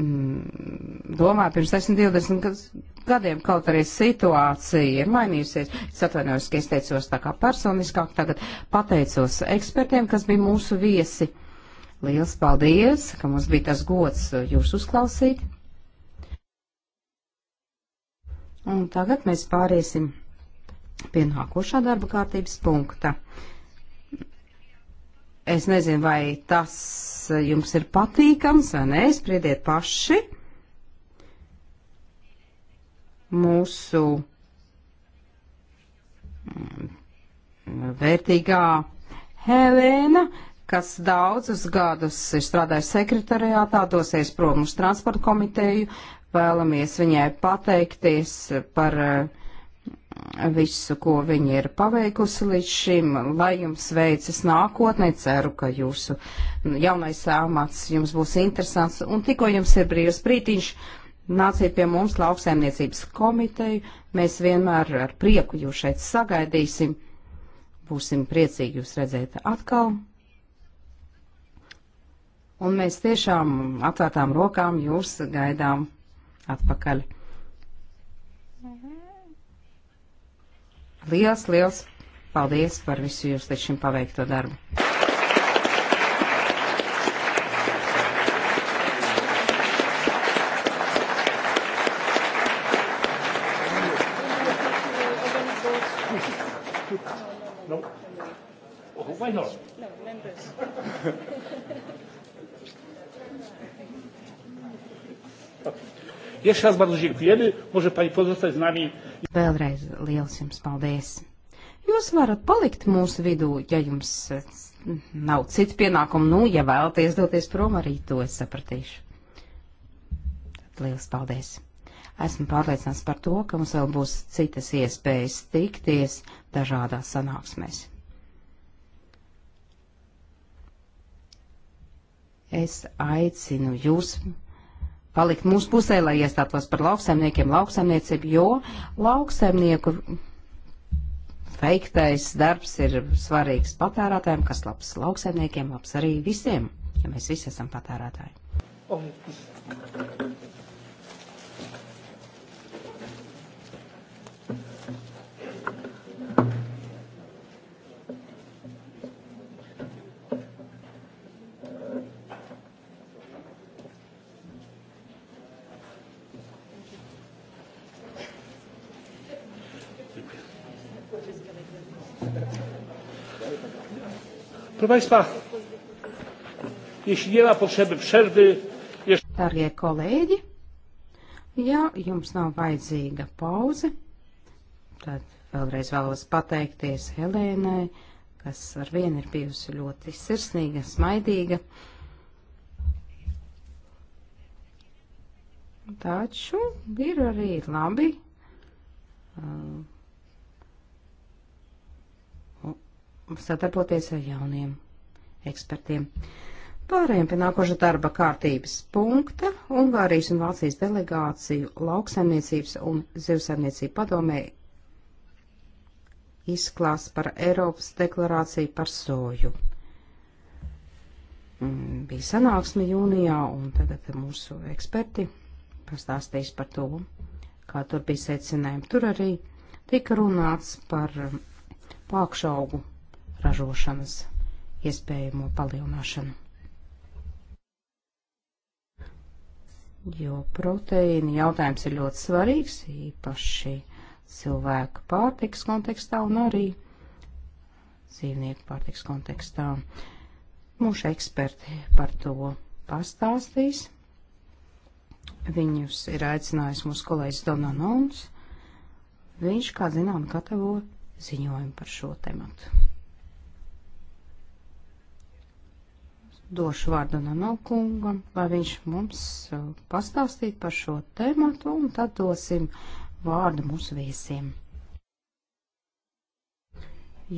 mm, domāju pirms 10-20 gadiem, kaut arī situācija ir mainījusies. Es atvainojos, ka es teicos tā kā personiskāk, tagad pateicos ekspertiem, kas bija mūsu viesi. Liels paldies, ka mums bija tas gods uh, jūs uzklausīt. Un tagad mēs pāriesim pie nākošā darba kārtības punkta. Es nezinu, vai tas uh, jums ir patīkams vai nē, spriediet paši. Mūsu mm, vērtīgā Helēna kas daudzus gadus ir strādājis sekretariātā, dosies prom uz transporta komiteju. Vēlamies viņai pateikties par eh, visu, ko viņa ir paveikusi līdz šim, lai jums veicas nākotnē. Ceru, ka jūsu jaunais amats jums būs interesants. Un tikko jums ir brīvs brītiņš, nāciet pie mums lauksaimniecības komiteju. Mēs vienmēr ar prieku jūs šeit sagaidīsim. Būsim priecīgi jūs redzēt atkal un mēs tiešām atvērtām rokām jūs gaidām atpakaļ. Liels, liels paldies par visu jūs līdz šim paveikto darbu! Jeszcze raz bardzo dziękujemy. Może pani pozostać z nami. Vēlreiz liels jums paldies. Jūs varat palikt mūsu vidū, ja jums eh, nav citu pienākumu. Nu, ja vēlaties doties prom, arī to es sapratīšu. Tad liels paldies! Esmu pārliecināts par to, ka mums vēl būs citas iespējas tikties dažādās sanāksmēs. Es aicinu jūs palikt mūsu pusē, lai iestātos par lauksaimniekiem, lauksaimniecību, jo lauksaimnieku veiktais darbs ir svarīgs patērētājiem, kas labs lauksaimniekiem, labs arī visiem, ja mēs visi esam patērētāji. Oh. Państwa, jeśli nie ma potrzeby przerwy, jeszcze... Dargie kolēģi, ja jums nav vajadzīga pauze, tad vēlreiz vēlos pateikties Helēnai, kas ar vienu ir bijusi ļoti sirsnīga, smaidīga. Taču ir arī labi. Uh, sadarboties ar jauniem ekspertiem. Pārējiem pie nākoša darba kārtības punkta Ungārijas un Vācijas delegāciju lauksaimniecības un zivsaimniecību padomē izklās par Eiropas deklarāciju par soju. Mm, bija sanāksme jūnijā, un tagad mūsu eksperti pastāstīs par to, kā tur bija secinājumi. Tur arī tika runāts par mm, pākšaugu ražošanas iespējamo palielināšanu. Jo proteīna jautājums ir ļoti svarīgs, īpaši cilvēku pārtiks kontekstā un arī dzīvnieku pārtiks kontekstā. Mūsu eksperti par to pastāstīs. Viņus ir aicinājis mūsu kolēģis Donanons. Viņš, kā zinām, gatavo ziņojumu par šo tematu. došu vārdu Nanokungam, lai viņš mums uh, pastāstītu par šo tēmatu, un tad dosim vārdu mūsu viesiem.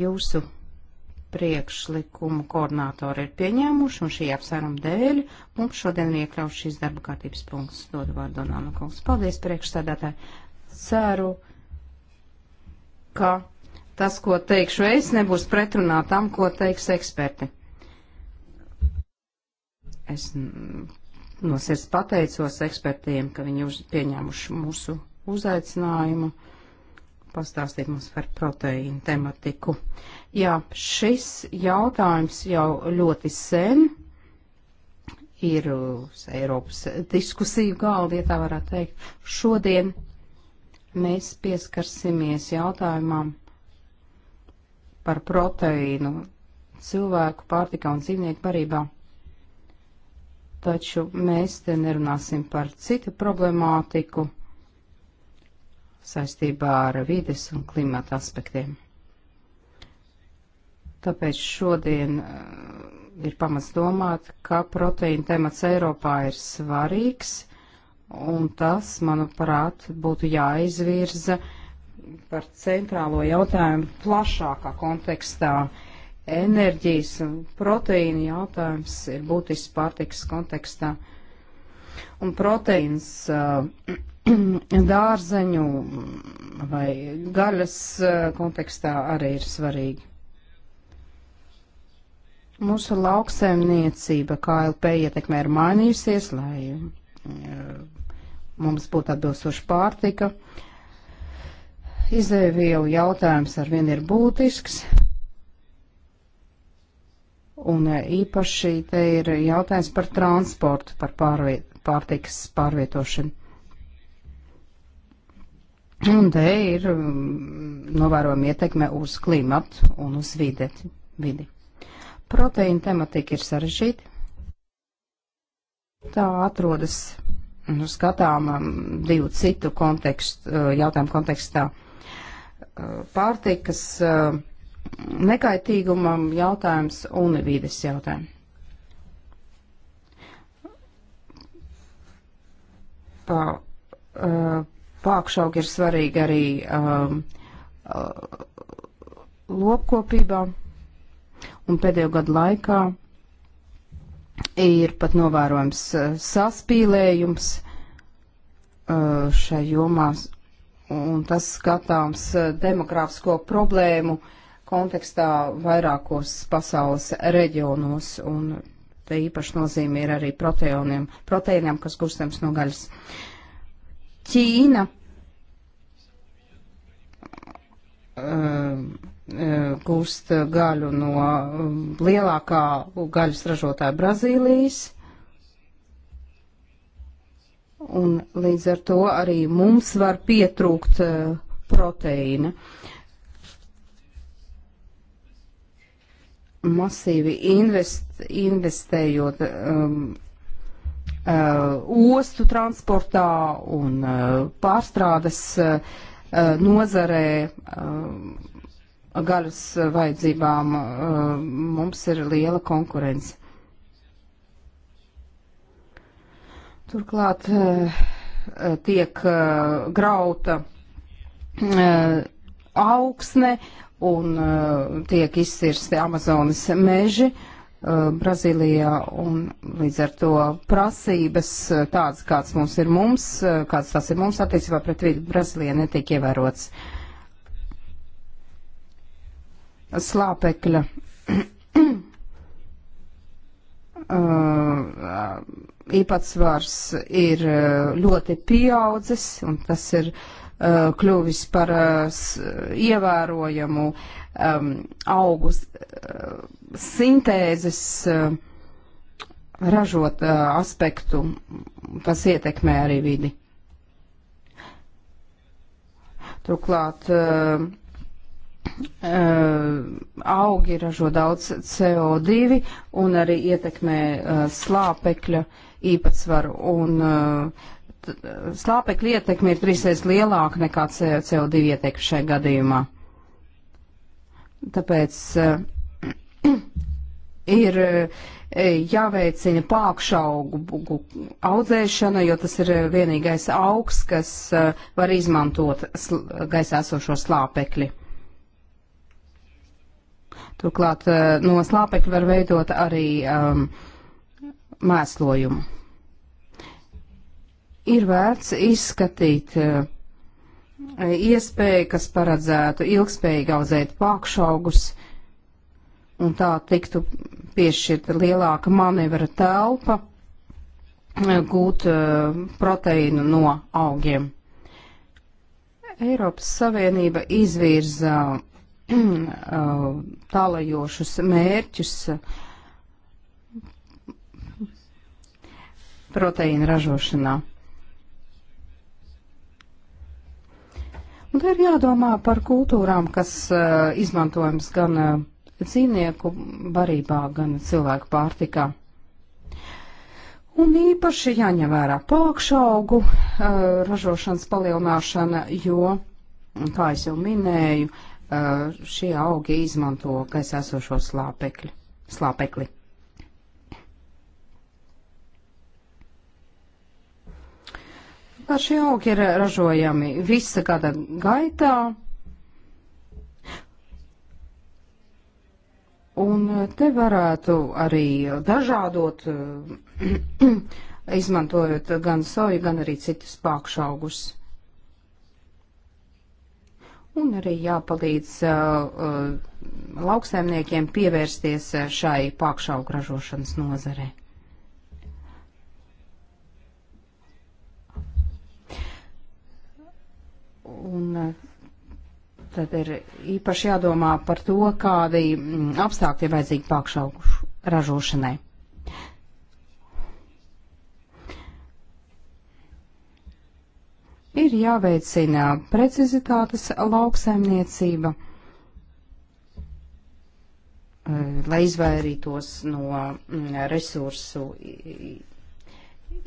Jūsu priekšlikumu koordinātori ir pieņēmuši, un šī apsvēruma dēļ mums šodien ir iekļauts šīs darba kārtības punkts. Dodu vārdu Nanokungs. Paldies, priekšstādātāji. Ceru, ka tas, ko teikšu es, nebūs pretrunā tam, ko teiks eksperti. Es no sirds pateicos ekspertiem, ka viņi uz, pieņēmuši mūsu uzaicinājumu pastāstīt mums par proteīnu tematiku. Jā, šis jautājums jau ļoti sen ir uz Eiropas diskusiju galda, ja tā varētu teikt. Šodien mēs pieskarsimies jautājumam par proteīnu cilvēku pārtika un dzīvnieku barībā taču mēs te nerunāsim par citu problemātiku saistībā ar vides un klimata aspektiem. Tāpēc šodien eh, ir pamats domāt, ka proteīna temats Eiropā ir svarīgs, un tas, manuprāt, būtu jāizvirza par centrālo jautājumu plašākā kontekstā. Uh, enerģijas un proteīna jautājums ir būtisks pārtikas kontekstā. Un proteīns dārzeņu vai gaļas kontekstā arī ir svarīgi. Mūsu lauksēmniecība KLP ietekmē ir mainījusies, lai mums būtu atbilstoši pārtika. Izēvielu jautājums ar vien ir būtisks, Un e, īpaši te ir jautājums par transportu, par pārviet, pārtikas pārvietošanu. Un te ir mm, novērojama ietekme uz klimatu un uz videti, vidi. Proteīna tematika ir sarežģīta. Tā atrodas nu, skatāma mm, divu citu kontekstu, e, jautājumu kontekstā. E, pārtikas nekaitīgumam jautājums un vides jautājums. Pā, uh, eh, pākšaugi ir svarīgi arī uh, ehm, uh, eh, lopkopībā, un pēdējo gadu laikā ir pat novērojams uh, saspīlējums uh, šai jomās, un tas skatāms uh, demogrāfisko problēmu uh, kontekstā vairākos pasaules reģionos, un te īpaši nozīme ir arī proteīniem, proteīniem kas gūstams no gaļas. Ķīna eh, eh, gūst gaļu no eh, lielākā gaļas ražotāja Brazīlijas. Un līdz ar to arī mums var pietrūkt proteīna. Uh, masīvi invest, investējot um, uh, ostu transportā un uh, pārstrādes uh, uh nozarē. Um, gaļas vajadzībām uh, mums ir liela konkurence. Turklāt uh, tiek uh, grauta uh, augsne un uh, tiek izsirsti Amazonas meži uh, Brazīlijā, un līdz ar to prasības uh, tāds, kāds mums ir mums, uh, kāds tas ir mums attiecībā pret vidi Brazīlijā netiek ievērots. Slāpekļa. uh, īpatsvars ir uh, ļoti pieaudzis, un tas ir uh, Uh, kļuvis par uh, ievērojamu um, augu uh, sintēzes ražot aspektu, kas ietekmē arī vidi. Turklāt uh, uh, augi ražo daudz CO2 un arī ietekmē uh, slāpekļa īpatsvaru. Un, uh, slāpekļa ietekme ir trīsreiz lielāka nekā CO2 ietekme šajā gadījumā. Tāpēc uh, ir uh, jāveicina pākšaugu audzēšana, jo tas ir eh, vienīgais augs, kas uh, var izmantot gaisā esošo slāpekli. Turklāt no slāpekļa var veidot arī um, mēslojumu ir vērts izskatīt eh, iespēju, kas paredzētu ilgspējīgi audzēt pakšaugus, un tā tiktu piešķirta lielāka manevra telpa eh, gūt eh, proteīnu no augiem. Eiropas Savienība izvirza tālajošus mērķus proteīna ražošanā. Un nu, te ir jādomā par kultūrām, kas uh, izmantojams gan uh, dzīvnieku barībā, gan cilvēku pārtikā. Un īpaši jāņem vērā pākšaugu uh, eh, ražošanas palielināšana, jo, kā es jau minēju, uh, šie augi izmanto gaisa esošo slāpekļu. slāpekli. slāpekli. Kā šie augi ir ražojami visa gada gaitā. Un te varētu arī dažādot, izmantojot gan soju, gan arī citus pākšaugus. Un arī jāpalīdz uh, uh lauksēmniekiem pievērsties uh, šai pākšaugu ražošanas nozarei. Un eh, tad ir īpaši jādomā par to, kādi mm, apstākļi ir vajadzīgi pakšaugu ražošanai. Ir jāveicina precizitātes lauksaimniecība, eh, lai izvairītos no mm, resursu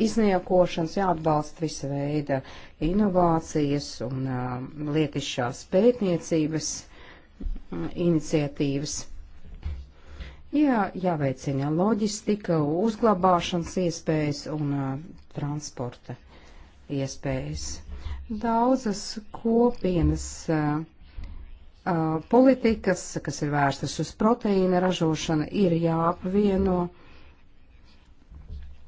izniekošanas, jāatbalsta visa veida inovācijas un uh, um, lietišķās pētniecības uh, iniciatīvas. Jā, jāveicina loģistika, uzglabāšanas iespējas un uh, transporta iespējas. Daudzas kopienas uh, uh, politikas, kas ir vērstas uz proteīna ražošanu, ir jāapvieno. Uh,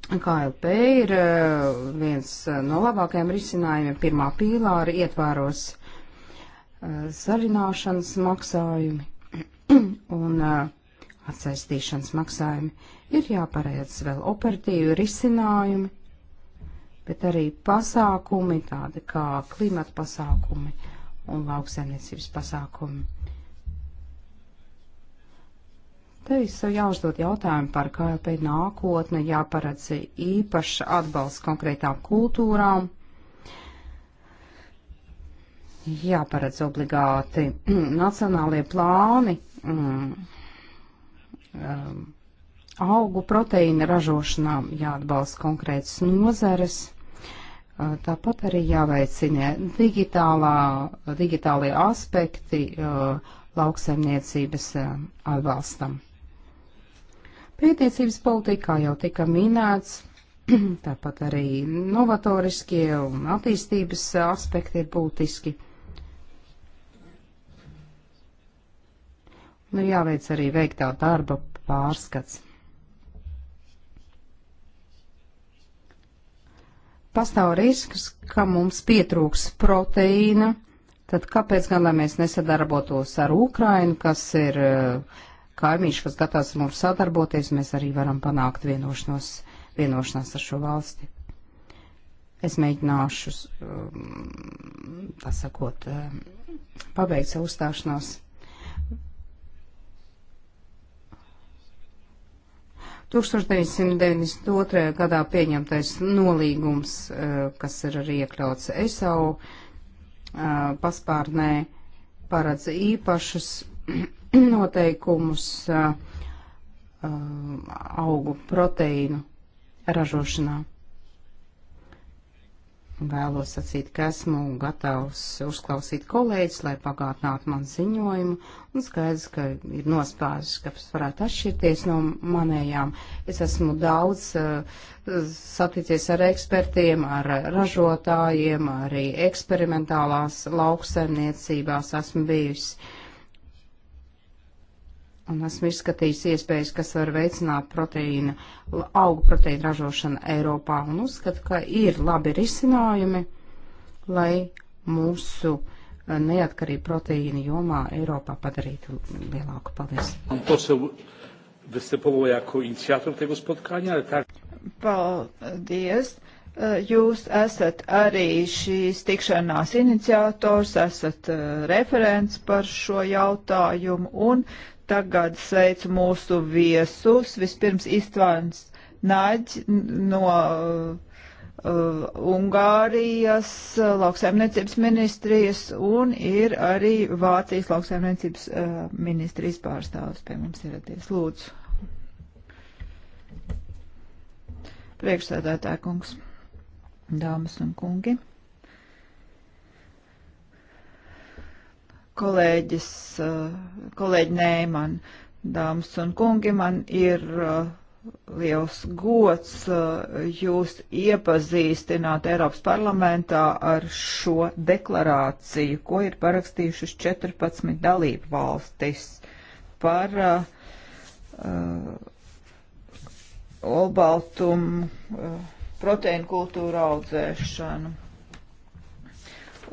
KLP ir eh, viens eh, no labākajiem risinājumiem pirmā pīlāra ietvēros eh, sarināšanas maksājumi un atsaistīšanas maksājumi. Ir jāpareic vēl operatīvi risinājumi, bet arī pasākumi tādi kā klimata pasākumi un lauksaimniecības pasākumi. Te ir sev jāuzdod jautājumu par KLP nākotne, jāparedz īpaši atbalsts konkrētām kultūrām, jāparedz obligāti nacionālie plāni, mm, um, augu proteīna ražošanā jāatbalsta konkrētas nozares. Tāpat arī jāveicina digitālā, digitālie aspekti lauksaimniecības atbalstam. Pētniecības politikā jau tika minēts, tāpat arī novatoriskie un attīstības aspekti ir būtiski. Nu, jāveic arī veiktā darba pārskats. Pastāv risks, ka mums pietrūks proteīna, tad kāpēc gan, lai mēs nesadarbotos ar Ukrainu, kas ir uh, kaimiņš, kas gatavs ar mums sadarboties, mēs arī varam panākt vienošanos, vienošanās ar šo valsti. Es mēģināšu, um, tā sakot, um, pabeigt savu uzstāšanos. Tūkstoš deviņsimt deviņdesmit otrajā gadā pieņemtais nolīgums, uh, kas ir arī iekļauts ESAU uh, paspārnē, paredz īpašus noteikumus augu proteīnu ražošanā. Vēlos sacīt, ka esmu gatavs uzklausīt kolēģis, lai pagātnātu man ziņojumu, un skaidrs, ka ir nospāžas, ka tas varētu atšķirties no manējām. Es esmu daudz uh, saticies ar ekspertiem, ar ražotājiem, arī eksperimentālās lauksaimniecībās esmu bijusi. Un esmu izskatījis iespējas, kas var veicināt proteīna, augu proteīna ražošanu Eiropā un uzskatu, ka ir labi risinājumi, lai mūsu eh, neatkarību proteīna jomā Eiropā padarītu lielāku. Paldies! Paldies! Eh, jūs esat arī šīs tikšanās iniciators, esat eh, referents par šo jautājumu un Tagad sveicu mūsu viesus. Vispirms Istvāns Naģ no uh, Ungārijas lauksaimniecības ministrijas un ir arī Vācijas lauksaimniecības uh, ministrijas pārstāvis pie mums ieradies. Lūdzu. Priekšsēdētāja kungs, dāmas un kungi. kolēģis, eh, kolēģi Nēman, dāmas un kungi, man ir eh, liels gods eh, jūs iepazīstināt Eiropas parlamentā ar šo deklarāciju, ko ir parakstījušas 14 dalību valstis par uh, olbaltumu uh, proteīnu kultūru audzēšanu.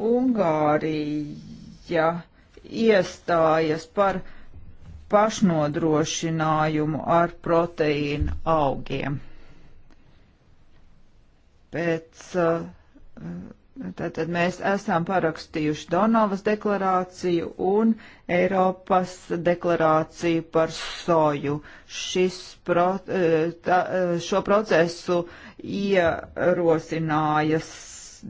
Ungārija iestājas par pašnodrošinājumu ar proteīnu augiem. Pēc, uh, tātad mēs esam parakstījuši Donavas deklarāciju un Eiropas deklarāciju par soju. Šis, pro, uh, tā, uh, šo procesu ierosinājas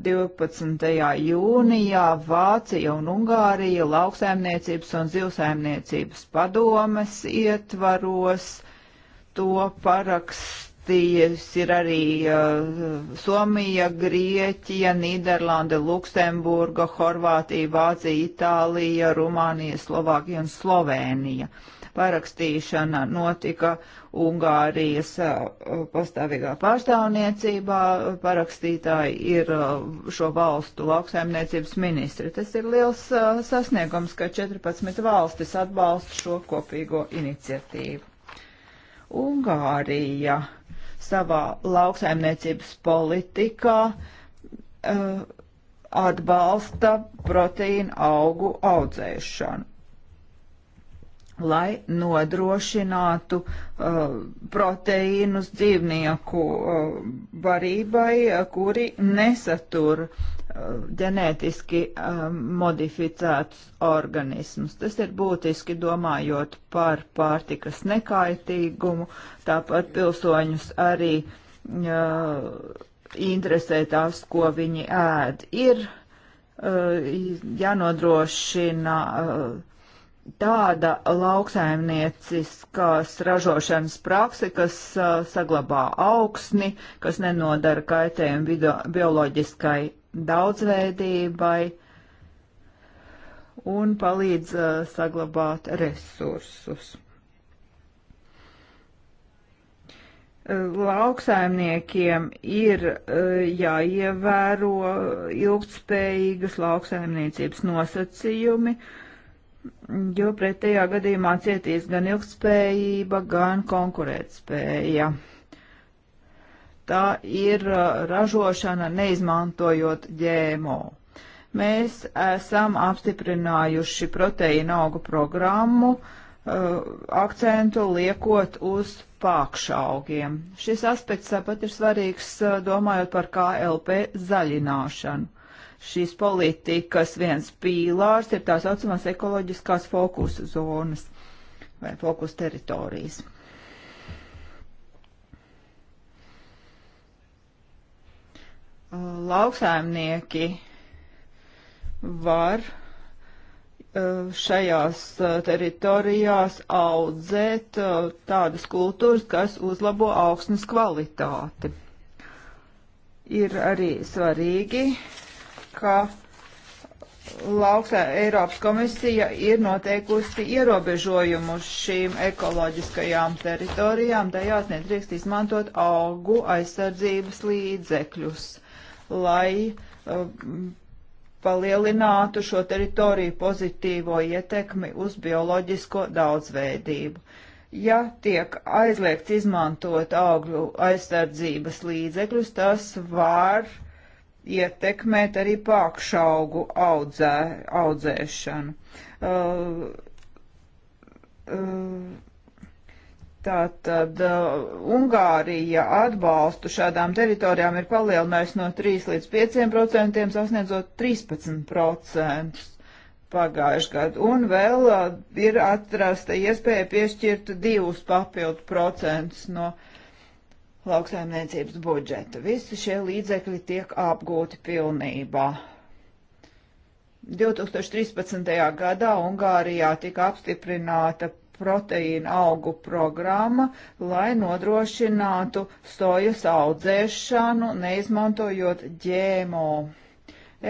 12. jūnijā Vācija un Ungārija lauksaimniecības un zivsaimniecības padomes ietvaros. To parakstījis ir arī uh, Somija, Grieķija, Nīderlanda, Luksemburga, Horvātija, Vācija, Itālija, Rumānija, Slovākija un Slovēnija. Uh, Parakstīšana notika Ungārijas uh, pastāvīgā pārstāvniecībā. Parakstītāji ir uh, šo valstu lauksaimniecības ministri. Tas ir liels uh, sasniegums, ka 14 valstis atbalsta šo kopīgo iniciatīvu. Ungārija savā lauksaimniecības politikā uh, atbalsta proteīna augu audzēšanu lai nodrošinātu uh, proteīnus dzīvnieku uh, varībai, uh, kuri nesatur uh, ģenētiski um, modificētus organismus. Tas ir būtiski domājot par pārtikas nekaitīgumu, tāpat pilsoņus arī uh, interesē tās, ko viņi ēd. Ir uh, jānodrošina uh, tāda lauksaimnieciskās ražošanas prakse, kas uh, saglabā augsni, kas nenodara kaitējumu bioloģiskai daudzveidībai un palīdz uh, saglabāt resursus. Lauksaimniekiem ir uh, jāievēro ilgtspējīgas lauksaimniecības nosacījumi, uh, jo pretējā gadījumā cietīs gan ilgspējība, gan konkurētspēja. Tā ir uh, ražošana neizmantojot ģēmo. Mēs esam apstiprinājuši proteīna augu programmu, uh, akcentu liekot uz pākšaugiem. Šis aspekts tāpat ir svarīgs, uh, domājot par KLP zaļināšanu šīs politikas viens pīlārs ir tā saucamās ekoloģiskās fokusu zonas vai fokusu teritorijas. Lauksaimnieki var eh, šajās eh, teritorijās audzēt eh, tādas kultūras, kas uzlabo augsnes kvalitāti. Ir arī svarīgi ka lauksē Eiropas komisija ir noteikusi ierobežojumu šīm ekoloģiskajām teritorijām, tajās nedrīkst izmantot augu aizsardzības līdzekļus, lai uh, palielinātu šo teritoriju pozitīvo ietekmi uz bioloģisko daudzveidību. Ja tiek aizliegts izmantot augļu aizsardzības līdzekļus, tas var uh, ietekmēt arī pākšaugu audzē, audzēšanu. Uh, uh, Tātad uh, Ungārija atbalstu šādām teritorijām ir palielinājusi no 3 līdz 5 procentiem, sasniedzot 13 procentus pagājuši gadu. Un vēl uh, ir atrasta iespēja piešķirt divus papildu procentus no uh, lauksaimniecības budžeta. Visi šie līdzekļi tiek apgūti pilnībā. 2013. gadā Ungārijā tika apstiprināta proteīna augu programma, lai nodrošinātu sojas audzēšanu, neizmantojot ģēmo.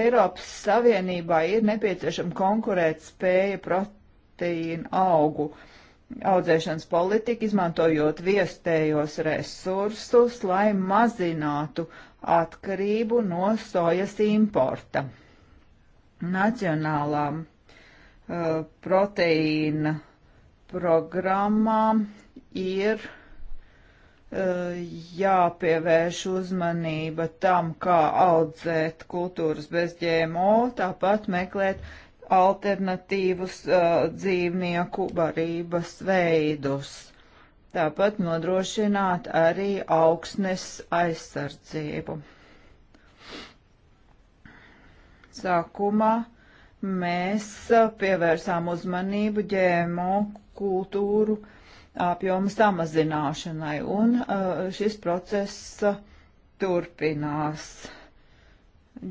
Eiropas Savienībā ir nepieciešama konkurēt spēja proteīna augu audzēšanas politiku, izmantojot viestējos resursus, lai mazinātu atkarību no sojas importa. Nacionālām uh, proteīna programmām ir uh, jāpievērš uzmanība tam, kā audzēt kultūras bez ģēmo, tāpat meklēt uh, alternatīvus uh, dzīvnieku barības veidus. Tāpat nodrošināt arī augsnes aizsardzību. Sākumā mēs pievērsām uzmanību ģēmo kultūru apjomu samazināšanai, un šis process turpinās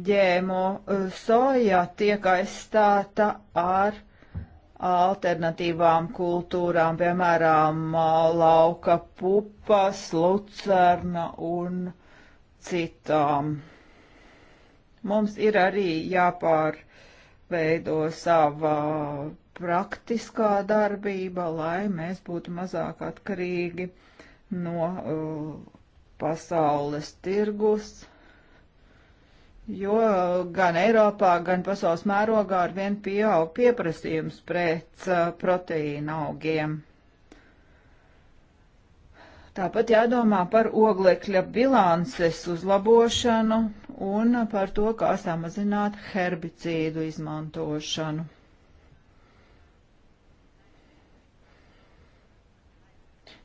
ģēmo eh, soja tiek aizstāta ar alternatīvām kultūrām, piemēram, eh, lauka pupas, lucerna un citām. Mums ir arī jāpārveido sava praktiskā darbība, lai mēs būtu mazāk atkarīgi no uh, pasaules tirgus jo gan Eiropā, gan pasaules mērogā ar vien pieaug pieprasījums pret uh, proteīna augiem. Tāpat jādomā par oglekļa bilances uzlabošanu un par to, kā samazināt herbicīdu izmantošanu.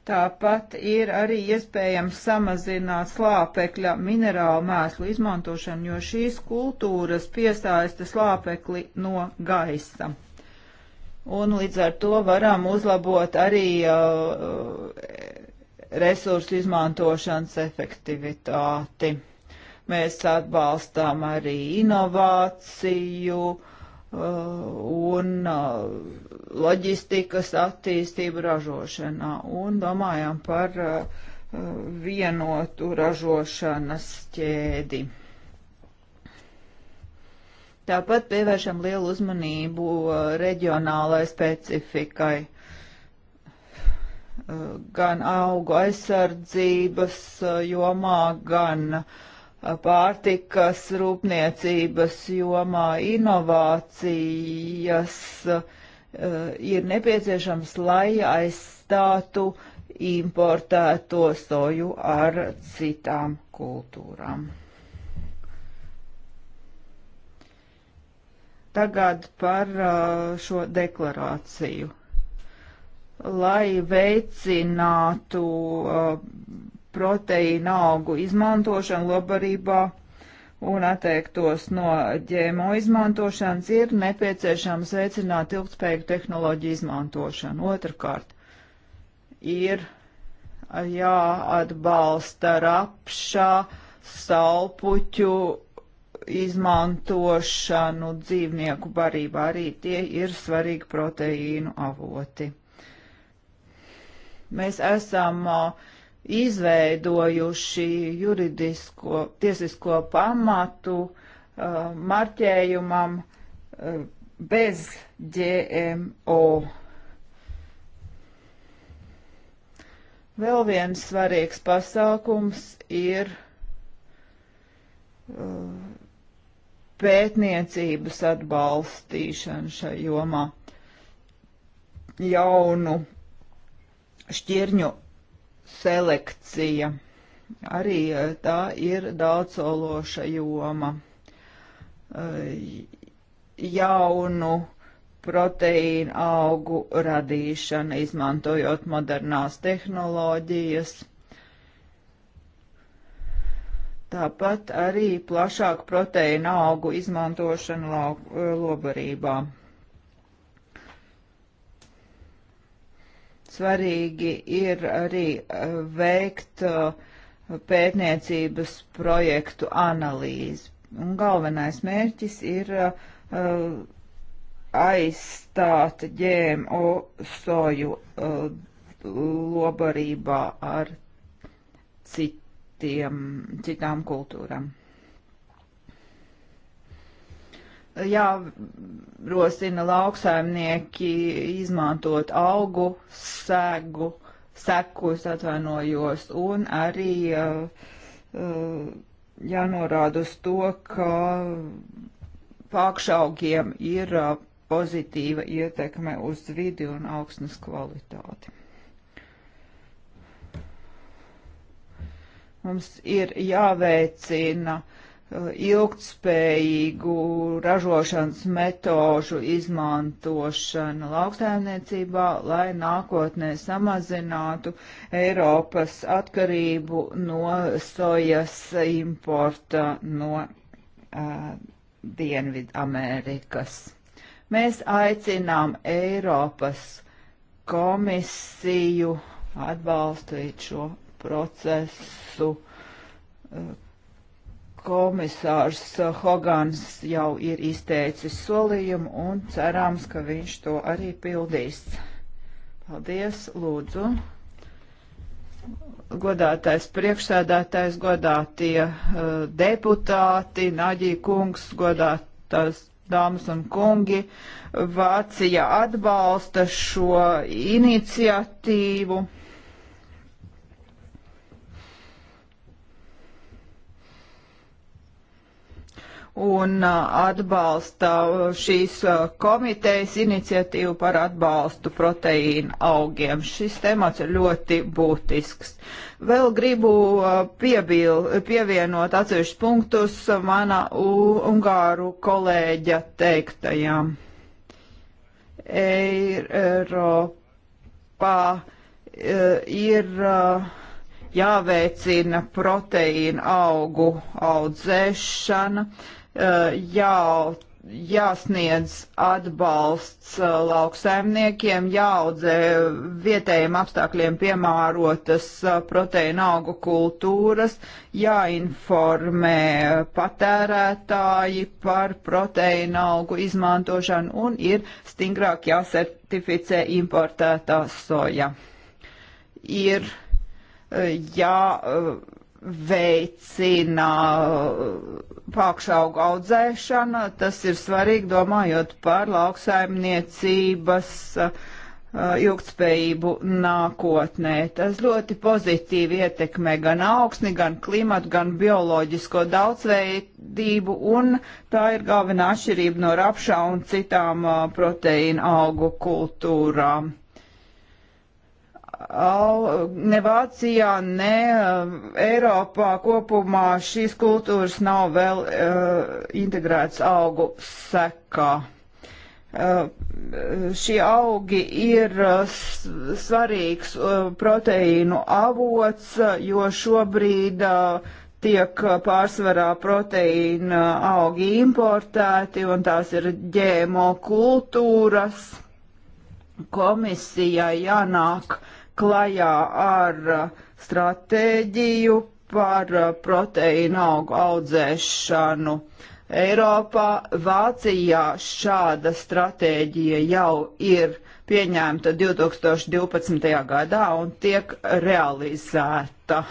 Tāpat ir arī iespējams samazināt slāpekļa minerālu mēslu izmantošanu, jo šīs kultūras piesaista slāpekli no gaisa. Un līdz ar to varam uzlabot arī uh, resursu izmantošanas efektivitāti. Mēs atbalstām arī inovāciju, uh, Uh, un uh, loģistikas attīstību ražošanā un domājām par uh, vienotu ražošanas ķēdi. Tāpat pievēršam lielu uzmanību reģionālai specifikai, gan augu aizsardzības jomā, gan uh, pārtikas rūpniecības jomā inovācijas eh, ir nepieciešams, lai aizstātu importēto soju ar citām kultūrām. Tagad par eh, šo deklarāciju. Lai veicinātu uh, proteīna augu izmantošanu lobarībā un atteiktos no ģēmo izmantošanas, ir nepieciešams veicināt ilgspējīgu tehnoloģiju izmantošanu. Otrakārt, ir jāatbalsta rapšā, salpuķu izmantošanu dzīvnieku barībā. Arī tie ir svarīgi proteīnu avoti. Mēs esam uh, izveidojuši juridisko, tiesisko pamatu uh, marķējumam uh, bez GMO. Vēl viens svarīgs pasākums ir uh, pētniecības atbalstīšana šai jomā jaunu šķirņu selekcija. Arī eh, tā ir daudzsološa joma. Eh, jaunu proteīnu augu radīšana, izmantojot modernās tehnoloģijas. Tāpat arī plašāk proteīna augu izmantošana lauku, eh, lobarībā. svarīgi ir arī eh, veikt eh, pētniecības projektu analīzi. Un galvenais mērķis ir eh, aizstāt ģēmo soju lobarībā ar citiem, citām kultūram. jārosina lauksaimnieki izmantot augu, segu, sekus atvainojos, un arī uh, uh, jānorāda uz to, ka pakšaugiem ir uh, pozitīva ietekme uz vidi un augsnes kvalitāti. Mums ir jāveicina uh, Uh, ilgtspējīgu ražošanas metožu izmantošanu lauksaimniecībā, lai nākotnē samazinātu Eiropas atkarību no sojas importa no uh, Dienvidamerikas. Mēs aicinām Eiropas komisiju atbalstīt šo procesu, uh, komisārs Hogans jau ir izteicis solījumu un cerams, ka viņš to arī pildīs. Paldies, lūdzu. Godātais priekšsēdētājs, godātie uh, deputāti, Naģī kungs, godātās dāmas un kungi, Vācija atbalsta šo iniciatīvu un uh, atbalsta uh, šīs uh, komitejas iniciatīvu par atbalstu proteīna augiem. Šis temats ir ļoti būtisks. Vēl gribu piebil, pievienot atsevišķus punktus mana ungāru kolēģa teiktajām. Eiropā ir jāveicina proteīna augu audzēšana. Uh, jau jāsniedz atbalsts uh, lauksaimniekiem, jāaudzē vietējiem apstākļiem piemērotas uh, proteīna augu kultūras, jāinformē patērētāji par proteīna augu izmantošanu un ir stingrāk jāsertificē importētā soja. Ir jā veicina pākšaugu audzēšana, tas ir svarīgi domājot par lauksaimniecības uh, ilgtspējību nākotnē. Tas ļoti pozitīvi ietekmē gan augsni, gan klimatu, gan bioloģisko daudzveidību, un tā ir galvenā atšķirība no rapšā un citām uh, proteīna augu kultūrām. Al, ne Vācijā, ne um, Eiropā kopumā šīs kultūras nav vēl uh, integrēts augu sekā. Uh, šie augi ir uh, svarīgs uh, proteīnu avots, uh, jo šobrīd uh, tiek uh, pārsvarā proteīna augi importēti un tās ir ģēmo kultūras. Komisijai jānāk klajā ar uh, stratēģiju par uh, proteīna augu audzēšanu. Eiropā, Vācijā šāda stratēģija jau ir pieņemta 2012. gadā un tiek realizēta.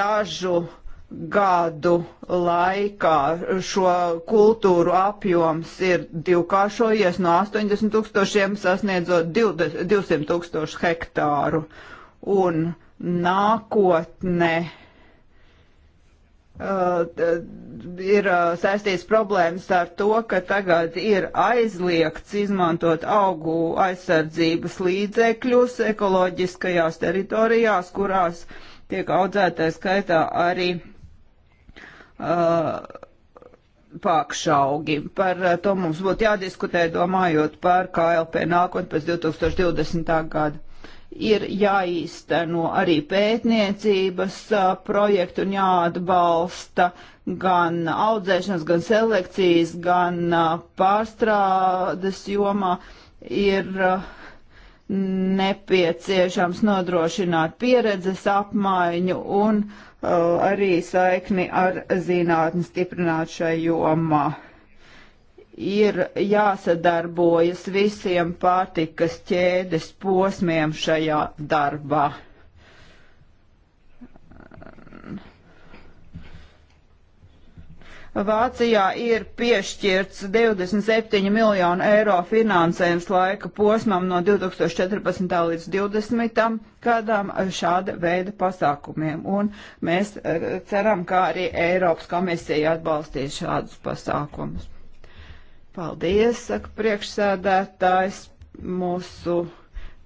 Dažu uh, gadu laikā šo kultūru apjoms ir divkāršojies no 80 tūkstošiem sasniedzot 200 tūkstošu hektāru. Un nākotne uh, ir uh, saistīts problēmas ar to, ka tagad ir aizliegts izmantot augu aizsardzības līdzekļus ekoloģiskajās teritorijās, kurās tiek audzētais skaitā arī Uh, pākšaugi. Par uh, to mums būtu jādiskutē, domājot par KLP nākotni pēc 2020. gada. Ir jāīsteno arī pētniecības uh, projektu un jāatbalsta gan audzēšanas, gan selekcijas, gan pārstrādes jomā. Ir nepieciešams nodrošināt pieredzes apmaiņu un uh, Uh, arī saikni ar zinātni stiprināt šai jomā. Ir jāsadarbojas visiem pārtikas ķēdes posmiem šajā darbā. Vācijā ir piešķirts 27 miljonu eiro finansējums laika posmam no 2014. līdz 2020. gadam šāda veida pasākumiem. Un mēs e, ceram, ka arī Eiropas komisija atbalstīs šādus pasākumus. Paldies, saka priekšsēdētājs mūsu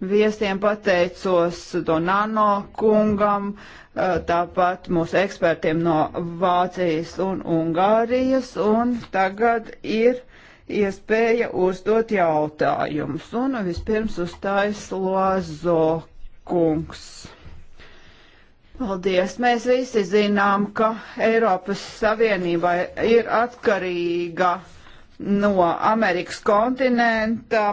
viesiem pateicos Donano kungam. Uh, Eh, tāpat mūsu ekspertiem no Vācijas un Ungārijas, un tagad ir iespēja uzdot jautājumus. Un vispirms uzstājas Loazo kungs. Paldies! Mēs visi zinām, ka Eiropas Savienība ir atkarīga no Amerikas kontinenta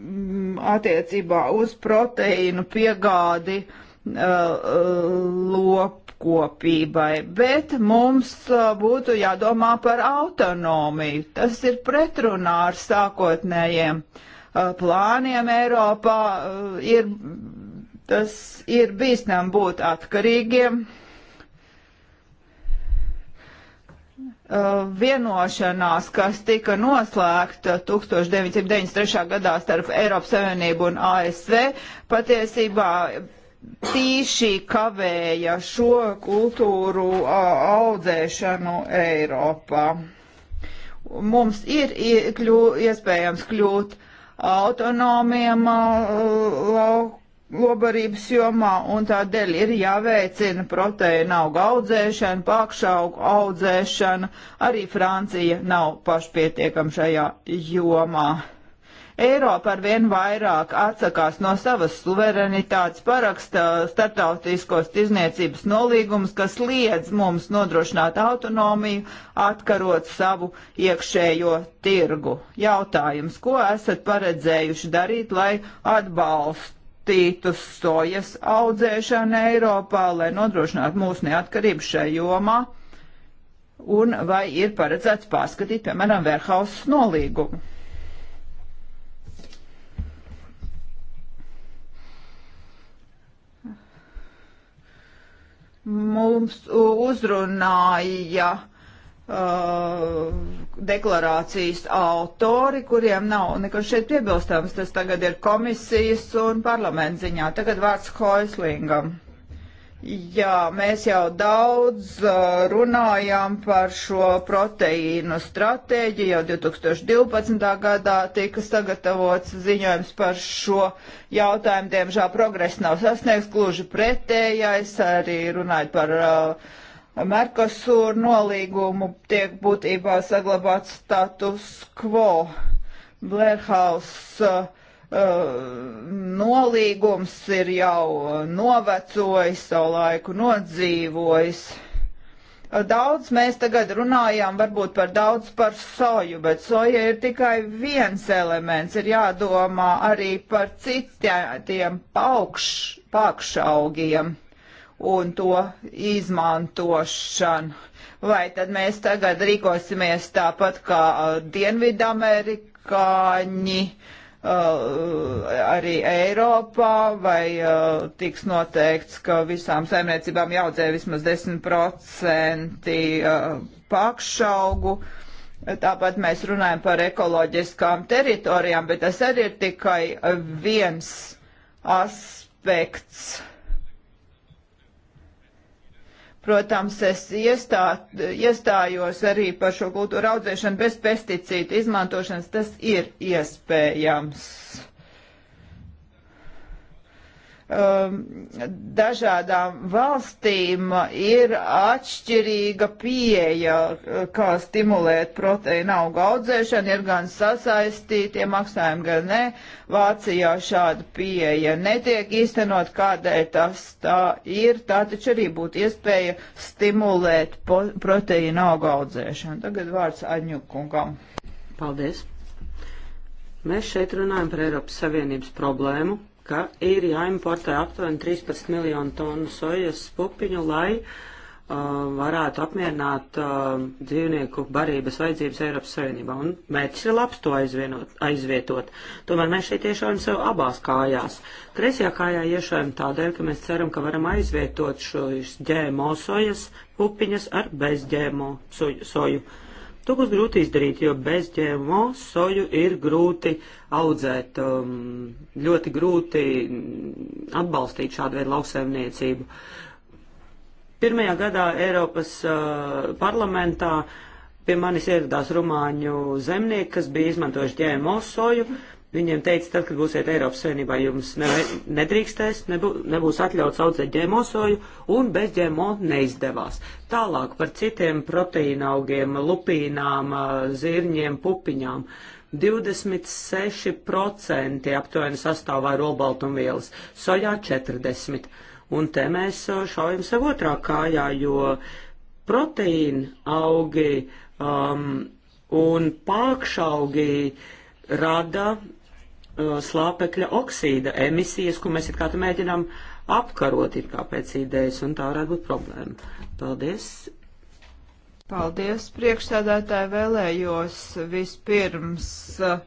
mm, attiecībā uz proteīnu piegādi uh, Uh, lopkopībai, bet mums uh, būtu jādomā par autonomiju. Tas ir pretrunā ar sākotnējiem uh, plāniem Eiropā. Ir, tas ir bīstam būt atkarīgiem. vienošanās, kas tika noslēgta 1993. gadā starp Eiropas Savienību un ASV, patiesībā tīši kavēja šo kultūru audzēšanu Eiropā. Mums ir kļū, iespējams kļūt autonomiem lobarības jomā, un tādēļ ir jāveicina proteīna auga audzēšana, pakšaugu audzēšana. Arī Francija nav pašpietiekama šajā jomā Eiropa ar vien vairāk atsakās no savas suverenitātes, paraksta starptautiskos tirzniecības nolīgumus, kas liedz mums nodrošināt autonomiju, atkarot savu iekšējo tirgu. Jautājums, ko esat paredzējuši darīt, lai atbalstu? tītus sojas audzēšana Eiropā, lai nodrošinātu mūsu neatkarību šajā jomā, un vai ir paredzēts pārskatīt, piemēram, Verhausas nolīgumu. mums uzrunāja uh, deklarācijas autori, kuriem nav nekas šeit piebilstams. Tas tagad ir komisijas un parlamenta ziņā. Tagad vārds Hoislingam. Jā, mēs jau daudz uh, runājām par šo proteīnu stratēģiju. Jau 2012. gadā tika sagatavots ziņojums par šo jautājumu. Diemžēl progress nav sasniegts, gluži pretējais. Arī runājot par uh, Merkosūru nolīgumu, tiek būtībā saglabāts status quo. Blērhaus. Uh, Eh, nolīgums ir jau novecojis, savu laiku nodzīvojis. Eh, daudz mēs tagad runājām varbūt par daudz par soju, bet soja ir tikai viens elements. Ir jādomā arī par citiem paukš, pakšaugiem un to izmantošanu. Vai tad mēs tagad rīkosimies tāpat kā eh, Dienvidamerikāņi? Uh, Uh, arī Eiropā, vai uh, tiks noteikts, ka visām saimniecībām jāaudzē vismaz 10% uh, pakšaugu. Tāpat mēs runājam par ekoloģiskām teritorijām, bet tas arī ir tikai viens aspekts Protams, es iestā, iestājos arī par šo kultūra audzēšanu bez pesticīdu izmantošanas. Tas ir iespējams. Um, dažādām valstīm ir atšķirīga pieeja, uh, kā stimulēt proteīna augu audzēšanu, ir gan sasaistītie maksājumi, gan ne. Vācijā šāda pieeja netiek īstenot, kādēļ tas tā ir. Tā taču arī būtu iespēja stimulēt proteīna augu audzēšanu. Tagad vārds Aņukungam. Paldies. Mēs šeit runājam par Eiropas Savienības problēmu, ka ir jāimportē aptuveni 13 miljonu tonu sojas pupiņu, lai uh, varētu apmierināt uh, dzīvnieku barības vajadzības Eiropas Savienībā. Un mērķis ir labs to aizvienot, aizvietot. Tomēr mēs šeit iešaujam sev abās kājās. Kreisajā kājā iešaujam tādēļ, ka mēs ceram, ka varam aizvietot šīs ģēmo sojas pupiņas ar bez ģēmo soju. soju To būs grūti izdarīt, jo bez ģēmo soju ir grūti audzēt, um, ļoti grūti atbalstīt šādu veidu lauksaimniecību. Pirmajā gadā Eiropas uh, parlamentā pie manis ieradās rumāņu zemnieki, kas bija izmantojuši ģēmo soju. Uh, Viņiem teica, tad, kad būsiet Eiropas Savienībā, jums ne, nedrīkstēs, nebū, nebūs atļauts audzēt ģēmo soju, un bez ģēmo neizdevās. Tālāk par citiem proteīna augiem, lupīnām, zirņiem, pupiņām. 26% aptuveni sastāvā robaltumvielas, sojā 40%. Un te mēs šaujam sev otrā kājā, jo proteīna augi um, un pākšaugi rada Uh, slāpekļa oksīda emisijas, ko mēs it kā te mēģinām apkarot it kā pēc idejas, un tā varētu būt problēma. Paldies! Paldies, priekšsēdētāji, vēlējos vispirms uh,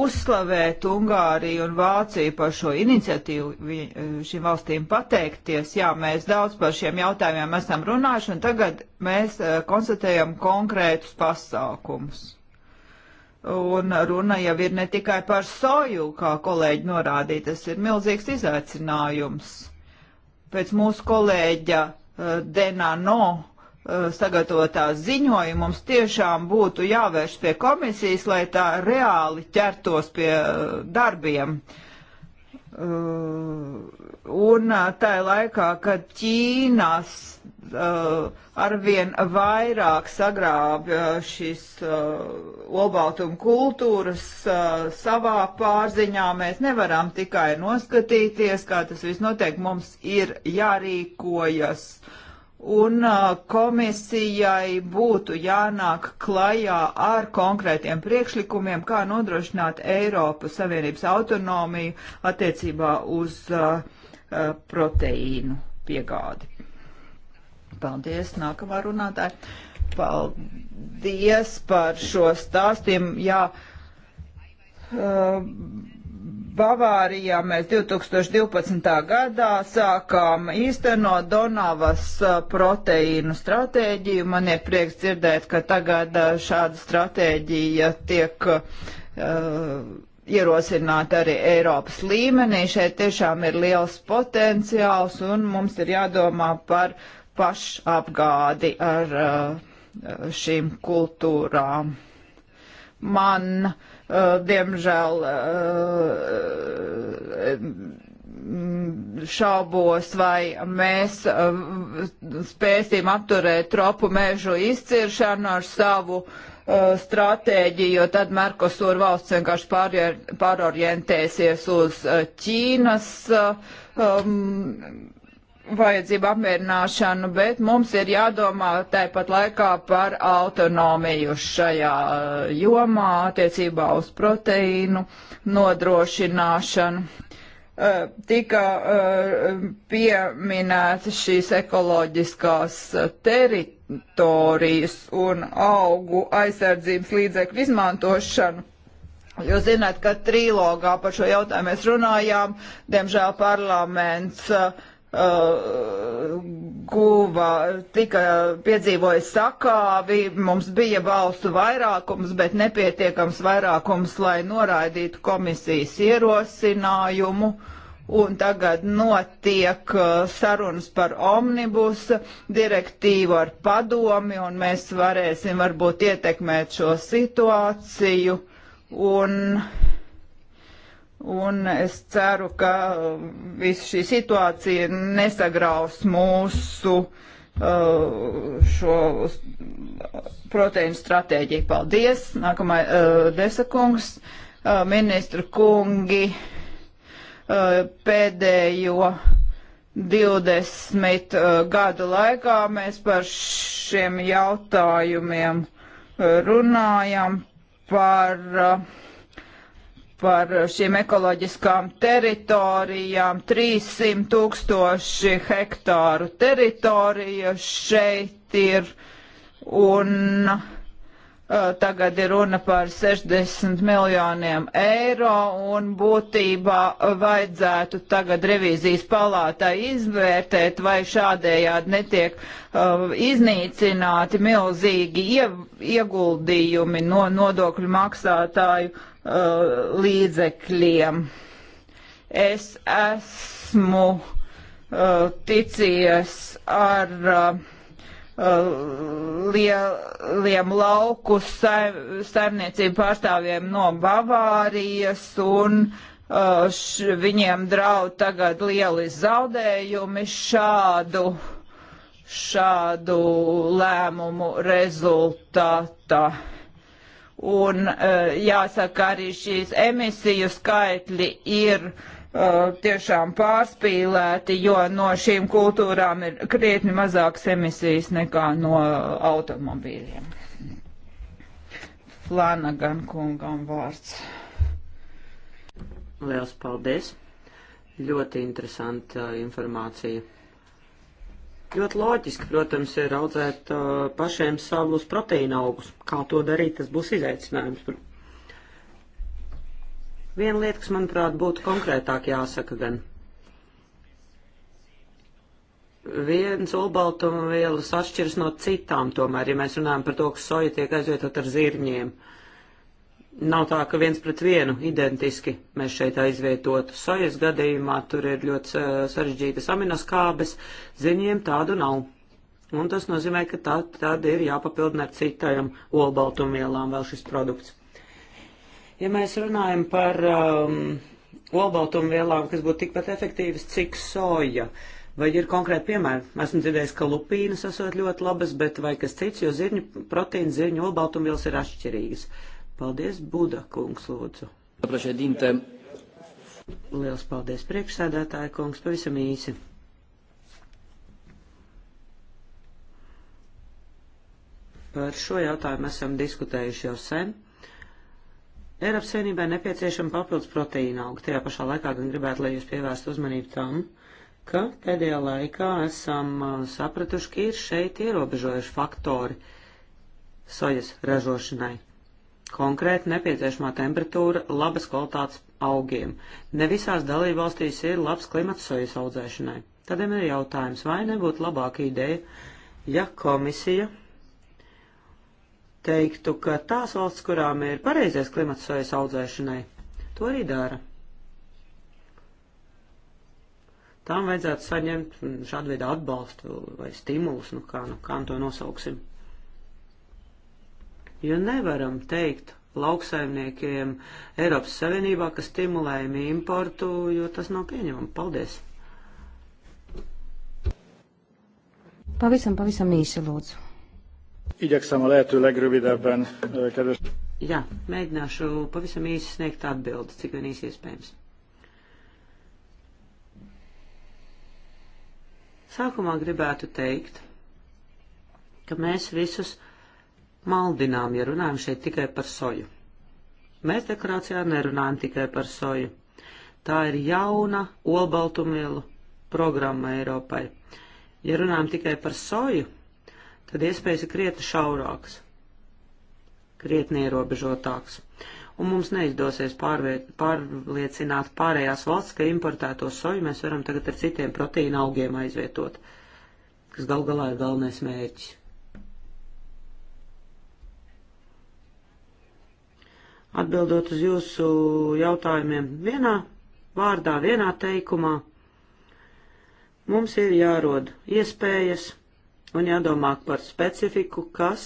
uzslavēt Ungāriju un Vāciju par šo iniciatīvu, uh, šīm valstīm pateikties. Jā, mēs daudz par šiem jautājumiem esam runājuši, un tagad mēs uh, konstatējam konkrētus pasākumus. Un runa jau ir ne tikai par soju, kā kolēģi norādīja, tas ir milzīgs izaicinājums. Pēc mūsu kolēģa uh, eh, Denano uh, eh, sagatavotā ziņojuma mums tiešām būtu jāvērš pie komisijas, lai tā reāli ķertos pie uh, darbiem. Uh, Uh, un uh, tā laikā, kad Ķīnas uh, arvien vairāk sagrābja uh, šis uh, olbaltuma kultūras uh, savā pārziņā, mēs nevaram tikai noskatīties, kā tas viss notiek. Mums ir jārīkojas. Uh, un uh, komisijai būtu jānāk klajā ar konkrētiem priekšlikumiem, kā nodrošināt Eiropas Savienības autonomiju attiecībā uz uh, uh proteīnu piegādi. Paldies, nākamā runātāja. Paldies par šo stāstījumu. Jā, uh, Bavārijā mēs 2012. gadā sākām īstenot Donavas uh, proteīnu stratēģiju. Man ir prieks dzirdēt, ka tagad uh, šāda stratēģija tiek uh, ierosināta arī Eiropas līmenī. Šeit tiešām ir liels potenciāls un mums ir jādomā par pašapgādi ar uh, šīm kultūrām. Man uh, Uh, diemžēl uh, šaubos, vai mēs uh, spēsim apturēt tropu mežu izciršanu ar savu stratēģiju, jo tad Merkosur valsts vienkārši pārorientēsies uz Ķīnas um, vajadzību apmierināšanu, bet mums ir jādomā tāpat laikā par autonomiju šajā uh, jomā attiecībā uz proteīnu nodrošināšanu. Uh, tika uh, pieminētas šīs ekoloģiskās teritorijas un augu aizsardzības līdzekļu izmantošanu. Jūs zināt, ka trilogā par šo jautājumu mēs runājām, diemžēl parlaments uh, Uh, guva, tika piedzīvoja sakāvi, mums bija balsu vairākums, bet nepietiekams vairākums, lai noraidītu komisijas ierosinājumu. Un tagad notiek uh, sarunas par omnibus direktīvu ar padomi, un mēs varēsim varbūt ietekmēt šo situāciju. Un uh, Un es ceru, ka um, viss šī situācija nesagraus mūsu uh, šo proteīnu stratēģiju. Paldies! Nākamai uh, desakungs, uh, ministra kungi, pēdējo 20 gadu laikā mēs par šiem jautājumiem runājam par uh, par šīm ekoloģiskām teritorijām, 300 tūkstoši hektāru teritorija šeit ir, un uh, tagad ir runa par 60 miljoniem eiro, un būtībā vajadzētu tagad revīzijas palātā izvērtēt, vai šādējādi netiek uh, iznīcināti milzīgi ie, ieguldījumi no nodokļu maksātāju Uh, līdzekļiem. Es esmu uh, ticies ar uh, lieliem lauku saimniecību pārstāvjiem no Bavārijas un š, viņiem draud tagad lieli zaudējumi šādu, šādu lēmumu rezultātā. Un eh, jāsaka, arī šīs emisiju skaitļi ir eh, tiešām pārspīlēti, jo no šīm kultūrām ir krietni mazākas emisijas nekā no automobīļiem. Flanagan kungam vārds. Liels paldies! Ļoti interesanta informācija. Ļoti loģiski, protams, ir audzēt uh, pašiem savus proteīna augus. Kā to darīt, tas būs izaicinājums. Viena lieta, kas, manuprāt, būtu konkrētāk jāsaka gan. Viens olbaltuma vielas atšķiras no citām, tomēr, ja mēs runājam par to, ka soja tiek aizvietot ar zirņiem. Uh, Nav tā, ka viens pret vienu identiski mēs šeit aizvietotu. Sojas gadījumā tur ir ļoti eh, sarežģītas aminoskābes, ziņiem tādu nav. Un tas nozīmē, ka tā, tad ir jāpapildina ar citajam olbaltumvielām vēl šis produkts. Ja mēs runājam par um, olbaltumvielām, kas būtu tikpat efektīvas, cik soja, vai ir konkrēti piemēri? Esmu dzirdējis, ka lupīnas esot ļoti labas, bet vai kas cits, jo zirņu, proteīna zirņu olbaltumvielas ir atšķirīgas. Uh, Paldies, Buda kungs, lūdzu. Liels paldies, priekšsēdētāja kungs, pavisam īsi. Par šo jautājumu esam diskutējuši jau sen. Eiropas Savienībai nepieciešama papildus proteīna auga. Tajā pašā laikā gan gribētu, lai jūs pievērstu uzmanību tam, ka pēdējā laikā esam sapratuši, ka ir šeit ierobežojuši faktori sojas ražošanai konkrēti nepieciešamā temperatūra labas kvalitātes augiem. Ne visās dalībvalstīs ir labs klimats sojas audzēšanai. Tādēļ ir jautājums, vai nebūtu labāka ideja, ja komisija teiktu, ka tās valsts, kurām ir pareizais klimats sojas audzēšanai, to arī dara. Tām vajadzētu saņemt šādu veidu atbalstu vai stimulus, nu kā, nu kā to nosauksim jo nevaram teikt lauksaimniekiem Eiropas Savienībā, ka stimulējam importu, jo tas nav pieņemami. Paldies! Pavisam, pavisam īsi lūdzu. Igyekszem a lehető legrövidebben, eh, kedves. Jā, mēģināšu pavisam īsi sniegt atbildi, cik vien īsi iespējams. Sākumā gribētu teikt, ka mēs visus maldinām, ja runājam šeit tikai par soju. Mēs deklarācijā nerunājam tikai par soju. Tā ir jauna olbaltumvielu programma Eiropai. Ja runājam tikai par soju, tad iespējas ir krietni šaurākas, krietni ierobežotākas. Un mums neizdosies pārviet, pārliecināt pārējās valsts, ka importēto soju mēs varam tagad ar citiem proteīna augiem aizvietot, kas gal galā ir galvenais mērķis. Atbildot uz jūsu jautājumiem vienā vārdā, vienā teikumā, mums ir jārod iespējas un jādomā par specifiku, kas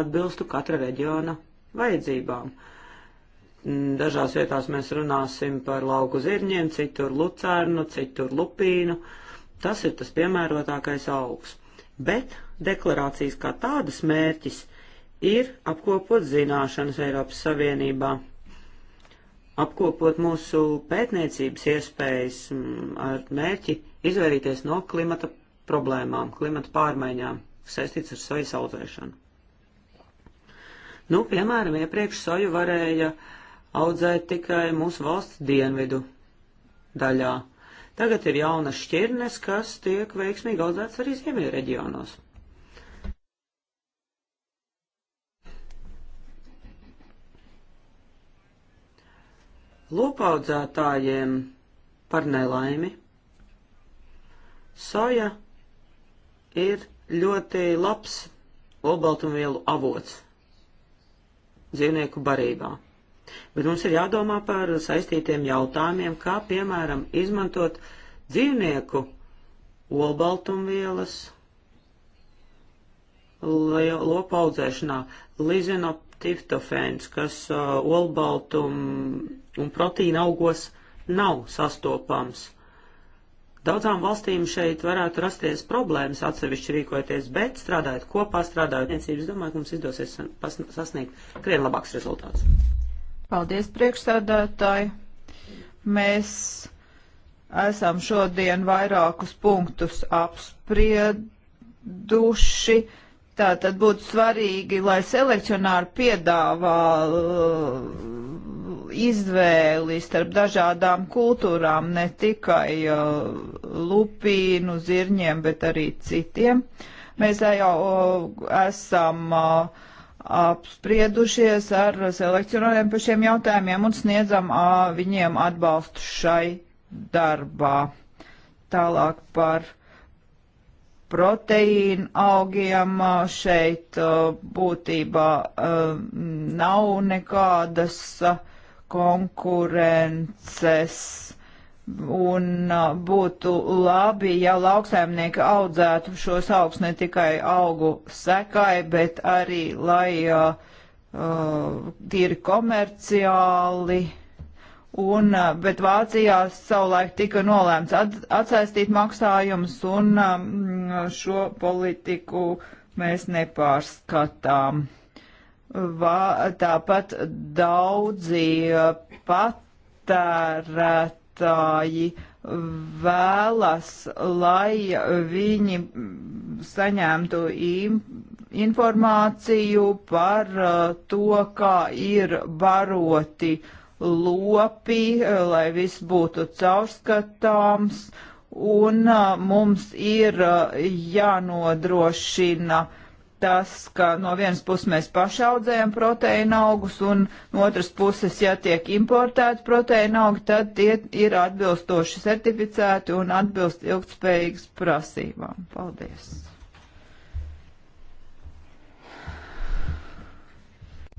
atbilstu katra reģiona vajadzībām. Mm, dažās vietās mēs runāsim par lauku zirņiem, citur lucērnu, citur lupīnu. Tas ir tas piemērotākais augs. Bet deklarācijas kā tādas mērķis ir apkopot zināšanas Eiropas Savienībā, apkopot mūsu pētniecības iespējas ar mērķi izvairīties no klimata problēmām, klimata pārmaiņām, saistīts ar sojas audzēšanu. Nu, piemēram, iepriekš soju varēja audzēt tikai mūsu valsts dienvidu daļā. Tagad ir jaunas šķirnes, kas tiek veiksmīgi audzētas arī ziemeļu reģionos. lopaudzētājiem par nelaimi. Soja ir ļoti labs olbaltumvielu avots dzīvnieku barībā. Bet mums ir jādomā par saistītiem jautājumiem, kā piemēram izmantot dzīvnieku olbaltumvielas lopaudzēšanā, lizinop tiftofēns, kas uh, olbaltum un protīna augos nav sastopams. Daudzām valstīm šeit varētu rasties problēmas atsevišķi rīkoties, bet strādājot kopā, strādājot niecības, domāju, ka mums izdosies sasniegt krietni labāks rezultāts. Paldies, priekšsēdētāji. Mēs esam šodien vairākus punktus apsprieduši. Tā tad būtu svarīgi, lai selekcionāri piedāvā uh, izvēli starp dažādām kultūrām, ne tikai uh, lupīnu, zirņiem, bet arī citiem. Mēs jau uh, esam uh, apspriedušies ar selekcionāriem par šiem jautājumiem un sniedzam uh, viņiem atbalstu šai darbā. Tālāk par proteīnu augiem šeit būtībā nav nekādas konkurences. Un būtu labi, ja lauksaimnieki audzētu šos augs ne tikai augu sekai, bet arī, lai uh, tīri komerciāli uh, Un, bet Vācijā savulaik tika nolēmts at, atsaistīt maksājumus, un šo politiku mēs nepārskatām. Vā, tāpat daudzi patērētāji vēlas, lai viņi saņemtu informāciju par to, kā ir baroti uh, lopi, eh, lai viss būtu caurskatāms, un eh, mums ir eh, jānodrošina tas, ka no vienas puses mēs paši audzējam proteīna augus, un no otras puses, ja tiek importēti proteīna augi, tad tie ir atbilstoši certificēti un atbilst ilgtspējīgas prasībām. Paldies!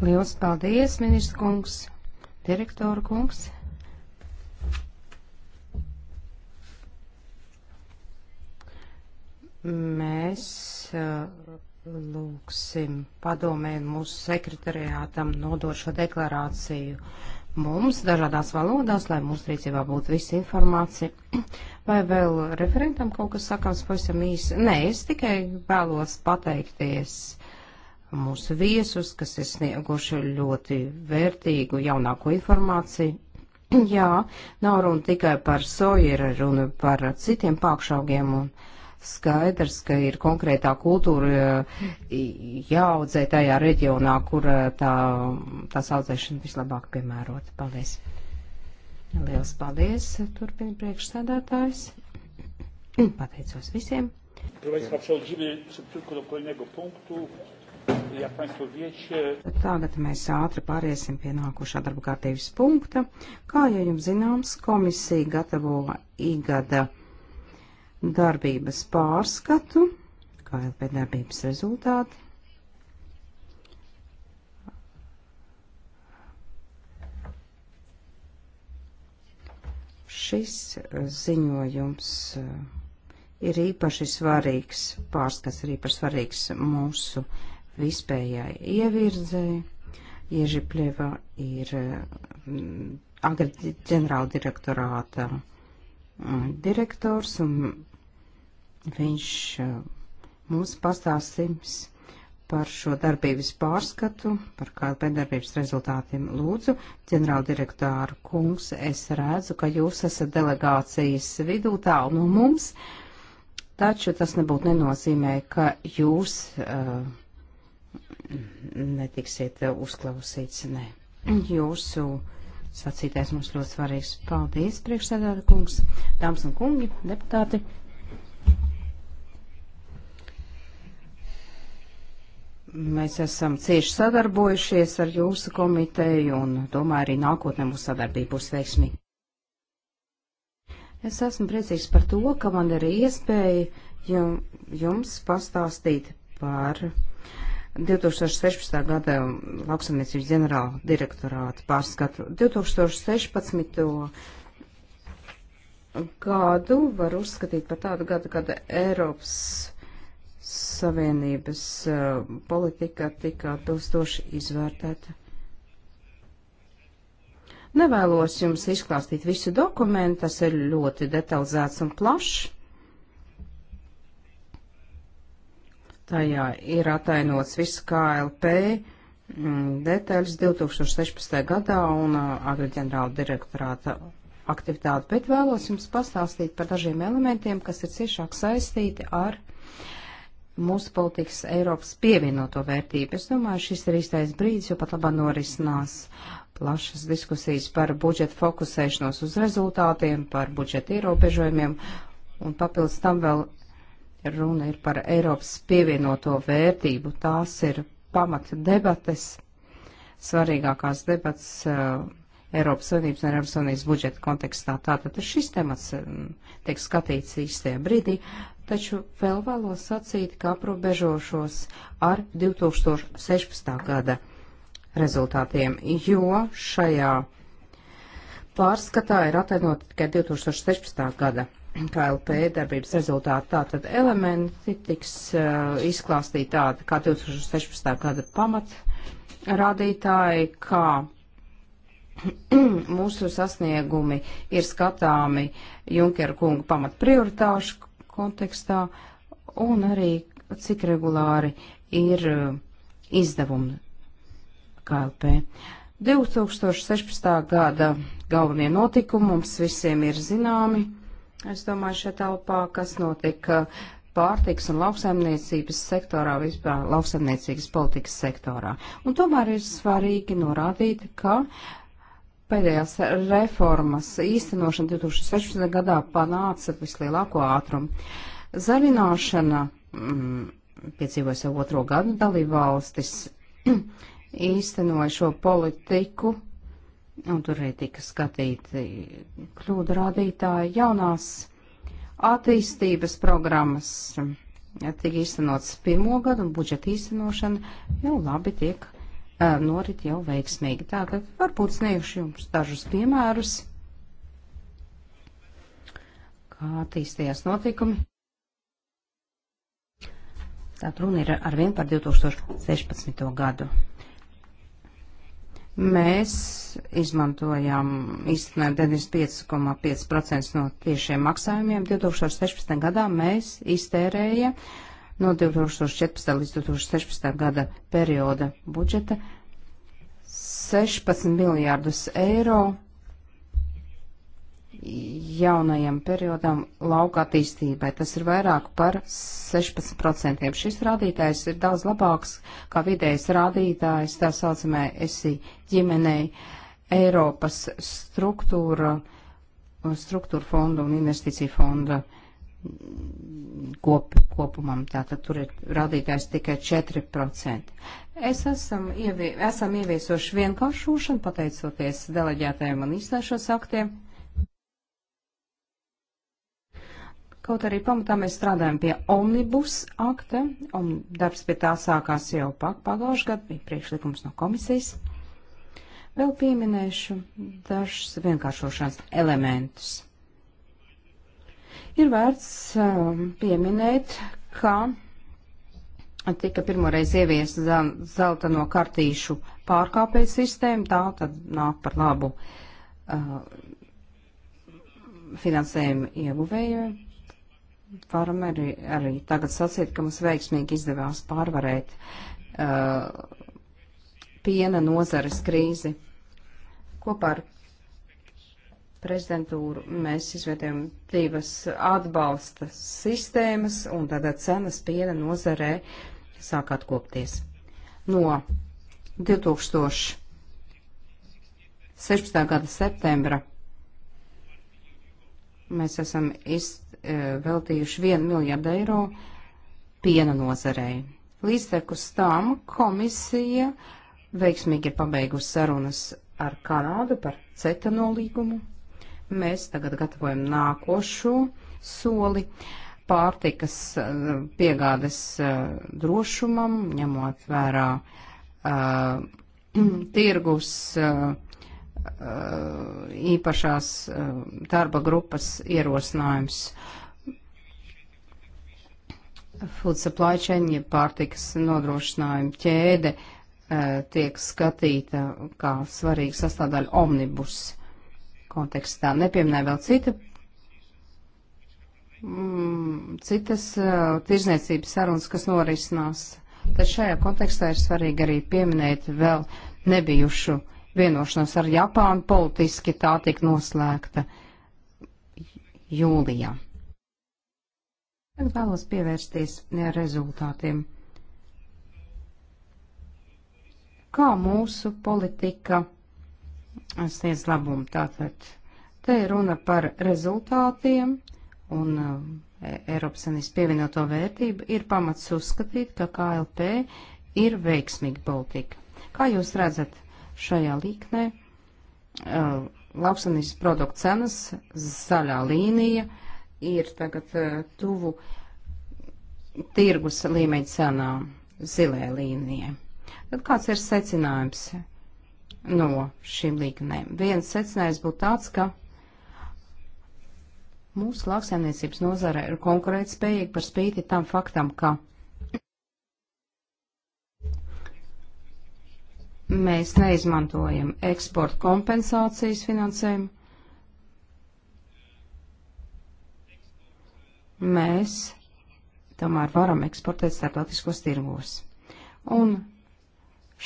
Liels paldies, ministrs kungs! direktora kungs. Mēs uh, lūgsim padomē mūsu sekretariātam nodot šo deklarāciju mums dažādās valodās, lai mūsu rīcībā būtu visa informācija. Vai vēl referentam kaut kas sakāms pavisam īsi? Nē, es tikai vēlos pateikties mūsu viesus, kas ir snieguši ļoti vērtīgu jaunāko informāciju. Jā, nav runa tikai par soju, ir runa par citiem pākšaugiem un skaidrs, ka ir konkrētā kultūra e, jāaudzē tajā reģionā, kur e, tā, tās audzēšana vislabāk piemērota. Paldies! Liels paldies, turpina priekšsēdētājs. Pateicos visiem. Proszę Państwa, przechodzimy szybciutko do kolejnego punktu. Tagad mēs ātri pāriesim pie nākošā darba kārtības punkta. Kā jau jums zināms, komisija gatavo igada darbības pārskatu, KLP darbības rezultāti. Šis ziņojums eh, ir īpaši svarīgs, pārskats ir īpaši svarīgs mūsu uh, vispējai ievirzēji. Iežipļeva ir mm, agri ģenerāla direktorāta mm, direktors, un viņš mums pastāstīs par šo darbības pārskatu, par kādu pēdējības rezultātiem lūdzu. Ģenerāla direktāra kungs, es redzu, ka jūs esat delegācijas vidū tālu no mums, taču tas nebūtu nenozīmē, ka jūs uh, netiksiet uzklausīts. Nē. Jūsu sacītais mums ļoti svarīgs. Paldies, priekšsēdētāji kungs, dāmas un kungi, deputāti. Mēs esam cieši sadarbojušies ar jūsu komiteju un domāju arī nākotnē mūsu sadarbība būs veiksmīga. Es esmu priecīgs par to, ka man ir iespēja jums pastāstīt par 2016. gada lauksamniecības ģenerāla direktorāta pārskatu. 2016. gadu var uzskatīt par tādu gadu, kad Eiropas Savienības politika tika atbilstoši izvērtēta. Nevēlos jums izklāstīt visu dokumentu, tas ir ļoti detalizēts un plašs. Tajā ir atainots viss KLP mm, detaļas 2016. gadā un uh, agriģenerāla direktorāta aktivitāti, bet vēlos jums pastāstīt par dažiem elementiem, kas ir ciešāk saistīti ar mūsu politikas Eiropas pievienoto vērtību. Es domāju, šis ir īstais brīdis, jo pat labā norisinās plašas diskusijas par budžeta fokusēšanos uz rezultātiem, par budžeta ierobežojumiem, un papildus tam vēl Runa ir par Eiropas pievienoto vērtību. Tās ir pamata debates, svarīgākās debates uh, Eiropas Savienības un Eiropas Savienības budžeta kontekstā. Tātad šis temats um, tiek skatīts īstajā brīdī, taču vēl vēlos sacīt, ka aprobežošos ar 2016. gada rezultātiem, jo šajā pārskatā ir atainot tikai 2016. gada KLP darbības rezultāti. Tātad elementi tiks uh, izklāstīti tādi kā 2016. gada pamat rādītāji, kā mūsu sasniegumi ir skatāmi Junkera kunga pamat prioritāšu kontekstā un arī cik regulāri ir uh, izdevumi KLP. 2016. gada galvenie notikumi mums visiem ir zināmi Es domāju, šajā telpā, kas notika pārtiks un lauksaimniecības sektorā, vispār lauksaimniecības politikas sektorā. Un tomēr ir svarīgi norādīt, ka pēdējās reformas īstenošana 2016. gadā panāca vislielāko ātrumu. Zaļināšana mm, piedzīvoja sev otro gadu dalībvalstis īstenoja šo politiku un tur arī tika skatīti kļūdu rādītāji jaunās attīstības programmas. Tika īstenots pirmo gadu un budžeta īstenošana jau labi tiek uh, norit jau veiksmīgi. Tātad varbūt sniegšu jums dažus piemērus, kā attīstījās notikumi. Tātad runa ir arvien par 2016. gadu. Mēs izmantojam īstenībā 95,5% no tiešiem maksājumiem. 2016. gadā mēs iztērējam no 2014. līdz 2016. gada perioda budžeta 16 miljārdus eiro jaunajam periodam lauka attīstībai. Tas ir vairāk par 16%. Šis rādītājs ir daudz labāks kā vidējais rādītājs tā saucamai esi ģimenei Eiropas struktūra, struktūra fonda un investīcija fonda kop, kopumam. Tātad tur ir rādītājs tikai 4%. Es esam, ievie, esam ieviesoši vienkāršošanu pateicoties deleģētajiem un izslēgšanas aktiem Kaut arī pamatā mēs strādājam pie omnibus akta, un darbs pie tā sākās jau pagājušajā gadā, bija priekšlikums no komisijas. Vēl pieminēšu dažus vienkāršošanas elementus. Ir vērts um, pieminēt, ka tika pirmoreiz ieviesta zelta no kartīšu pārkāpēju sistēma, tā tad nāk par labu uh, finansējumu ieguvējiem varam arī, arī tagad sacīt, ka mums veiksmīgi izdevās pārvarēt uh, piena nozares krīzi. Kopā ar prezidentūru mēs izveidojam divas atbalsta sistēmas un tātad cenas piena nozarē sāk atkopties. No 2016. gada septembra mēs esam izdevuši E, veltījuši 1 miljardu eiro piena nozarei. Līdztekus tām komisija veiksmīgi ir pabeigusi sarunas ar Kanādu par CETA nolīgumu. Mēs tagad gatavojam nākošo soli pārtikas e, piegādes e, drošumam, ņemot vērā uh, tirgus uh, Uh, īpašās uh, darba grupas ierosinājums. Food supply chain, ja pārtikas nodrošinājuma ķēde, uh, tiek skatīta kā svarīga sastāvdaļa omnibus kontekstā. Nepieminēja vēl cita, mm, citas tirzniecības sarunas, kas norisinās. Tad šajā kontekstā ir svarīgi arī pieminēt vēl nebijušu uh, vienošanos ar Japānu politiski tā tika noslēgta jūlijā. Tagad vēlos pievērsties rezultātiem. Kā mūsu politika sniedz labumu? Tātad te ir runa par rezultātiem un e, Eiropas Sanīs pievienoto vērtību. Ir pamats uzskatīt, ka KLP ir veiksmīga politika. Kā jūs redzat šajā liknē. Uh, Lauksanīs produktu cenas, zaļā līnija ir tagad uh, tuvu tirgus līmeņa cenām, zilē līnija. Tad kāds ir secinājums no šīm līknēm? Viens secinājums būtu tāds, ka mūsu lauksaimniecības nozara ir konkurētspējīga par spīti tam faktam, ka Mēs neizmantojam eksporta kompensācijas finansējumu. Mēs tomēr varam eksportēt starptautiskos tirgos. Un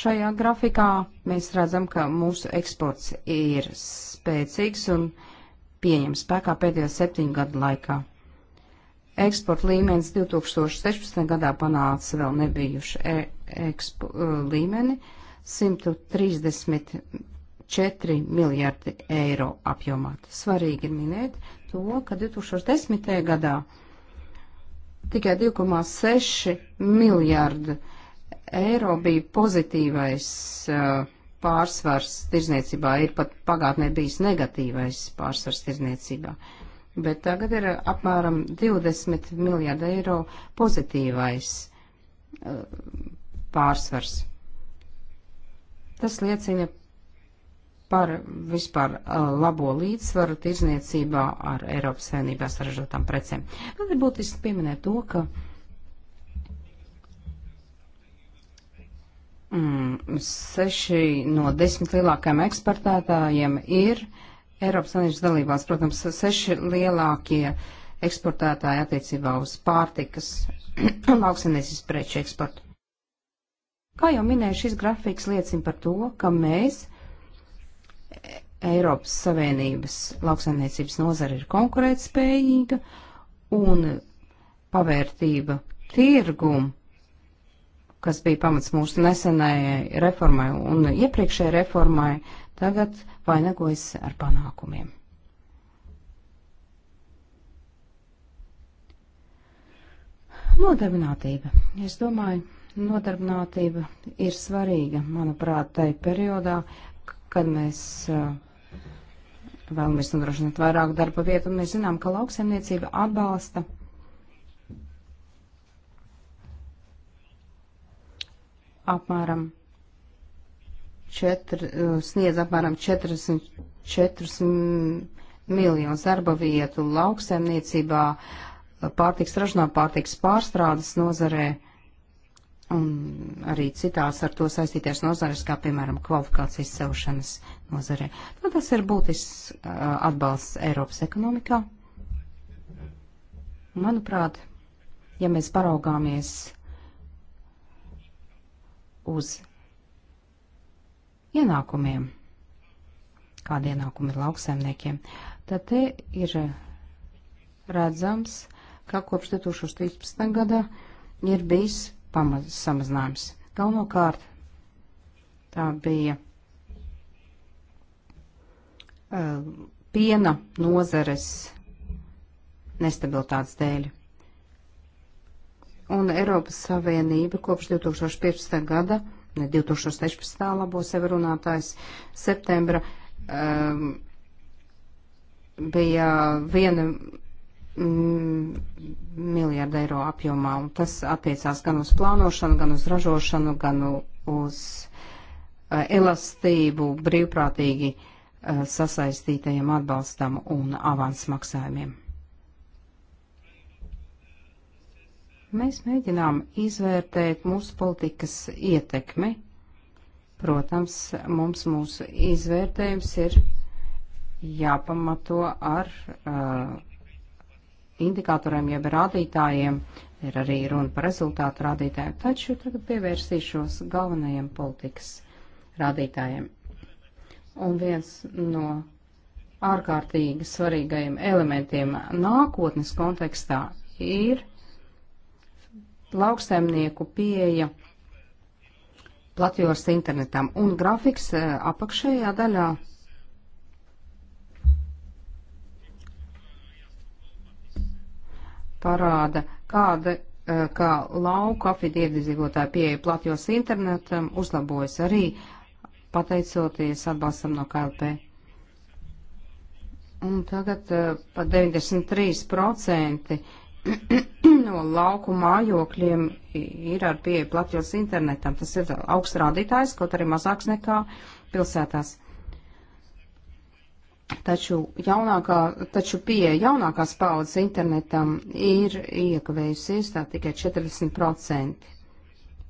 šajā grafikā mēs redzam, ka mūsu eksports ir spēcīgs un pieņem spēkā pēdējo septiņu gadu laikā. Eksporta līmenis 2016. gadā panāca vēl nebijuši e ekspo, e, līmeni, 134 miljardi eiro apjomā. Svarīgi ir minēt to, ka 2010. gadā tikai 2,6 miljardi eiro bija pozitīvais uh, pārsvars tirzniecībā, ir pat pagātnē bijis negatīvais pārsvars tirzniecībā. Bet tagad ir uh, apmēram 20 miljardi eiro pozitīvais uh, pārsvars Tas liecina par vispār labo līdzsvaru tirzniecībā ar Eiropas Savienībā saražotām precēm. Vēl ir būtiski pieminēt to, ka mm, seši no desmit lielākajiem eksportētājiem ir Eiropas Savienības dalībās. Protams, seši lielākie eksportētāji attiecībā uz pārtikas un lauksaniesības preču eksportu. Kā jau minēju, šis grafiks liecina par to, ka mēs, Eiropas Savienības lauksaimniecības nozara ir konkurētspējīga un pavērtība tirgumu, kas bija pamats mūsu nesenajai reformai un iepriekšējai reformai, tagad vainagojas ar panākumiem. Nodarbinātība. Es domāju, Nodarbinātība ir svarīga, manuprāt, tai periodā, kad mēs uh, vēlamies nodrošināt vairāk darba vietu, un mēs zinām, ka lauksaimniecība atbalsta apmēram 4, uh, sniedz apmēram 44 miljonus darba vietu lauksaimniecībā, pārtiks ražnā, pārtiks pārstrādes nozarē un arī citās ar to saistīties nozares, kā piemēram kvalifikācijas celšanas nozare. Nu, tas ir būtisks atbalsts Eiropas ekonomikā. Manuprāt, ja mēs paraugāmies uz ienākumiem, kādi ienākumi ir lauksaimniekiem, tad te ir redzams, ka kopš 2013. gada ir bijis pamaz, samazinājums. Galvenokārt tā bija uh, piena nozares nestabilitātes dēļ. Un Eiropas Savienība kopš 2015. gada, ne 2016. labo sevi runātājs, septembra um, bija viena Mm, miljārdu eiro apjomā. Un tas attiecās gan uz plānošanu, gan uz ražošanu, gan uz eh, elastību brīvprātīgi eh, sasaistītajiem atbalstam un avans maksājumiem. Mēs mēģinām izvērtēt mūsu politikas ietekmi. Protams, mums mūsu izvērtējums ir jāpamato ar uh, indikatoriem, jeb rādītājiem, ir arī runa par rezultātu rādītājiem, taču tagad pievērsīšos galvenajiem politikas rādītājiem. Un viens no ārkārtīgi svarīgajiem elementiem nākotnes kontekstā ir lauksaimnieku pieeja platjos internetam, un grafiks eh, apakšējā daļā parāda, kāda, eh, kā lauku apvidu iedzīvotāju pieeja platjos internetam uzlabojas arī pateicoties atbalstam no KLP. Un tagad eh, pat 93% no lauku mājokļiem ir ar pieeju platjos internetam. Tas ir augsts rādītājs, kaut arī mazāks nekā pilsētās. Taču, jaunākā, taču pieeja jaunākās paudzes internetam ir iekavējusies tā tikai 40%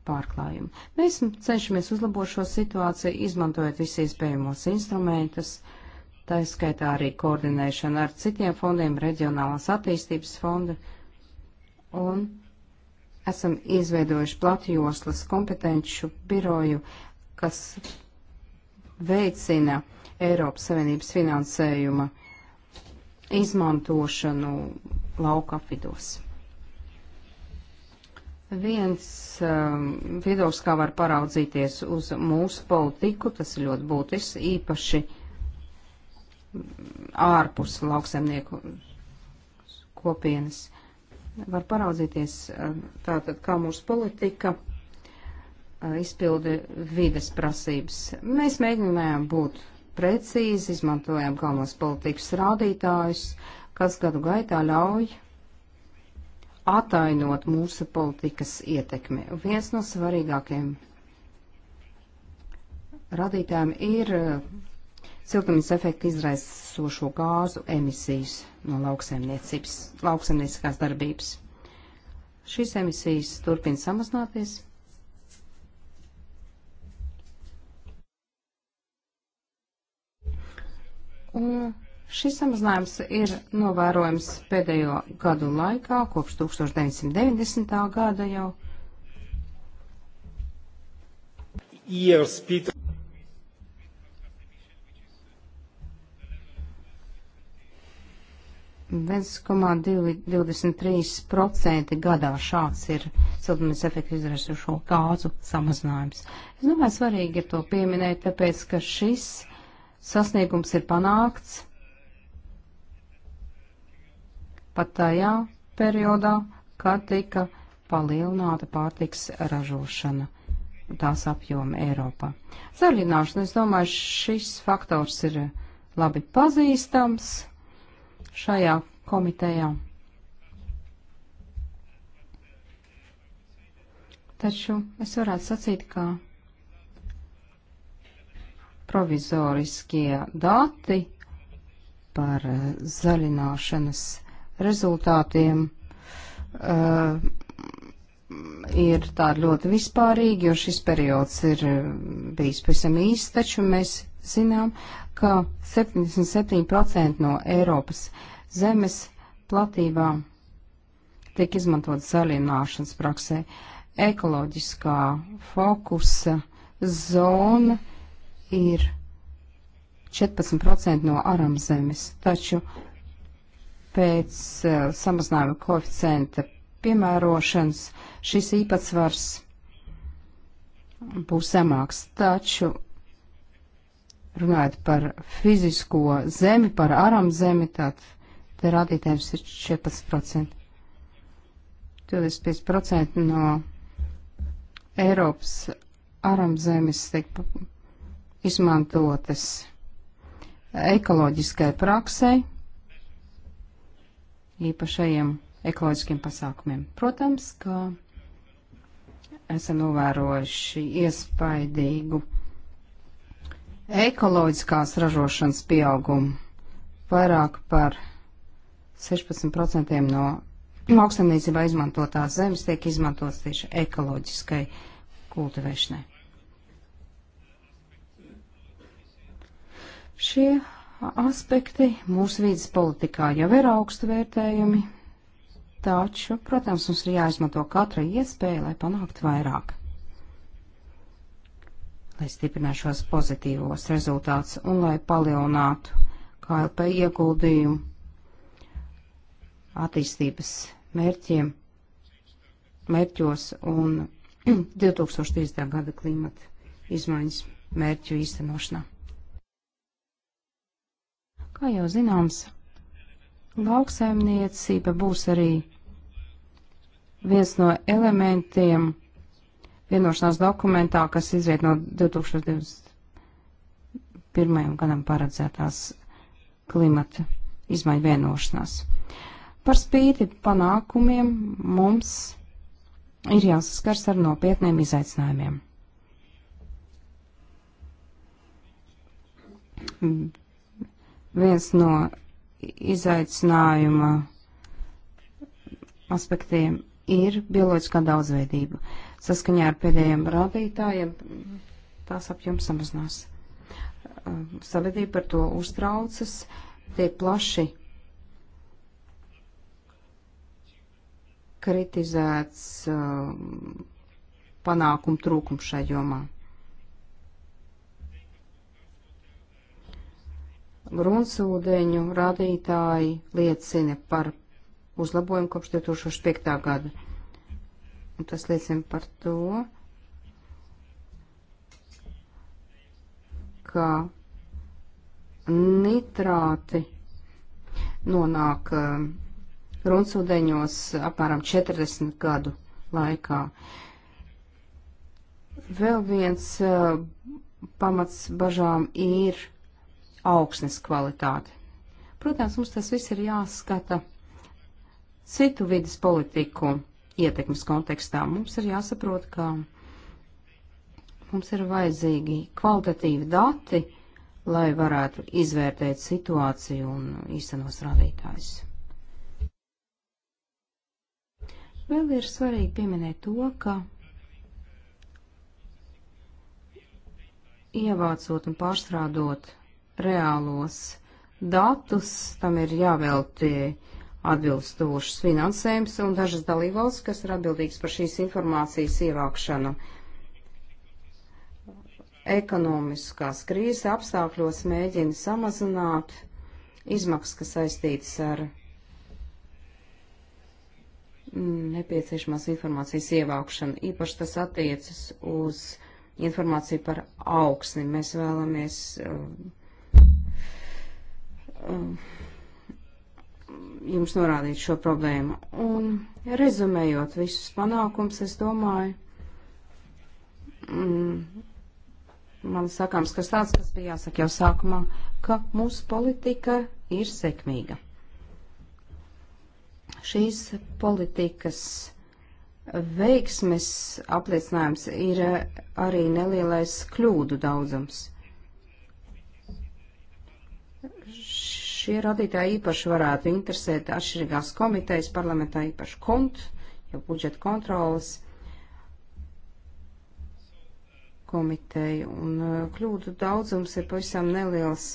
pārklājumu. Mēs cenšamies uzlabot šo situāciju, izmantojot visu iespējamos instrumentus, tā izskaitā arī koordinēšana ar citiem fondiem, reģionālās attīstības fondu, un esam izveidojuši platjoslas kompetenču biroju, kas veicina Eiropas Savienības finansējuma izmantošanu lauka apvidos. Viens um, viedoklis, kā var paraudzīties uz mūsu politiku, tas ir ļoti būtisks, īpaši ārpus lauksemnieku kopienas. Var paraudzīties um, tātad, kā mūsu politika uh, izpildi vides prasības. Mēs mēģinājām būt precīzi, izmantojam galvenos politikas rādītājus, kas gadu gaitā ļauj atainot mūsu politikas ietekmi. Viens no svarīgākajiem radītājiem ir eh, siltumnīca efekta izraisošo gāzu emisijas no lauksaimniecības, lauksaimnieciskās darbības. Šīs emisijas turpina samazināties Un šis samazinājums ir novērojams pēdējo gadu laikā, kopš 1990. gada jau. Years, Peter. Viens komā 23% gadā šāds ir siltumnīca efektu izraisušo gāzu samazinājums. Es domāju, svarīgi ir to pieminēt, tāpēc, ka šis sasniegums ir panākts pat tajā periodā, kad tika palielināta pārtiks ražošana tās apjoma Eiropā. Zaļināšana, es domāju, šis faktors ir labi pazīstams šajā komitejā. Taču es varētu sacīt, ka provizoriskie dati par eh, zaļināšanas rezultātiem uh, ir tādi ļoti vispārīgi, jo šis periods ir eh, bijis pavisam īsts, taču mēs zinām, ka 77% no Eiropas zemes platībām tiek izmantot zaļināšanas praksē. Ekoloģiskā fokusa zona ir 14% no aram zemes, taču pēc uh, samazinājuma koeficienta piemērošanas šis īpatsvars būs zemāks. Taču runājot par fizisko zemi, par aram zemi, tad te rādītājums ir 14%. 25% no Eiropas aram zemes tiek izmantotas ekoloģiskai praksei, īpašajiem ekoloģiskiem pasākumiem. Protams, ka esam novērojuši iespaidīgu ekoloģiskās ražošanas pieaugumu vairāk par 16% no lauksaimniecībā izmantotās zemes tiek izmantotas tieši ekoloģiskai kultivēšanai. Šie aspekti mūsu vīdes politikā jau ir augstu vērtējumi, taču, protams, mums ir jāizmanto katra iespēja, lai panāktu vairāk lai stiprinātu šos pozitīvos rezultātus un lai palielinātu KLP ieguldījumu attīstības mērķiem, mērķos un 2030. gada klimata izmaiņas mērķu īstenošanā. Kā jau zināms, lauksaimniecība būs arī viens no elementiem vienošanās dokumentā, kas izriet no 2021. gadam paredzētās klimata izmaiņu vienošanās. Par spīti panākumiem mums ir jāsaskars ar nopietniem izaicinājumiem viens no izaicinājuma aspektiem ir bioloģiskā daudzveidība. Saskaņā ar pēdējiem rādītājiem tās apjoms samazinās. Um, sabiedrība par to uztraucas, tiek plaši kritizēts um, panākumu trūkums šai jomā. gruntsūdeņu rādītāji liecina par uzlabojumu kopš 2005. gada. Un tas liecina par to, ka nitrāti nonāk gruntsūdeņos um, apmēram 40 gadu laikā. Vēl viens uh, pamats bažām ir augsnes kvalitāti. Protams, mums tas viss ir jāskata citu vidas politiku ietekmes kontekstā. Mums ir jāsaprot, ka mums ir vajadzīgi kvalitatīvi dati, lai varētu izvērtēt situāciju un īstenos rādītājus. Vēl ir svarīgi pieminēt to, ka ievācot un pārstrādot reālos datus, tam ir jāveltie atbilstošs finansējums un dažas dalībvalsts, kas ir atbildīgas par šīs informācijas ievākšanu. Ekonomiskās krīzes apstākļos mēģina samazināt izmaksas, kas saistītas ar nepieciešamās informācijas ievākšanu. Īpaši tas attiecas uz informāciju par augsni. Mēs vēlamies uh, Um, jums norādīt šo problēmu. Un rezumējot visus panākums, es domāju, mm, man sakāms, kas tāds, kas bija jāsaka jau sākumā, ka mūsu politika ir sekmīga. Šīs politikas veiksmes apliecinājums ir arī nelielais kļūdu daudzums. Šie radītāji īpaši varētu interesēt atšķirīgās komitejas parlamentā īpaši kont, jau budžeta kontrolas komiteju, un uh, kļūdu daudzums ir pavisam neliels.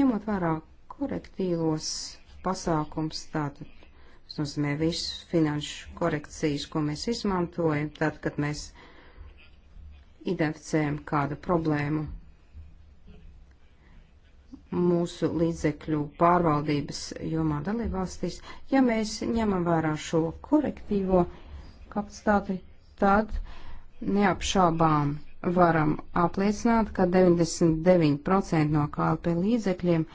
Ņemot vērā korektīvos pasākums, tātad tas nozīmē visus finanšu korekcijas, ko mēs izmantojam, tad, kad mēs identificējam kādu problēmu mūsu līdzekļu pārvaldības jomā dalībvalstīs, ja mēs ņemam vērā šo korektīvo kapacitāti, tad neapšābām varam apliecināt, ka 99% no KLP līdzekļiem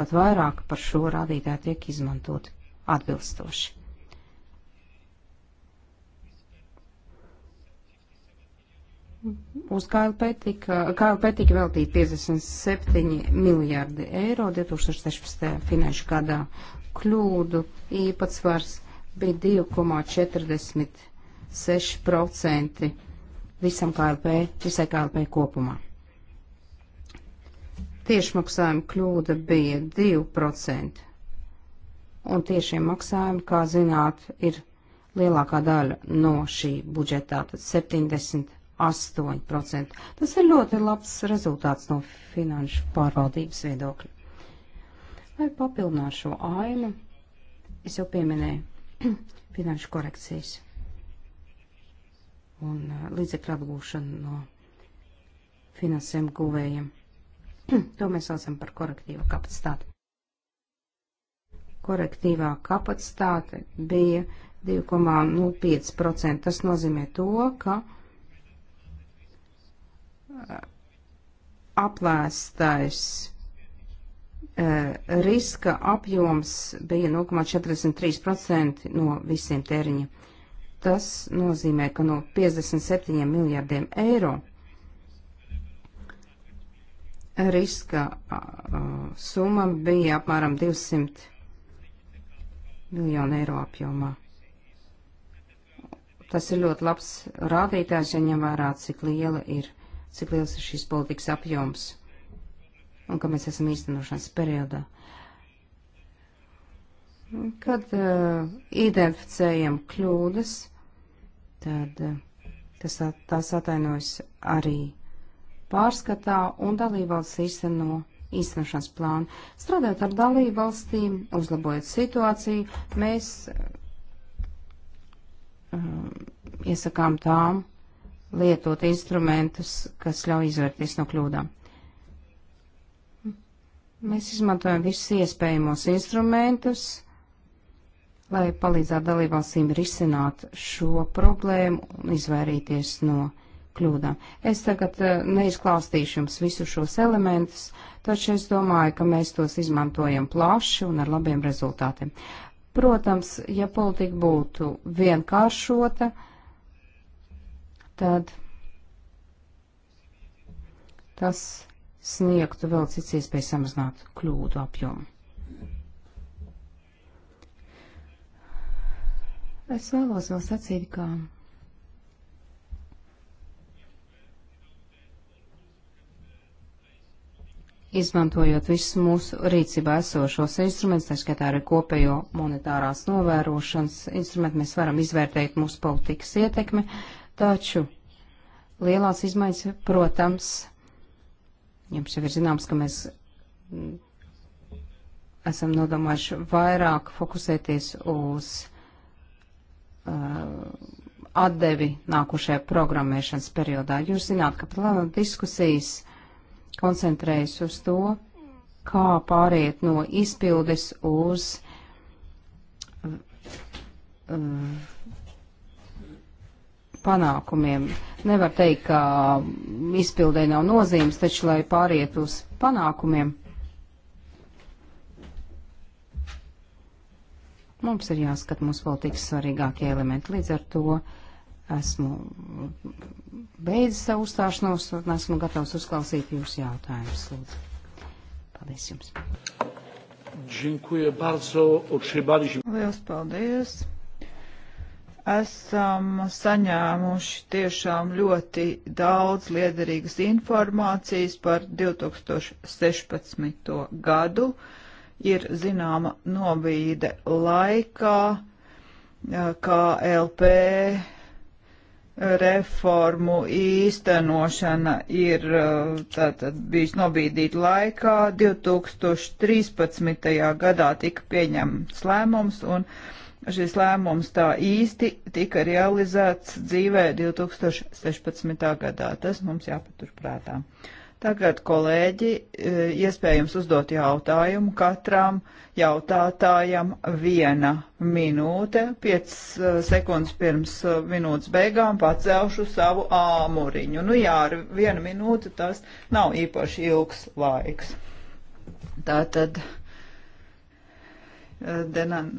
pat vairāk par šo rādītāju tiek izmantoti atbilstoši. Uz KLP tika, KLP tika veltīti 57 miljārdi eiro 2016. finanšu gadā. Kļūdu īpatsvars bija 2,46% visam KLP, visai KLP kopumā. Tiešmaksājuma kļūda bija 2%. Un tiešie maksājumi, kā zināt, ir lielākā daļa no šī budžetā, tad 70 8%. Tas ir ļoti labs rezultāts no finanšu pārvaldības viedokļa. Lai papildinātu šo ainu, es jau pieminēju finanšu korekcijas un uh, līdzekļu atgūšanu no finansēm guvējiem. to mēs saucam par korektīvu kapacitāti. Korektīvā kapacitāte bija 2,05%. Tas nozīmē to, ka aplēstais e, riska apjoms bija 0,43% no visiem tēriņiem. Tas nozīmē, ka no 57 miljardiem eiro riska uh, summa bija apmēram 200 miljonu eiro apjomā. Tas ir ļoti labs rādītājs, ja ņem vērā, cik liela ir cik liels ir šīs politikas apjoms un ka mēs esam īstenošanas periodā. Kad uh, identificējam kļūdas, tad uh, tas, tās atainojas arī pārskatā un dalībvalsts īsteno īstenošanas plānu. Strādājot ar dalībvalstīm, uzlabojot situāciju, mēs uh, iesakām tām lietot instrumentus, kas ļauj izvērties no kļūdām. Mēs izmantojam visus iespējamos instrumentus, lai palīdzētu dalībvalstīm risināt šo problēmu un izvairīties no kļūdām. Es tagad eh, neizklāstīšu jums visus šos elementus, taču es domāju, ka mēs tos izmantojam plaši un ar labiem rezultātiem. Protams, ja politika būtu vienkāršota, uh, tad tas sniegtu vēl cits iespējas samazināt kļūdu apjomu. Es vēlos vēl sacīt, ka izmantojot visus mūsu rīcībā esošos instrumentus, tā skaitā arī kopējo monetārās novērošanas instrumentu, mēs varam izvērtēt mūsu politikas ietekmi. Uh, Taču lielās izmaiņas, protams, jums jau ir zināms, ka mēs esam nodomājuši vairāk fokusēties uz uh, atdevi nākušajā programmēšanas periodā. Jūs zināt, ka plānot diskusijas koncentrējas uz to, kā pāriet no izpildes uz uh, panākumiem. Nevar teikt, ka izpildē nav nozīmes, taču, lai pāriet uz panākumiem, mums ir jāskat mūsu politikas svarīgākie elementi. Līdz ar to esmu beidzis savu uzstāšanos un esmu gatavs uzklausīt jūsu jautājumus. Lūdzu. Paldies jums. Dziękuję bardzo. Otrzymaliśmy. Lielas paldies esam saņēmuši tiešām ļoti daudz liederīgas informācijas par 2016. gadu. Ir zināma novīde laikā, kā LP reformu īstenošana ir eh, tātad bijis nobīdīta laikā. 2013. gadā tika pieņemts lēmums un uh, šis lēmums tā īsti tika realizēts dzīvē 2016. gadā. Tas mums jāpaturprātā. Tagad, kolēģi, e, iespējams uzdot jautājumu katram jautātājam viena minūte. Piec e, sekundes pirms e, minūtes beigām pacelšu savu āmuriņu. Nu jā, ar vienu minūti tas nav īpaši ilgs laiks. Tātad, Denan.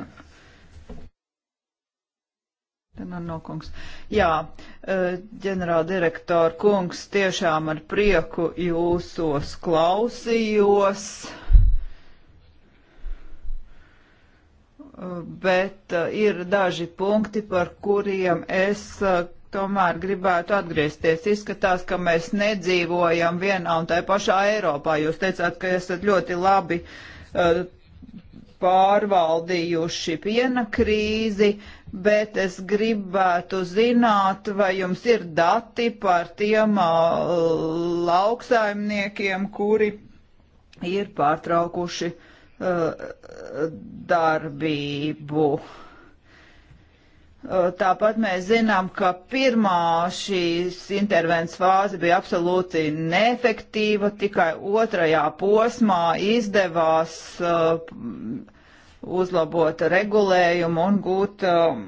Tenanokungs. Jā, e, ģenerāla direktora kungs, tiešām ar prieku jūsos klausījos, e, bet e, ir daži punkti, par kuriem es tomēr gribētu atgriezties. Izskatās, ka mēs nedzīvojam vienā un tajā pašā Eiropā. Jūs teicāt, ka esat ļoti labi pārvaldījuši piena krīzi, uh, bet es gribētu zināt, vai jums ir dati par tiem uh, lauksaimniekiem, kuri ir pārtraukuši uh, darbību. Uh, tāpat mēs zinām, ka pirmā šīs intervences fāze bija absolūti neefektīva, tikai otrajā posmā izdevās uh, uzlabot regulējumu un gūt um,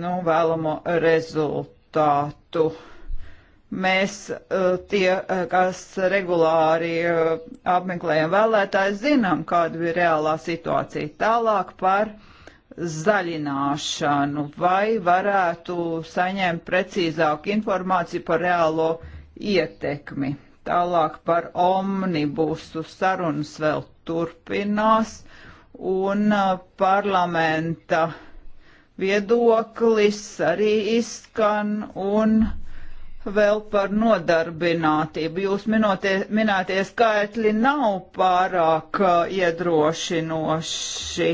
nu, vēlamo rezultātu. Mēs uh, tie, uh, kas regulāri uh, apmeklējam vēlētājs, zinām, kāda bija reālā situācija. Tālāk par zaļināšanu vai varētu saņemt precīzāku informāciju par reālo ietekmi. Tālāk par omnibusu sarunas vēl turpinās un uh, parlamenta viedoklis arī izskan un vēl par nodarbinātību. Jūs minotie, minētie skaitļi nav pārāk uh, iedrošinoši.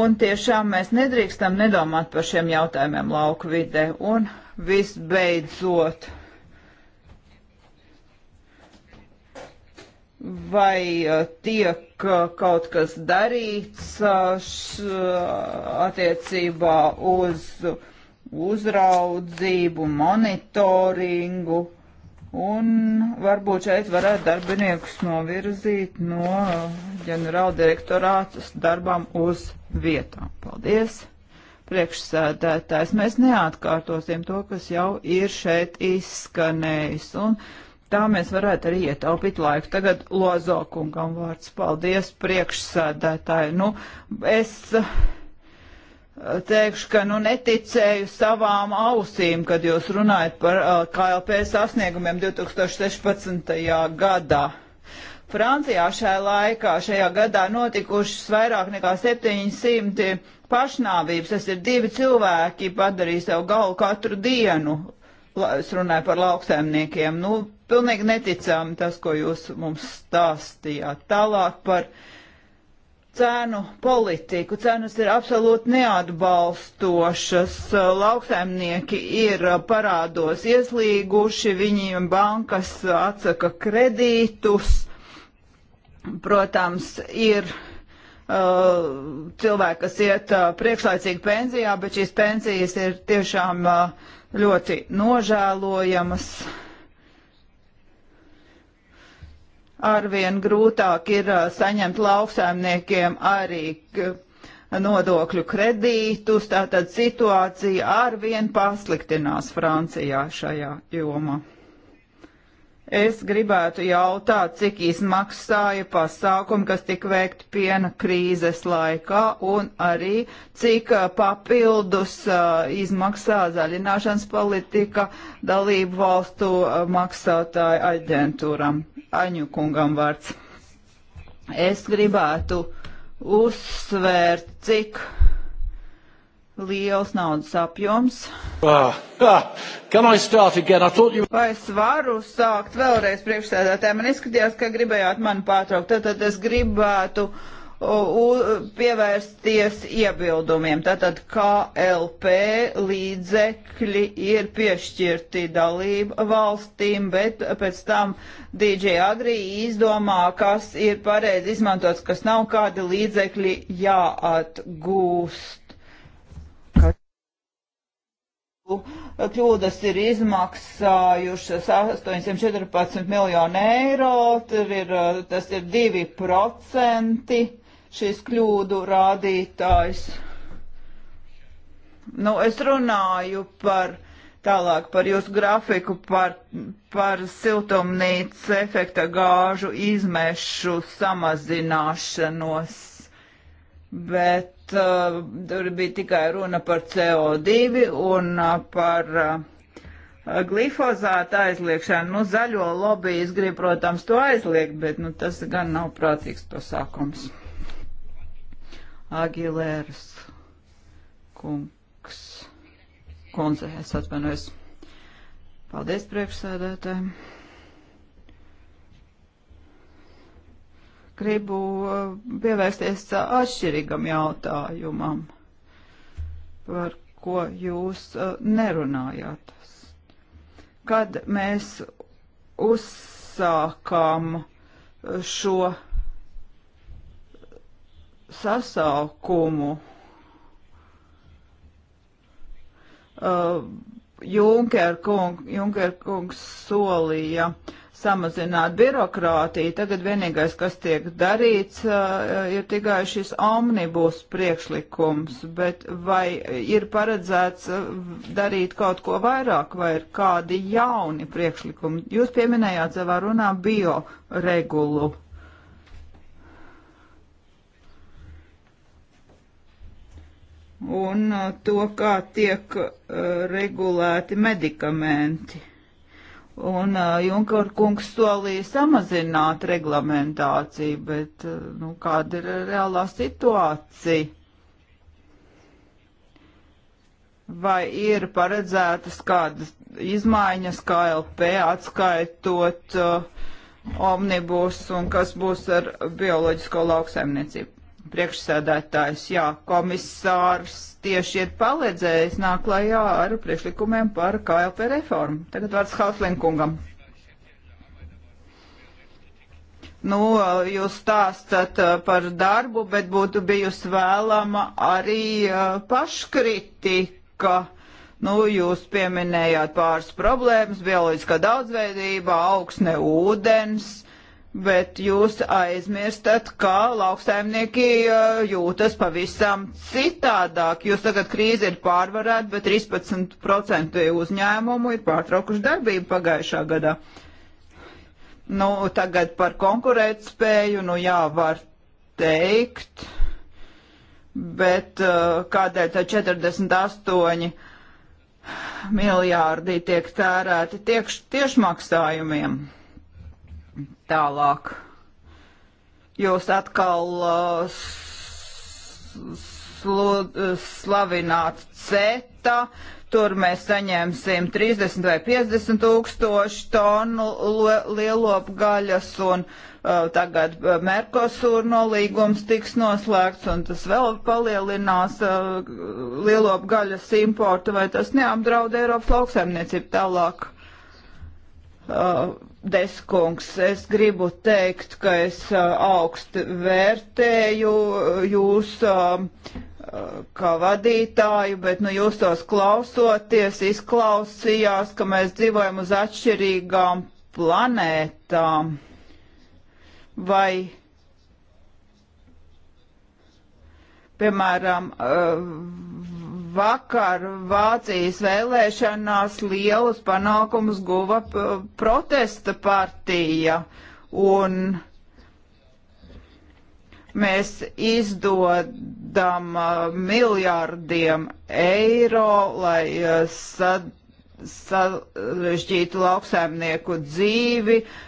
Un tiešām mēs nedrīkstam nedomāt par šiem jautājumiem lauku vidē. Un visbeidzot vai uh, tiek uh, kaut kas darīts uh, š, attiecībā uz uzraudzību, monitoringu, un varbūt šeit varētu darbiniekus novirzīt no ģenerāla direktorātas darbām uz vietām. Paldies! Priekšsēdētājs mēs neatkārtosim to, kas jau ir šeit izskanējis. Un tā mēs varētu arī ietaupīt laiku. Tagad Lozokungam vārds. Paldies, priekšsēdētāji. Nu, es eh, teikšu, ka nu neticēju savām ausīm, kad jūs runājat par eh, KLP sasniegumiem 2016. gadā. Francijā šajā laikā, šajā gadā notikušas vairāk nekā 700 pašnāvības. Tas ir divi cilvēki padarīja sev galu katru dienu. Es runāju par lauksēmniekiem. Nu, pilnīgi neticami tas, ko jūs mums stāstījāt. Tālāk par cēnu politiku. Cēnas ir absolūti neatbalstošas. Lauksaimnieki ir parādos ieslīguši, viņiem bankas atsaka kredītus. Protams, ir uh, cilvēki, kas iet uh, priekšlaicīgi pensijā, bet šīs pensijas ir tiešām uh, ļoti nožēlojamas. Uh, arvien grūtāk ir saņemt lauksaimniekiem arī nodokļu kredītus, tātad situācija arvien pasliktinās Francijā šajā jomā. Es gribētu jautāt, cik izmaksāja pasākumi, kas tika veikti piena krīzes laikā, un arī cik papildus izmaksā zaļināšanas politika dalību valstu maksātāju aģentūram. Aņukungam vārds. Es gribētu uzsvērt, cik liels naudas apjoms. Uh, uh, you... Vai es varu sākt vēlreiz priekšstādātē? Man izskatījās, ka gribējāt mani pārtraukt. Tad, tad es gribētu uh, pievērsties iebildumiem. Tātad KLP līdzekļi ir piešķirti dalību valstīm, bet pēc tam DJ Agri izdomā, kas ir pareizi izmantots, kas nav kādi līdzekļi jāatgūst kļūdas ir izmaksājušas 814 miljonu eiro, ir, eh, tas ir 2% šis kļūdu rādītājs. Nu, es runāju par tālāk par jūsu grafiku, par, par siltumnīcas efekta gāžu izmešu samazināšanos bet uh, tur bija tikai runa par CO2 un uh, par uh, glifozāta aizliekšana, nu zaļo lobbyis grib, protams, to aizliegt, bet nu, tas gan nav prātīgs pasākums. Agilērs kungs, kundze, es atvainojos. Paldies priekšsēdētājiem. gribu eh, pievērsties eh, atšķirīgam jautājumam, par ko jūs eh, nerunājāt. Kad mēs uzsākām šo sasaukumu, Junker, kung, Junker kungs solīja uh, samazināt birokrātiju. Tagad vienīgais, kas tiek darīts, ir tikai šis omnibus priekšlikums, bet vai ir paredzēts darīt kaut ko vairāk, vai ir kādi jauni priekšlikumi? Jūs pieminējāt savā runā bioregulu. Un to, kā tiek regulēti medikamenti. Un uh, Junker kungs solīja samazināt reglamentāciju, bet uh, nu, kāda ir reālā situācija? Vai ir paredzētas kādas izmaiņas KLP atskaitot uh, omnibus un kas būs ar bioloģisko lauksaimniecību? Priekšsēdētājs, jā, komisārs tieši ir paledzējis nāk klajā ar priekšlikumiem par KLP reformu. Tagad vārds Hauslinkungam. Nu, jūs stāstat uh, par darbu, bet būtu bijusi vēlama arī uh, paškritika. Nu, jūs pieminējāt pāris problēmas - bioloģiskā daudzveidība, augsne, ūdens Bet jūs aizmirstat, ka lauksaimnieki eh, jūtas pavisam citādāk. Jūs tagad krīze ir pārvarēta, bet 13% uzņēmumu ir pārtraukuši darbību pagājušā gadā. Nu, tagad par konkurētspēju, nu jā, var teikt, bet eh, kādēļ tā 48 miljārdi tiek tērēti tiekš, tiešmaksājumiem? Tiek tālāk. Jūs atkal uh, uh, slavināt CETA, tur mēs saņemsim 30 vai 50 tūkstošu tonu lielopgaļas, un uh, tagad uh, Merkosūra nolīgums tiks noslēgts, un tas vēl palielinās uh, lielopgaļas importu, vai tas neapdraud Eiropas lauksaimniecību tālāk? Uh, Deskungs, es gribu teikt, ka es augstu vērtēju jūs kā vadītāju, bet nu, jūs tos klausoties, izklausījās, ka mēs dzīvojam uz atšķirīgām planētām. Vai, piemēram, vakar Vācijas vēlēšanās lielus panākumus guva protesta partija, un mēs izdodam miljārdiem eiro, lai sarežģītu lauksaimnieku dzīvi, uh,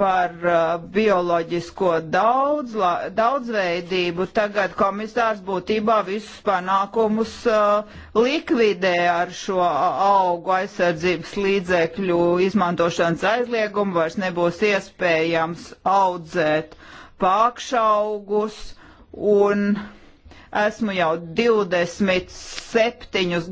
par uh, bioloģisko daudz, la, daudzveidību, tagad komisārs būtībā visus panākumus uh, likvidē ar šo augu aizsardzības līdzekļu izmantošanas aizliegumu, vairs nebūs iespējams audzēt pākšaugus un uh, Esmu jau 27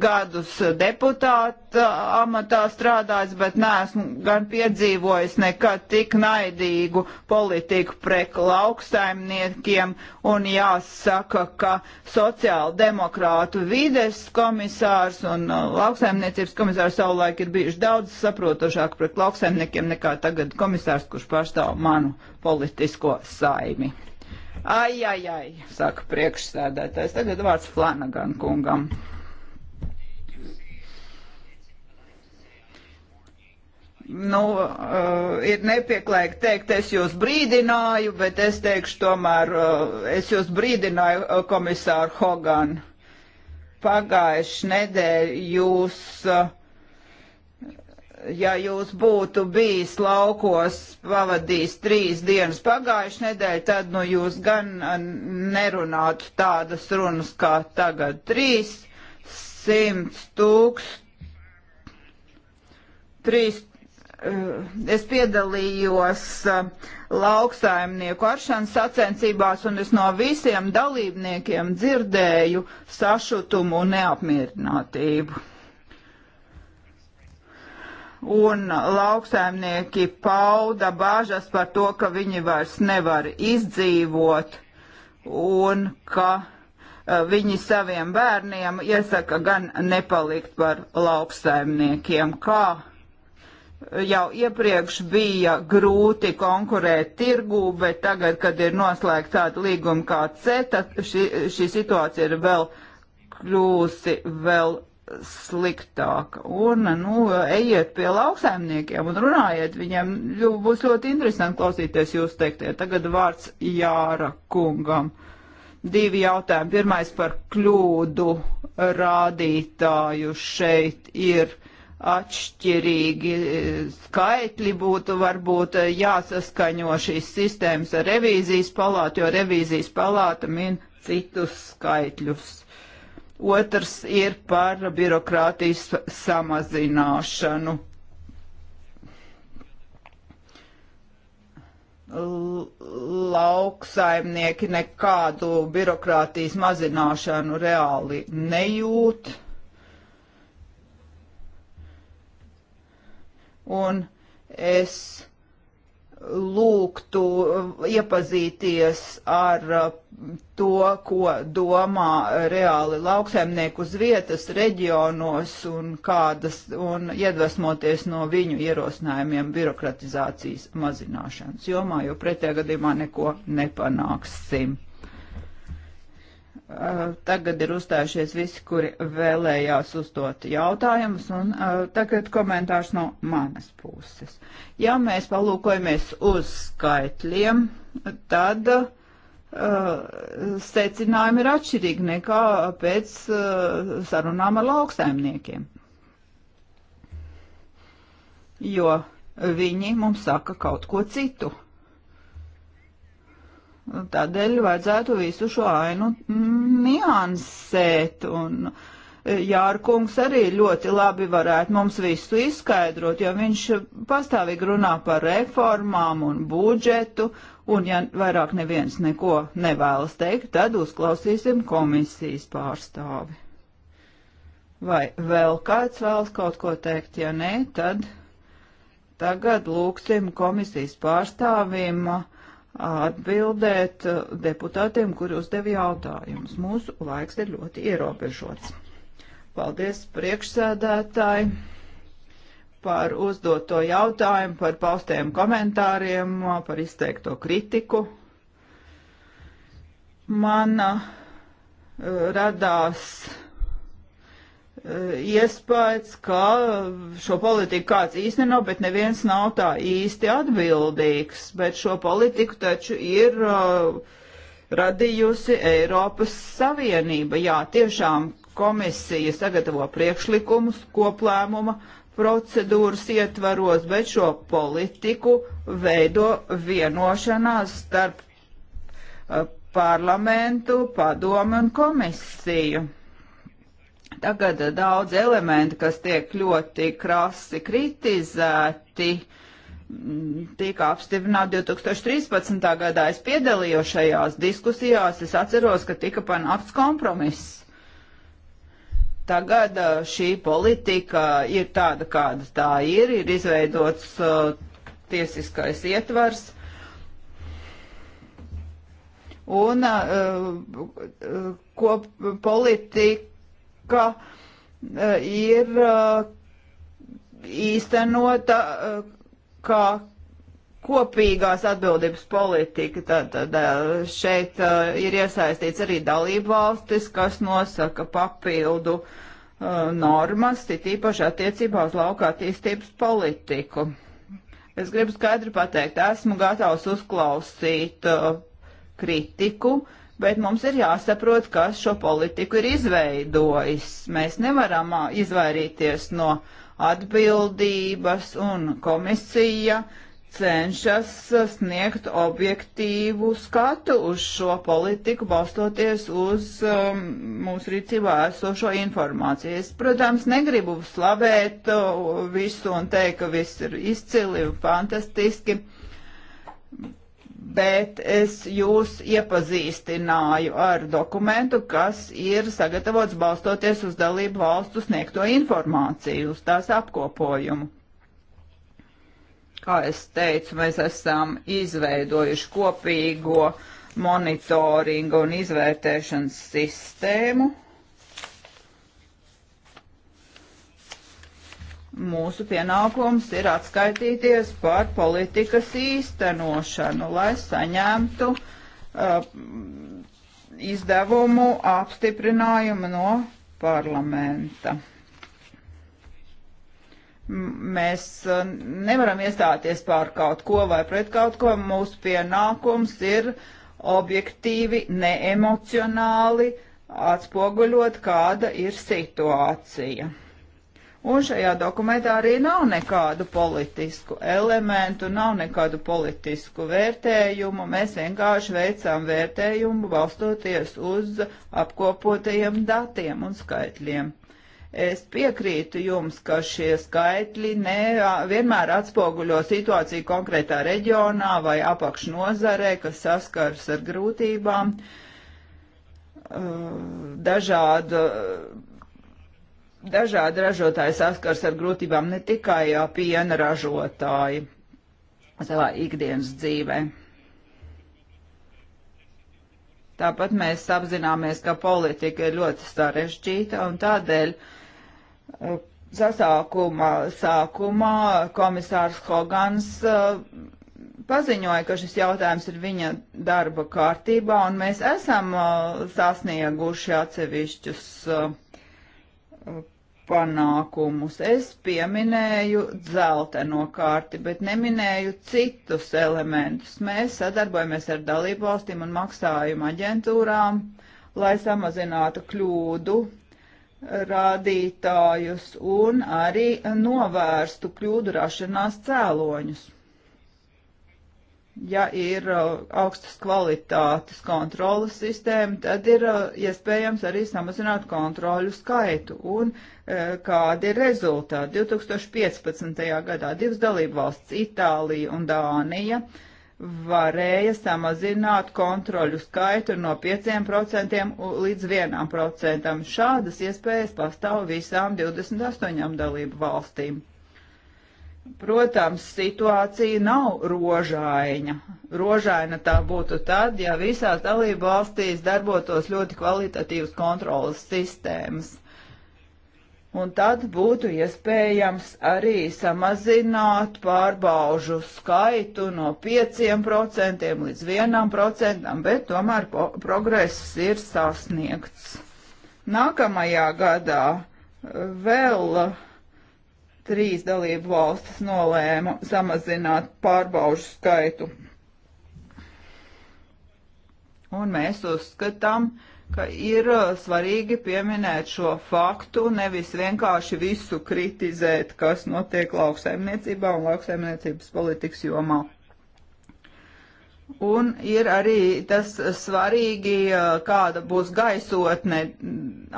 gadus deputāta amatā strādājis, bet neesmu gan piedzīvojis nekad tik naidīgu politiku pret lauksaimniekiem. Un jāsaka, ka sociāldemokrātu vides komisārs un uh, lauksaimniecības komisārs savulaik ir bijuši daudz saprotošāk pret lauksaimniekiem nekā tagad komisārs, kurš pārstāv manu politisko saimi. Ai, ai, ai, saka priekšsēdētājs. Tagad vārds Flanagan kungam. Nu, uh, ir nepieklājīgi teikt, es jūs brīdināju, bet es teikšu tomēr, uh, es jūs brīdināju, uh, eh, komisāru Hogan. Pagājuši nedēļ jūs. Uh, ja jūs būtu bijis laukos, pavadījis trīs dienas pagājušajā nedēļā, tad nu jūs gan nerunātu tādas runas kā tagad. Trīs simts tūkst. Trīs, e, es piedalījos lauksaimnieku aršanas sacensībās, un es no visiem dalībniekiem dzirdēju sašutumu un neapmierinātību un lauksaimnieki pauda bāžas par to, ka viņi vairs nevar izdzīvot un ka e, viņi saviem bērniem iesaka gan nepalikt par lauksaimniekiem, kā jau iepriekš bija grūti konkurēt tirgū, bet tagad, kad ir noslēgta tāda līguma kā CETA, šī, šī situācija ir vēl kļūsi vēl sliktāka. Un, nu, ejiet pie lauksaimniekiem un runājiet viņiem, jo būs ļoti interesanti klausīties jūs teiktie. Tagad vārds Jāra kungam. Divi jautājumi. Pirmais par kļūdu rādītāju šeit ir atšķirīgi skaitļi būtu varbūt jāsaskaņo šīs sistēmas ar revīzijas palātu, jo revīzijas palāta min citus skaitļus otrs ir par birokrātijas samazināšanu. Lauksaimnieki nekādu birokrātijas mazināšanu reāli nejūt. Un es lūgtu um, iepazīties ar uh, to, ko domā reāli lauksaimnieku uz vietas reģionos un kādas, un iedvesmoties no viņu ierosinājumiem birokratizācijas mazināšanas jomā, jo pretējā gadījumā neko nepanāksim. Eh, tagad ir uzstājušies visi, kuri vēlējās uzdot jautājumus, un eh, tagad komentārs no manas puses. Ja mēs palūkojamies uz skaitļiem, tad uh, secinājumi ir atšķirīgi nekā pēc uh, sarunām ar lauksaimniekiem. Jo viņi mums saka kaut ko citu. Tādēļ vajadzētu visu šo ainu niansēt, un e, Jārkungs arī ļoti labi varētu mums visu izskaidrot, jo viņš pastāvīgi runā par reformām un budžetu, un ja vairāk neviens neko nevēlas teikt, tad uzklausīsim komisijas pārstāvi. Vai vēl kāds vēlas kaut ko teikt, ja nē, tad tagad lūksim komisijas pārstāvim. Uh, atbildēt uh, deputātiem, kuri uzdev jautājumus. Mūsu laiks ir ļoti ierobežots. Paldies priekšsēdētāji par uzdoto jautājumu, par paustiem komentāriem, par izteikto kritiku. Man uh, radās Eh, iespējas, ka šo politiku kāds īsteno, bet neviens nav tā īsti atbildīgs. Bet šo politiku taču ir uh, radījusi Eiropas Savienība. Jā, tiešām komisija sagatavo priekšlikumus koplēmuma procedūras ietvaros, bet šo politiku veido vienošanās starp uh, parlamentu, padomu un komisiju Tagad eh, daudz elementi, kas tiek ļoti krasi kritizēti, mm, tika apstiprināti 2013. gadā. Es piedalījos šajās diskusijās, es atceros, ka tika panākts kompromiss. Tagad eh, šī politika ir tāda, kāda tā ir, ir izveidots uh, tiesiskais ietvars, un uh, ko politika ka e, ir e, īstenota e, kā kopīgās atbildības politika. Tad, tad šeit ir iesaistīts arī dalību valstis, kas nosaka papildu normas, it īpaši attiecībā uz lauka attīstības politiku. Es gribu skaidri pateikt, esmu gatavs uzklausīt kritiku, uh, bet mums ir jāsaprot, kas šo politiku ir izveidojis. Mēs nevaram izvairīties no atbildības un komisija cenšas sniegt objektīvu skatu uz šo politiku, balstoties uz um, mūsu rīcībā esošo informāciju. Es, protams, negribu slavēt visu un teikt, ka viss ir izcili un fantastiski, bet es jūs iepazīstināju ar dokumentu, kas ir sagatavots balstoties uz dalību valstu sniegto informāciju, uz tās apkopojumu. Kā es teicu, mēs esam izveidojuši kopīgo monitoringa un izvērtēšanas sistēmu mūsu pienākums ir atskaitīties par politikas īstenošanu, lai saņemtu uh, izdevumu apstiprinājumu no parlamenta. M mēs uh, nevaram iestāties pār kaut ko vai pret kaut ko. Mūsu pienākums ir objektīvi, neemocionāli atspoguļot, kāda ir situācija. Un šajā dokumentā arī nav nekādu politisku elementu, nav nekādu politisku vērtējumu. Mēs vienkārši veicām vērtējumu balstoties uz apkopotajiem datiem un skaitļiem. Es piekrītu jums, ka šie skaitļi ne vienmēr atspoguļo situāciju konkrētā reģionā vai apakšnozarē, kas saskars ar grūtībām. Uh, dažādu dažādi ražotāji saskars ar grūtībām ne tikai piena ražotāji savā ikdienas dzīvē. Tāpat mēs apzināmies, ka politika ir ļoti sarežģīta un tādēļ sasākuma sākumā komisārs Hogans paziņoja, ka šis jautājums ir viņa darba kārtībā un mēs esam sasnieguši atsevišķus uh, panākumus. Es pieminēju dzelteno kārti, bet neminēju citus elementus. Mēs sadarbojamies ar dalību valstīm un maksājumu aģentūrām, lai samazinātu kļūdu rādītājus un arī novērstu kļūdu rašanās cēloņus ja ir uh, augstas kvalitātes kontrolas sistēma, tad ir uh, iespējams arī samazināt kontroļu skaitu. Un uh, kādi ir rezultāti? 2015. gadā divas dalību valsts - Itālija un Dānija varēja samazināt kontroļu skaitu no 5% līdz 1%. Šādas iespējas pastāv visām 28 dalību valstīm. Protams, situācija nav rožaina. Rožaina tā būtu tad, ja visās dalību valstīs darbotos ļoti kvalitatīvas kontrolas sistēmas. Un tad būtu iespējams arī samazināt pārbaužu skaitu no 5% līdz 1%, bet tomēr progress ir sasniegts. Nākamajā gadā vēl uh, Trīs dalību valstis nolēma samazināt pārbaužu skaitu. Un mēs uzskatām, ka ir uh, svarīgi pieminēt šo faktu, nevis vienkārši visu kritizēt, kas notiek lauksaimniecībā un lauksaimniecības politikas jomā. Un ir arī tas svarīgi, kāda būs gaisotne,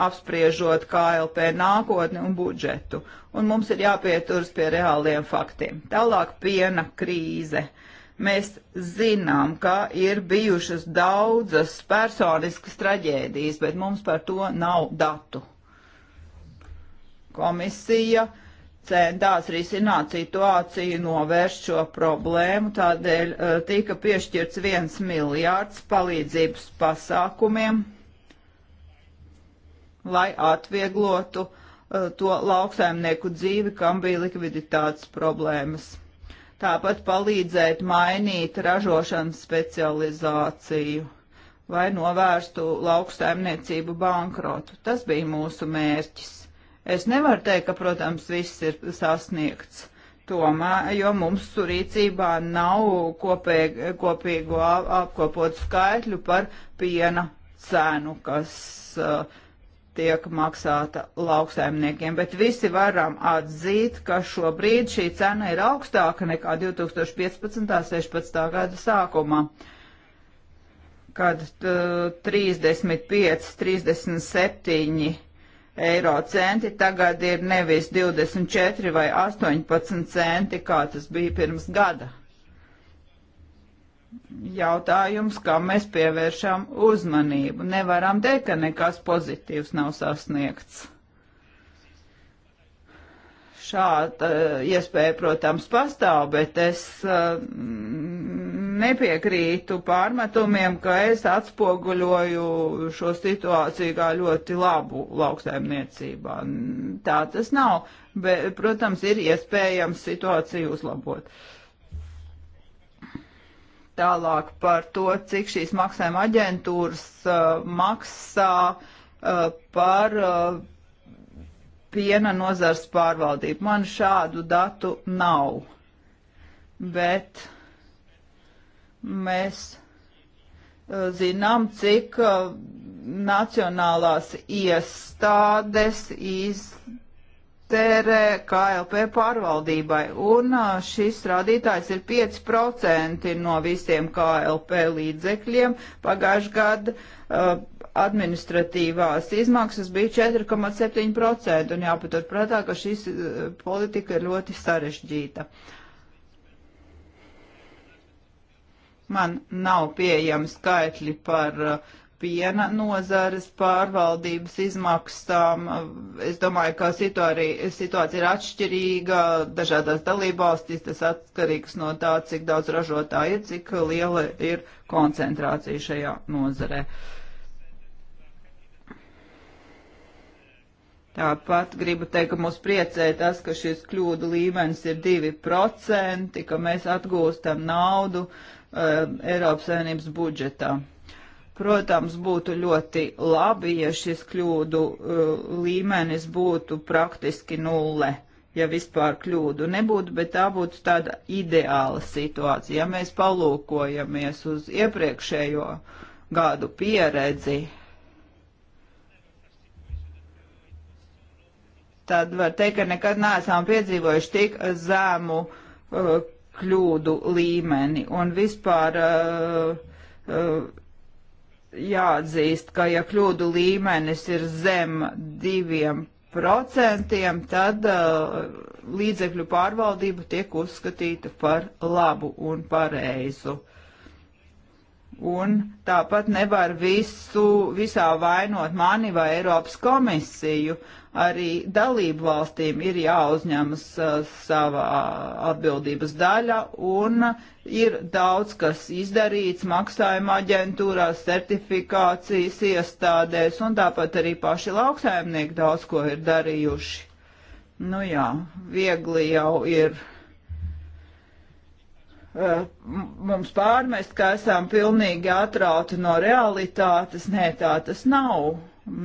apspriežot KLP nākotni un budžetu. Un mums ir jāpieturas pie reāliem faktiem. Tālāk piena krīze. Mēs zinām, ka ir bijušas daudzas personiskas traģēdijas, bet mums par to nav datu. Komisija uh, centās risināt situāciju, novērst šo problēmu, tādēļ eh, tika piešķirts viens miljārds palīdzības pasākumiem, lai atvieglotu eh, to lauksaimnieku dzīvi, kam bija likviditātes problēmas. Tāpat palīdzēt mainīt ražošanas specializāciju vai novērstu lauksaimniecību bankrotu. Tas bija mūsu mērķis. Es nevaru teikt, ka, protams, viss ir sasniegts. Tomēr, jo mums rīcībā nav kopēg, kopīgo apkopot skaitļu par piena cenu, kas uh, tiek maksāta lauksaimniekiem, bet visi varam atzīt, ka šobrīd šī cena ir augstāka nekā 2015. 16. gada sākumā, kad uh, 35, 37 eiro centi, tagad ir nevis 24 vai 18 centi, kā tas bija pirms gada. Jautājums, kam mēs pievēršam uzmanību. Nevaram teikt, ka nekas pozitīvs nav sasniegts. Šāda eh, iespēja, protams, pastāv, bet es eh, nepiekrītu pārmetumiem, ka es atspoguļoju šo situāciju kā ļoti labu lauksaimniecībā. Tā tas nav, bet, protams, ir iespējams situāciju uzlabot. Tālāk par to, cik šīs maksājuma aģentūras uh, maksā uh, par uh, piena nozars pārvaldību. Man šādu datu nav, bet Mēs eh, zinām, cik eh, nacionālās iestādes iztērē KLP pārvaldībai, un eh, šis rādītājs ir 5% no visiem KLP līdzekļiem. Pagājuši gadu administratīvās izmaksas bija 4,7%, un jāpaturprātā, ka šis politika ir ļoti sarežģīta. Uh, Man nav pieejami skaitļi par uh, piena nozares pārvaldības izmaksām. Uh, es domāju, ka situācija, situācija ir atšķirīga dažādās dalībvalstīs. Tas atkarīgs no tā, cik daudz ražotāji ir, cik liela ir koncentrācija šajā nozarē. Tāpat gribu teikt, ka mūs priecē tas, ka šis kļūdu līmenis ir 2%, ka mēs atgūstam naudu uh, Um, Eiropas Savienības budžetā. Protams, būtu ļoti labi, ja šis kļūdu uh, līmenis būtu praktiski nulle, ja vispār kļūdu nebūtu, bet tā būtu tāda ideāla situācija. Ja mēs palūkojamies uz iepriekšējo gadu pieredzi, tad var teikt, ka nekad neesam piedzīvojuši tik zēmu uh, kļūdu līmeni un vispār uh, uh, jāatzīst, ka ja kļūdu līmenis ir zem diviem procentiem, tad uh, līdzekļu pārvaldība tiek uzskatīta par labu un pareizu. Uh, Un tāpat nevar visu, visā vainot mani vai Eiropas komisiju. Arī dalību valstīm ir jāuzņemas uh, sava uh, atbildības daļa un ir daudz, kas izdarīts maksājuma aģentūrās, certifikācijas iestādēs un tāpat arī paši lauksaimnieki daudz ko ir darījuši. Nu jā, viegli jau ir mums pārmest, ka esam pilnīgi atrauti no realitātes. Nē, tā tas nav.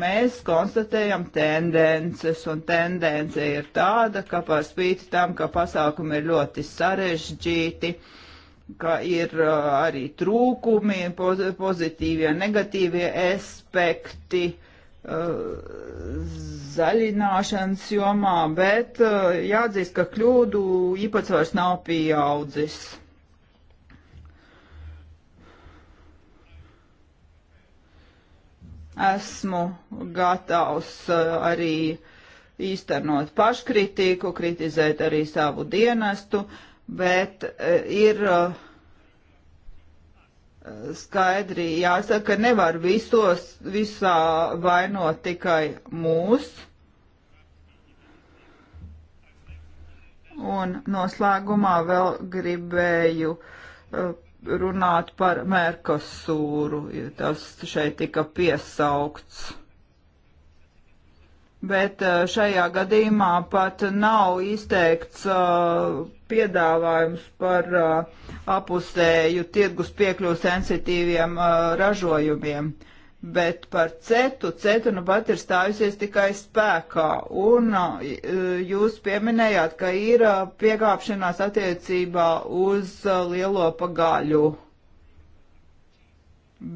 Mēs konstatējam tendences, un tendence ir tāda, ka par spīti tam, ka pasākumi ir ļoti sarežģīti, ka ir uh, arī trūkumi, pozitīvie, negatīvie aspekti uh, zaļināšanas jomā, bet uh, jāatzīst, ka kļūdu īpatsvars nav pieaudzis. Esmu gatavs eh, arī īstenot paškritiku, kritizēt arī savu dienestu, bet eh, ir eh, skaidri jāsaka, nevar visos, visā vainot tikai mūs. Un noslēgumā vēl gribēju uh, runāt par Merkosūru, ja tas šeit tika piesaukts. Bet eh, šajā gadījumā pat nav izteikts uh, piedāvājums par uh, apusēju tirgus piekļuvu sensitīviem uh, ražojumiem. Uh, bet par cetu, cetu nu pat ir stājusies tikai spēkā. Un e, jūs pieminējāt, ka ir piekāpšanās attiecībā uz lielo pagaļu.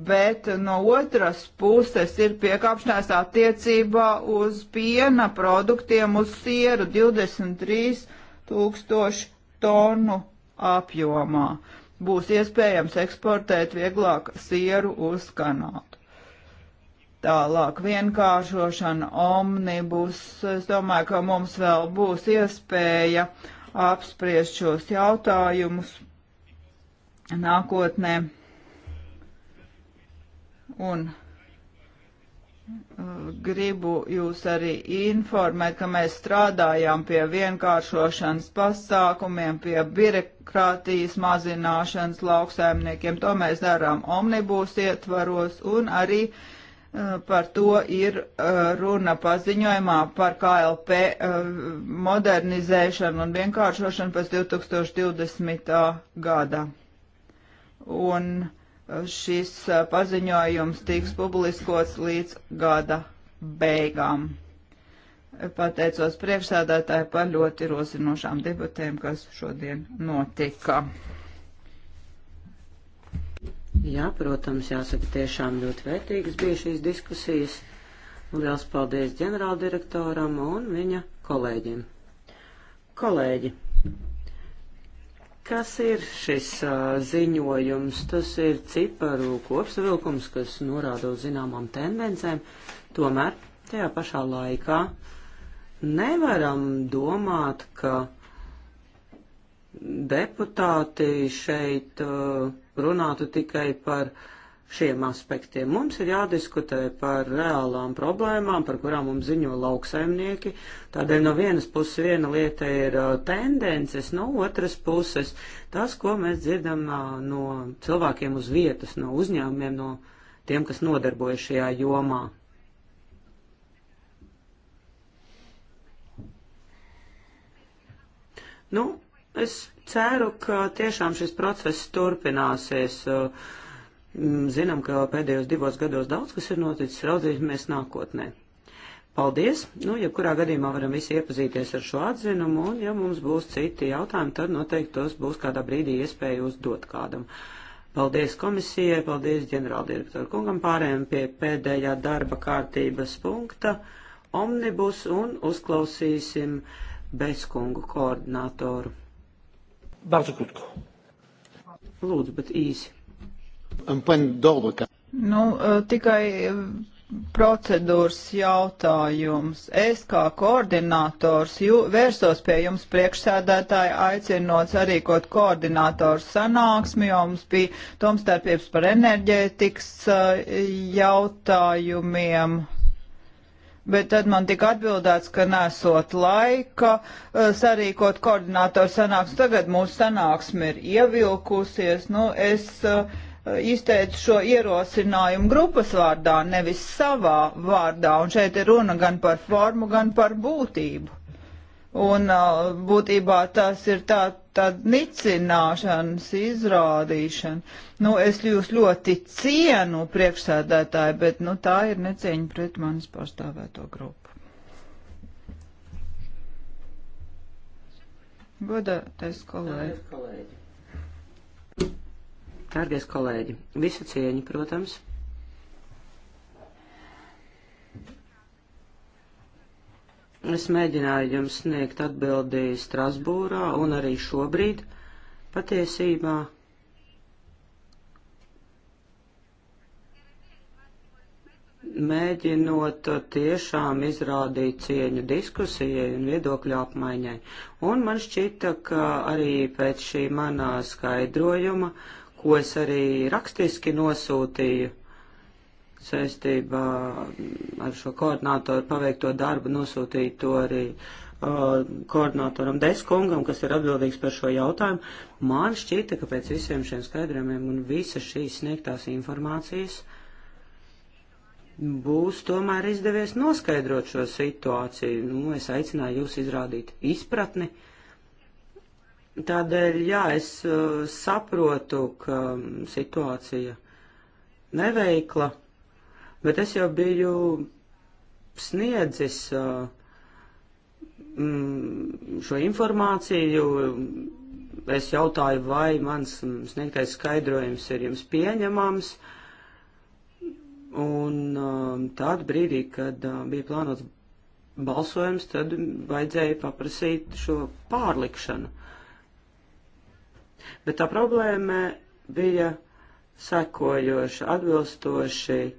Bet no otras puses ir piekāpšanās attiecībā uz piena produktiem, uz sieru 23 tūkstoši tonu apjomā. Būs iespējams eksportēt vieglāk sieru uz Kanādu. Tālāk vienkāršošana, omnibus. Es domāju, ka mums vēl būs iespēja apspriest šos jautājumus nākotnē. Un uh, gribu jūs arī informēt, ka mēs strādājām pie vienkāršošanas pasākumiem, pie birokrātijas mazināšanas lauksaimniekiem. To mēs darām omnibūs ietvaros un arī uh, Eh, par to ir eh, runa paziņojumā par KLP eh, modernizēšanu un vienkāršošanu pēc 2020. gada. Un šis paziņojums tiks publiskots līdz gada beigām. Pateicos priekšsēdētāji par ļoti rosinošām debatēm, kas šodien notika. Jā, protams, jāsaka, tiešām ļoti vērtīgas bija šīs diskusijas. Liels paldies ģenerāldirektoram un viņa kolēģim. Kolēģi, kas ir šis uh, ziņojums? Tas ir ciparu kopsavilkums, kas norāda uz zināmām tendencēm. Tomēr tajā pašā laikā nevaram domāt, ka deputāti šeit uh, runātu tikai par šiem aspektiem. Mums ir jādiskutē par reālām problēmām, par kurām mums ziņo lauksaimnieki. Tādēļ no vienas puses viena lieta ir uh, tendences, no otras puses tas, ko mēs dzirdam uh, no cilvēkiem uz vietas, no uzņēmumiem, no tiem, kas nodarbojas šajā jomā. Nu, Es ceru, ka tiešām šis process turpināsies. Mm, Zinām, ka pēdējos divos gados daudz kas ir noticis, raudzīsimies nākotnē. Paldies! Nu, ja kurā gadījumā varam visi iepazīties ar šo atzinumu, un ja mums būs citi jautājumi, tad noteikti tos būs kādā brīdī iespēja uzdot kādam. Paldies komisijai, paldies ģenerāldirektoru kungam, pārējām pie pēdējā darba kārtības punkta omnibus un uzklausīsim bezkungu koordinātoru. Bardzo krótko. Lūdzu, bet īsi. Nu, e, tikai e, procedūras jautājums. Es kā koordinators jū, vērsos pie jums priekšsēdētāji, aicinot sarīkot koordinatoru sanāksmi, jo mums bija tomstarpības par enerģētikas e, jautājumiem bet tad man tika atbildēts, ka nesot laika eh, sarīkot koordinātoru sanāksmi. Tagad mūsu sanāksme ir ievilkusies. Nu, es eh, izteicu šo ierosinājumu grupas vārdā, nevis savā vārdā, un šeit ir runa gan par formu, gan par būtību. Un uh, būtībā tas ir tā, tāda nicināšanas izrādīšana. Nu, es jūs ļoti cienu priekšsēdētāji, bet nu, tā ir necieņa pret manis pārstāvēto grupu. Godātais kolēģi. Dārgais kolēģi, visu cieņu, protams. Es mēģināju jums sniegt atbildi Strasbūrā un arī šobrīd patiesībā. Mēģinot tiešām izrādīt cieņu diskusijai un viedokļu apmaiņai. Un man šķita, ka arī pēc šī manā skaidrojuma, ko es arī rakstiski nosūtīju, saistībā ar šo koordinātoru paveikto darbu nosūtīju to arī uh, koordinātoram Deskungam, kas ir atbildīgs par šo jautājumu. Man šķita, ka pēc visiem šiem skaidrojumiem un visa šīs sniegtās informācijas būs tomēr izdevies noskaidrot šo situāciju. Nu, es aicināju jūs izrādīt izpratni. Tādēļ, jā, es uh, saprotu, ka um, situācija neveikla bet es jau biju sniedzis mm, šo informāciju. Es jautāju, vai mans sniegtais skaidrojums ir jums pieņemams. Un tad brīdī, kad bija plānots balsojums, tad vajadzēja paprasīt šo pārlikšanu. Bet tā problēma bija sekojoša atbilstoši uh,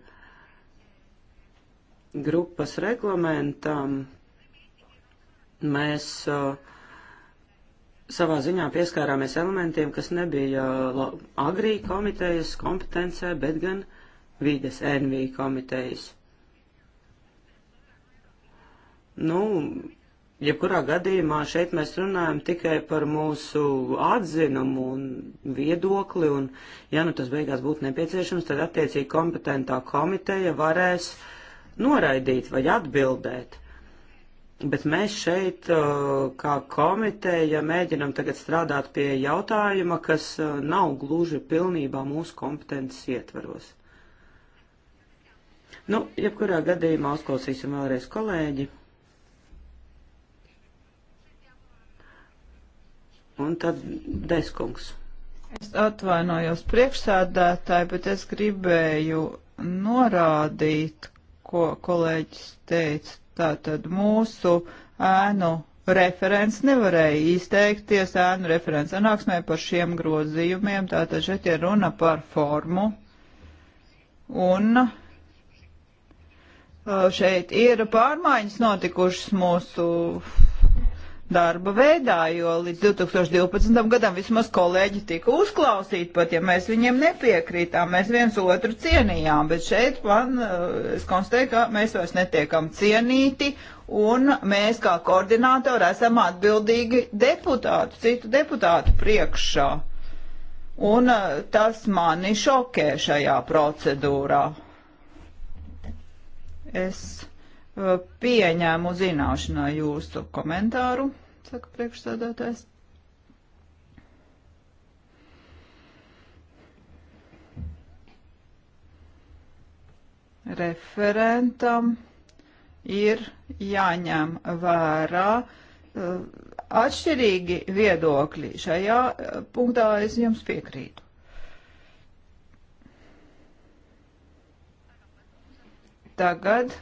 grupas reglamentam mēs uh, savā ziņā pieskārāmies elementiem, kas nebija uh, agrī komitejas kompetencē, bet gan vides NV komitejas. Nu, jebkurā gadījumā šeit mēs runājam tikai par mūsu atzinumu un viedokli, un ja nu tas beigās būtu nepieciešams, tad attiecīgi kompetentā komiteja varēs uh, noraidīt vai atbildēt. Bet mēs šeit, uh, kā komiteja, mēģinam tagad strādāt pie jautājuma, kas uh, nav gluži pilnībā mūsu kompetences ietvaros. Nu, jebkurā gadījumā uzklausīsim vēlreiz kolēģi. Un tad deskungs. Es atvainojos priekšsādātāji, bet es gribēju norādīt, ko kolēģis teica. Tātad mūsu ēnu referents nevarēja izteikties ēnu referents sanāksmē par šiem grozījumiem, tātad šeit ir runa par formu. Un uh, šeit ir pārmaiņas notikušas mūsu darba veidā, jo līdz 2012. gadam vismaz kolēģi tika uzklausīti, pat ja mēs viņiem nepiekrītām, mēs viens otru cienījām, bet šeit man, eh, es konstatēju, ka mēs vairs netiekam cienīti un mēs kā koordinātori esam atbildīgi deputātu, citu deputātu priekšā. Un eh, tas mani šokē šajā procedūrā. Es Uh, pieņēmu zināšanā jūsu komentāru, saka priekšsēdētājs. Referentam ir jāņem vērā uh, atšķirīgi viedokļi. Šajā uh, punktā es jums piekrītu. Tagad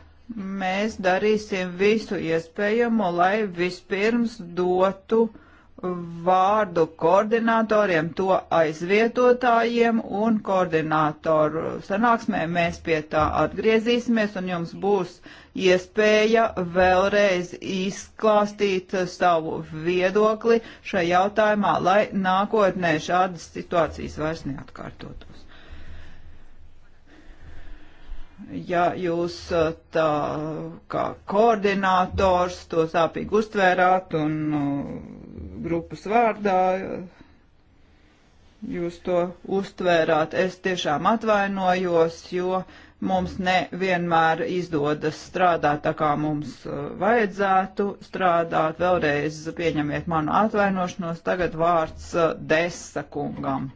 mēs darīsim visu iespējamo, lai vispirms dotu vārdu koordinatoriem, to aizvietotājiem un koordinatoru sanāksmē. Mēs pie tā atgriezīsimies un jums būs iespēja vēlreiz izklāstīt savu viedokli šajā jautājumā, lai nākotnē šādas situācijas vairs neatkārtotu. ja jūs uh, tā kā koordinators to sāpīgi uztvērāt un uh, grupas vārdā uh, jūs to uztvērāt. Es tiešām atvainojos, jo mums nevienmēr izdodas strādāt tā, kā mums vajadzētu strādāt. Vēlreiz pieņemiet manu atvainošanos. Tagad vārds desa kungam.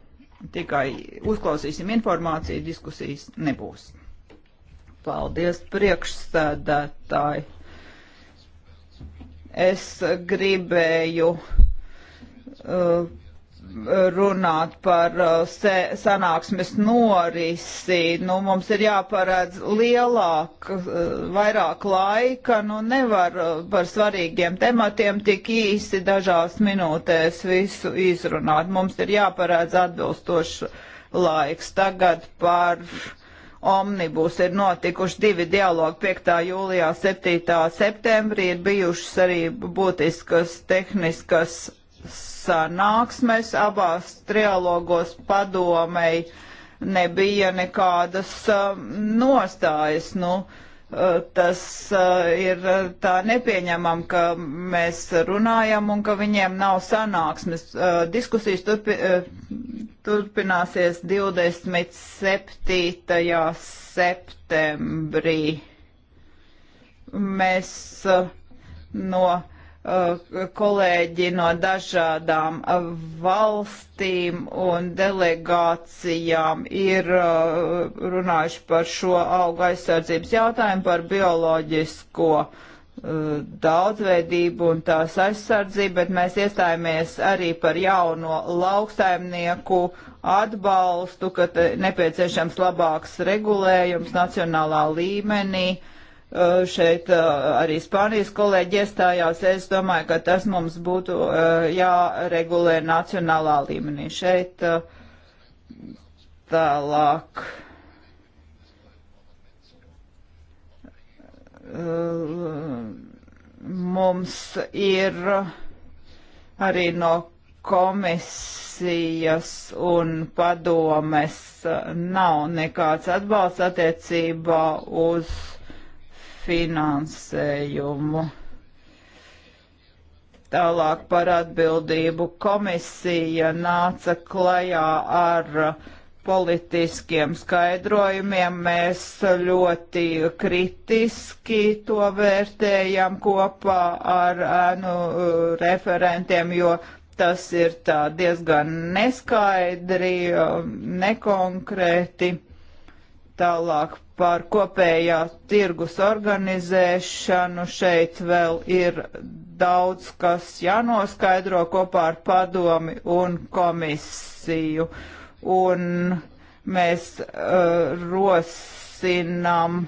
Tikai uzklausīsim informāciju, diskusijas nebūs. Paldies, priekšsēdētāji. Es gribēju uh, runāt par uh, se, sanāksmes norisi. Nu, mums ir jāparādz lielāk, uh, vairāk laika. Nu, nevar uh, par svarīgiem tematiem tik īsi dažās minūtēs visu izrunāt. Mums ir jāparādz atbilstošs laiks tagad par uh, omnibus. Ir notikuši divi dialogi 5. jūlijā, 7. septembrī. Ir bijušas arī būtiskas tehniskas sanāksmes abās trialogos padomei nebija nekādas um, nostājas. Nu, uh, Eh, tas eh, ir eh, tā nepieņemam, ka mēs runājam un ka viņiem nav sanāksmes. Diskusijas turpi, turpināsies 27. septembrī. Mēs no Uh, kolēģi no dažādām uh, valstīm un delegācijām ir uh, runājuši par šo auga aizsardzības jautājumu, par bioloģisko daudzveidību un tās aizsardzību, bet mēs iestājāmies arī par jauno lauksaimnieku atbalstu, ka nepieciešams labāks regulējums nacionālā līmenī. Uh, Eh, šeit eh, arī Spānijas kolēģi iestājās. Es domāju, ka tas mums būtu eh, jāregulē nacionālā līmenī. Šeit tālāk. Mums ir arī no komisijas un padomes nav nekāds atbalsts attiecībā uz finansējumu. Tālāk par atbildību komisija nāca klajā ar politiskiem skaidrojumiem. Mēs ļoti kritiski to vērtējam kopā ar ēnu uh, referentiem, jo tas ir tā diezgan neskaidri, uh, nekonkrēti. Tālāk par kopējā tirgus organizēšanu. Šeit vēl ir daudz, kas jānoskaidro kopā ar padomi un komisiju. Un mēs uh, eh, rosinām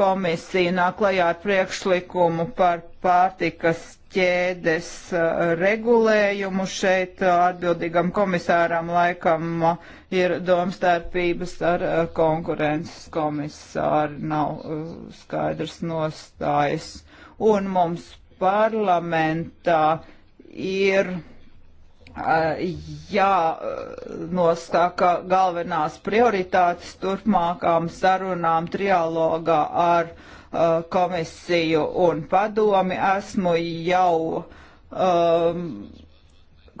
komisiju nāklajā ar priekšlikumu par pārtikas ķēdes uh, regulējumu. Šeit uh, atbildīgam komisāram laikam uh, ir domstarpības ar eh, konkurences komisāru, nav eh, skaidrs nostājas. Un mums parlamentā ir eh, jānosaka galvenās prioritātes turpmākām sarunām trialogā ar komisiju un padomi. Esmu jau um,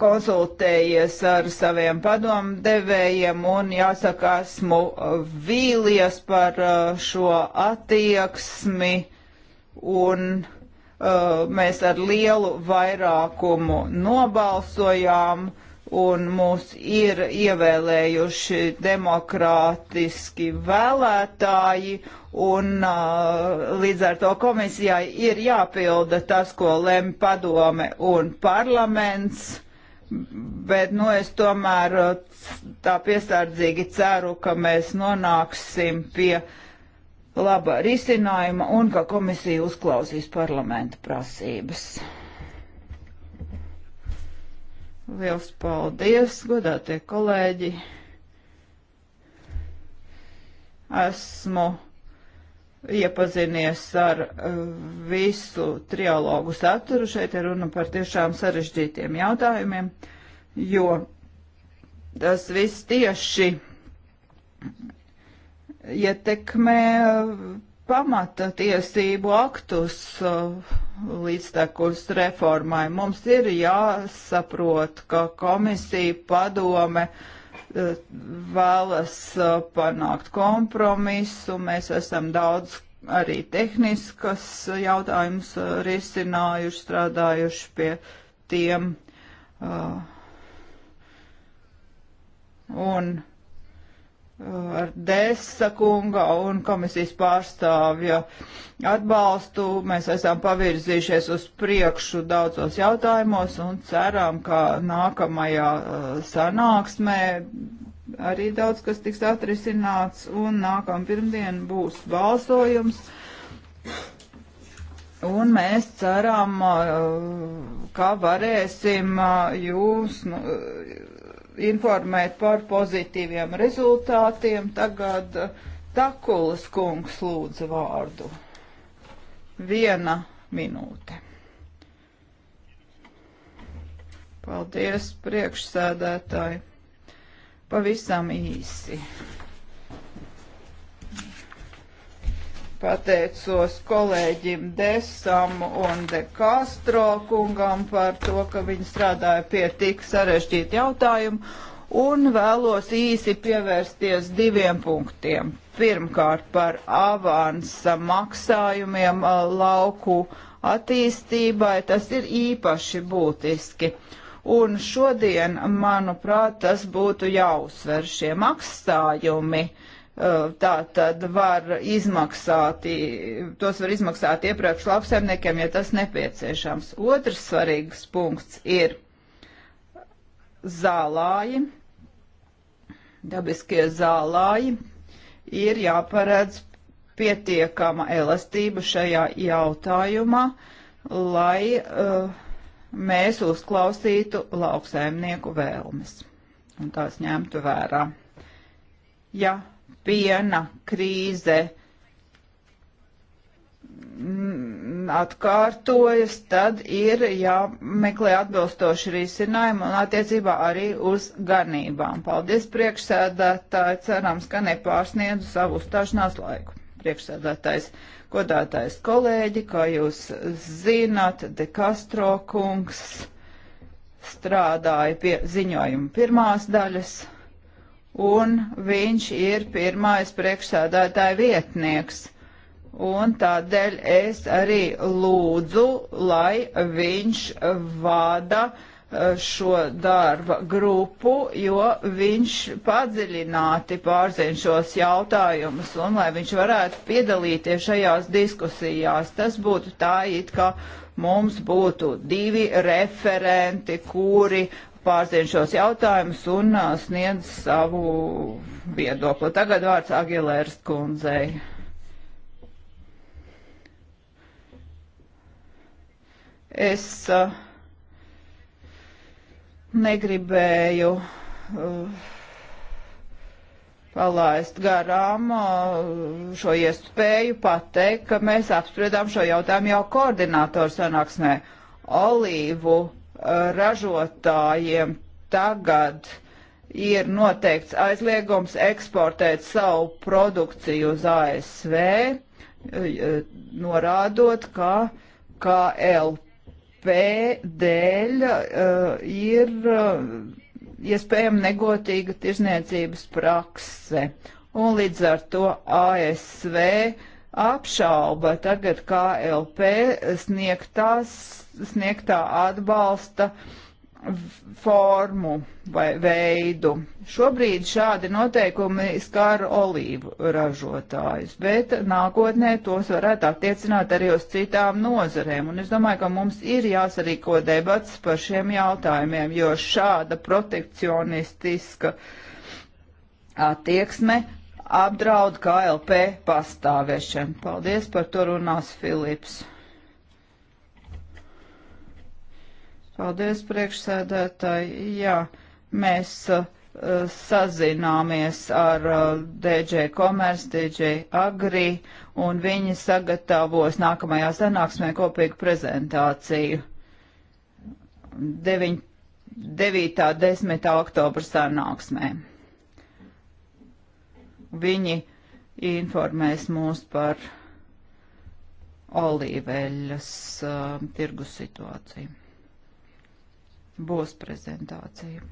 konsultējies ar saviem padomdevējiem un jāsaka, esmu uh, vīlies par uh, šo attieksmi un uh, mēs ar lielu vairākumu nobalsojām un mūs ir ievēlējuši demokrātiski vēlētāji un uh, līdz ar to komisijai ir jāpilda tas, ko lem padome un parlaments bet nu, es tomēr uh, tā piesardzīgi ceru, ka mēs nonāksim pie laba risinājuma un ka komisija uzklausīs parlamenta prasības. Liels paldies, godātie kolēģi! Esmu iepazinies ar uh, visu trialogu saturu. Šeit ir runa par tiešām sarežģītiem jautājumiem, jo tas viss tieši ietekmē uh, pamata tiesību aktus uh, līdztekus reformai. Mums ir jāsaprot, ka komisija padome uh, vēlas panākt kompromisu. Mēs esam daudz arī tehniskas jautājumus risinājuši, strādājuši pie tiem. Un ar Desa kunga un komisijas pārstāvja atbalstu. Mēs esam pavirzījušies uz priekšu daudzos jautājumos un ceram, ka nākamajā uh, sanāksmē arī daudz kas tiks atrisināts un nākamā pirmdiena būs balsojums. Un mēs ceram, uh, ka varēsim uh, jūs nu, informēt par pozitīviem rezultātiem. Tagad eh, Takulas kungs lūdza vārdu. Viena minūte. Paldies, priekšsēdētāji. Pavisam īsi. Pateicos kolēģim Desam un De Castro kungam par to, ka viņi strādāja pie tik sarežģīta jautājuma un vēlos īsi pievērsties diviem punktiem. Pirmkārt par avansa maksājumiem lauku attīstībai. Tas ir īpaši būtiski. Un šodien, manuprāt, tas būtu jāuzsver šie maksājumi. Uh, Eh, tā tad var izmaksāt, tos var izmaksāt iepriekš lauksaimniekiem, ja tas nepieciešams. Otrs svarīgs punkts ir zālāji, dabiskie zālāji, ir jāparedz pietiekama elastība šajā jautājumā, lai uh, mēs uzklausītu lauksaimnieku vēlmes un tās ņemtu vērā. Ja piena krīze atkārtojas, tad ir jāmeklē atbilstoši risinājumi un attiecībā arī uz ganībām. Paldies priekšsēdētāji, cerams, ka nepārsniedzu savu uzstāšanās laiku. Priekšsēdētājs, godātais kolēģi, kā jūs zināt, De Castro kungs strādāja pie ziņojuma pirmās daļas un viņš ir pirmais priekšsēdētāja vietnieks. Un tādēļ es arī lūdzu, lai viņš vada eh, šo darba grupu, jo viņš padziļināti pārzina šos jautājumus un lai viņš varētu piedalīties šajās diskusijās. Tas būtu tā it kā mums būtu divi referenti, kuri pārzien šos jautājumus un sniedz savu viedokli. Tagad vārds Agilērs kundzei. Es negribēju palaist garām šo iespēju pateikt, ka mēs apspriedām šo jautājumu jau koordinātoru sanāksmē. Olīvu ražotājiem tagad ir noteikts aizliegums eksportēt savu produkciju uz ASV, norādot, ka KLP dēļ uh, ir uh, iespējama negotīga tirzniecības prakse. Un līdz ar to ASV uh, apšauba tagad KLP sniegtās, sniegtā atbalsta formu vai veidu. Šobrīd šādi noteikumi skar olīvu ražotājus, bet nākotnē tos varētu attiecināt arī uz citām nozarēm. Un es domāju, ka mums ir jāsarīko debats par šiem jautājumiem, jo šāda protekcionistiska attieksme apdraud KLP pastāvēšanu. Paldies, par to runās Filips. Paldies, priekšsēdētāji. Jā, mēs uh, sazināmies ar uh, DJ Commerce, DJ Agri, un viņi sagatavos nākamajā sanāksmē kopīgu prezentāciju. 9. 10. oktobra sanāksmē viņi informēs mūs par olīveļas uh, tirgus situāciju. Būs prezentācija.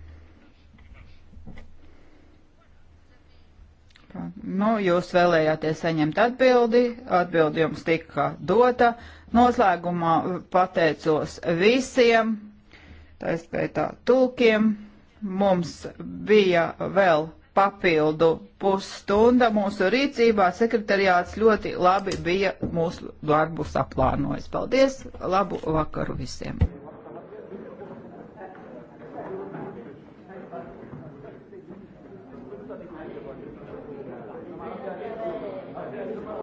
Nu, jūs vēlējāties saņemt atbildi, atbildi jums tika dota. Noslēgumā pateicos visiem, taiskaitā tulkiem. Mums bija vēl papildu pusstunda mūsu rīcībā. Sekretariāts ļoti labi bija mūsu darbu saplānojis. Paldies! Labu vakaru visiem!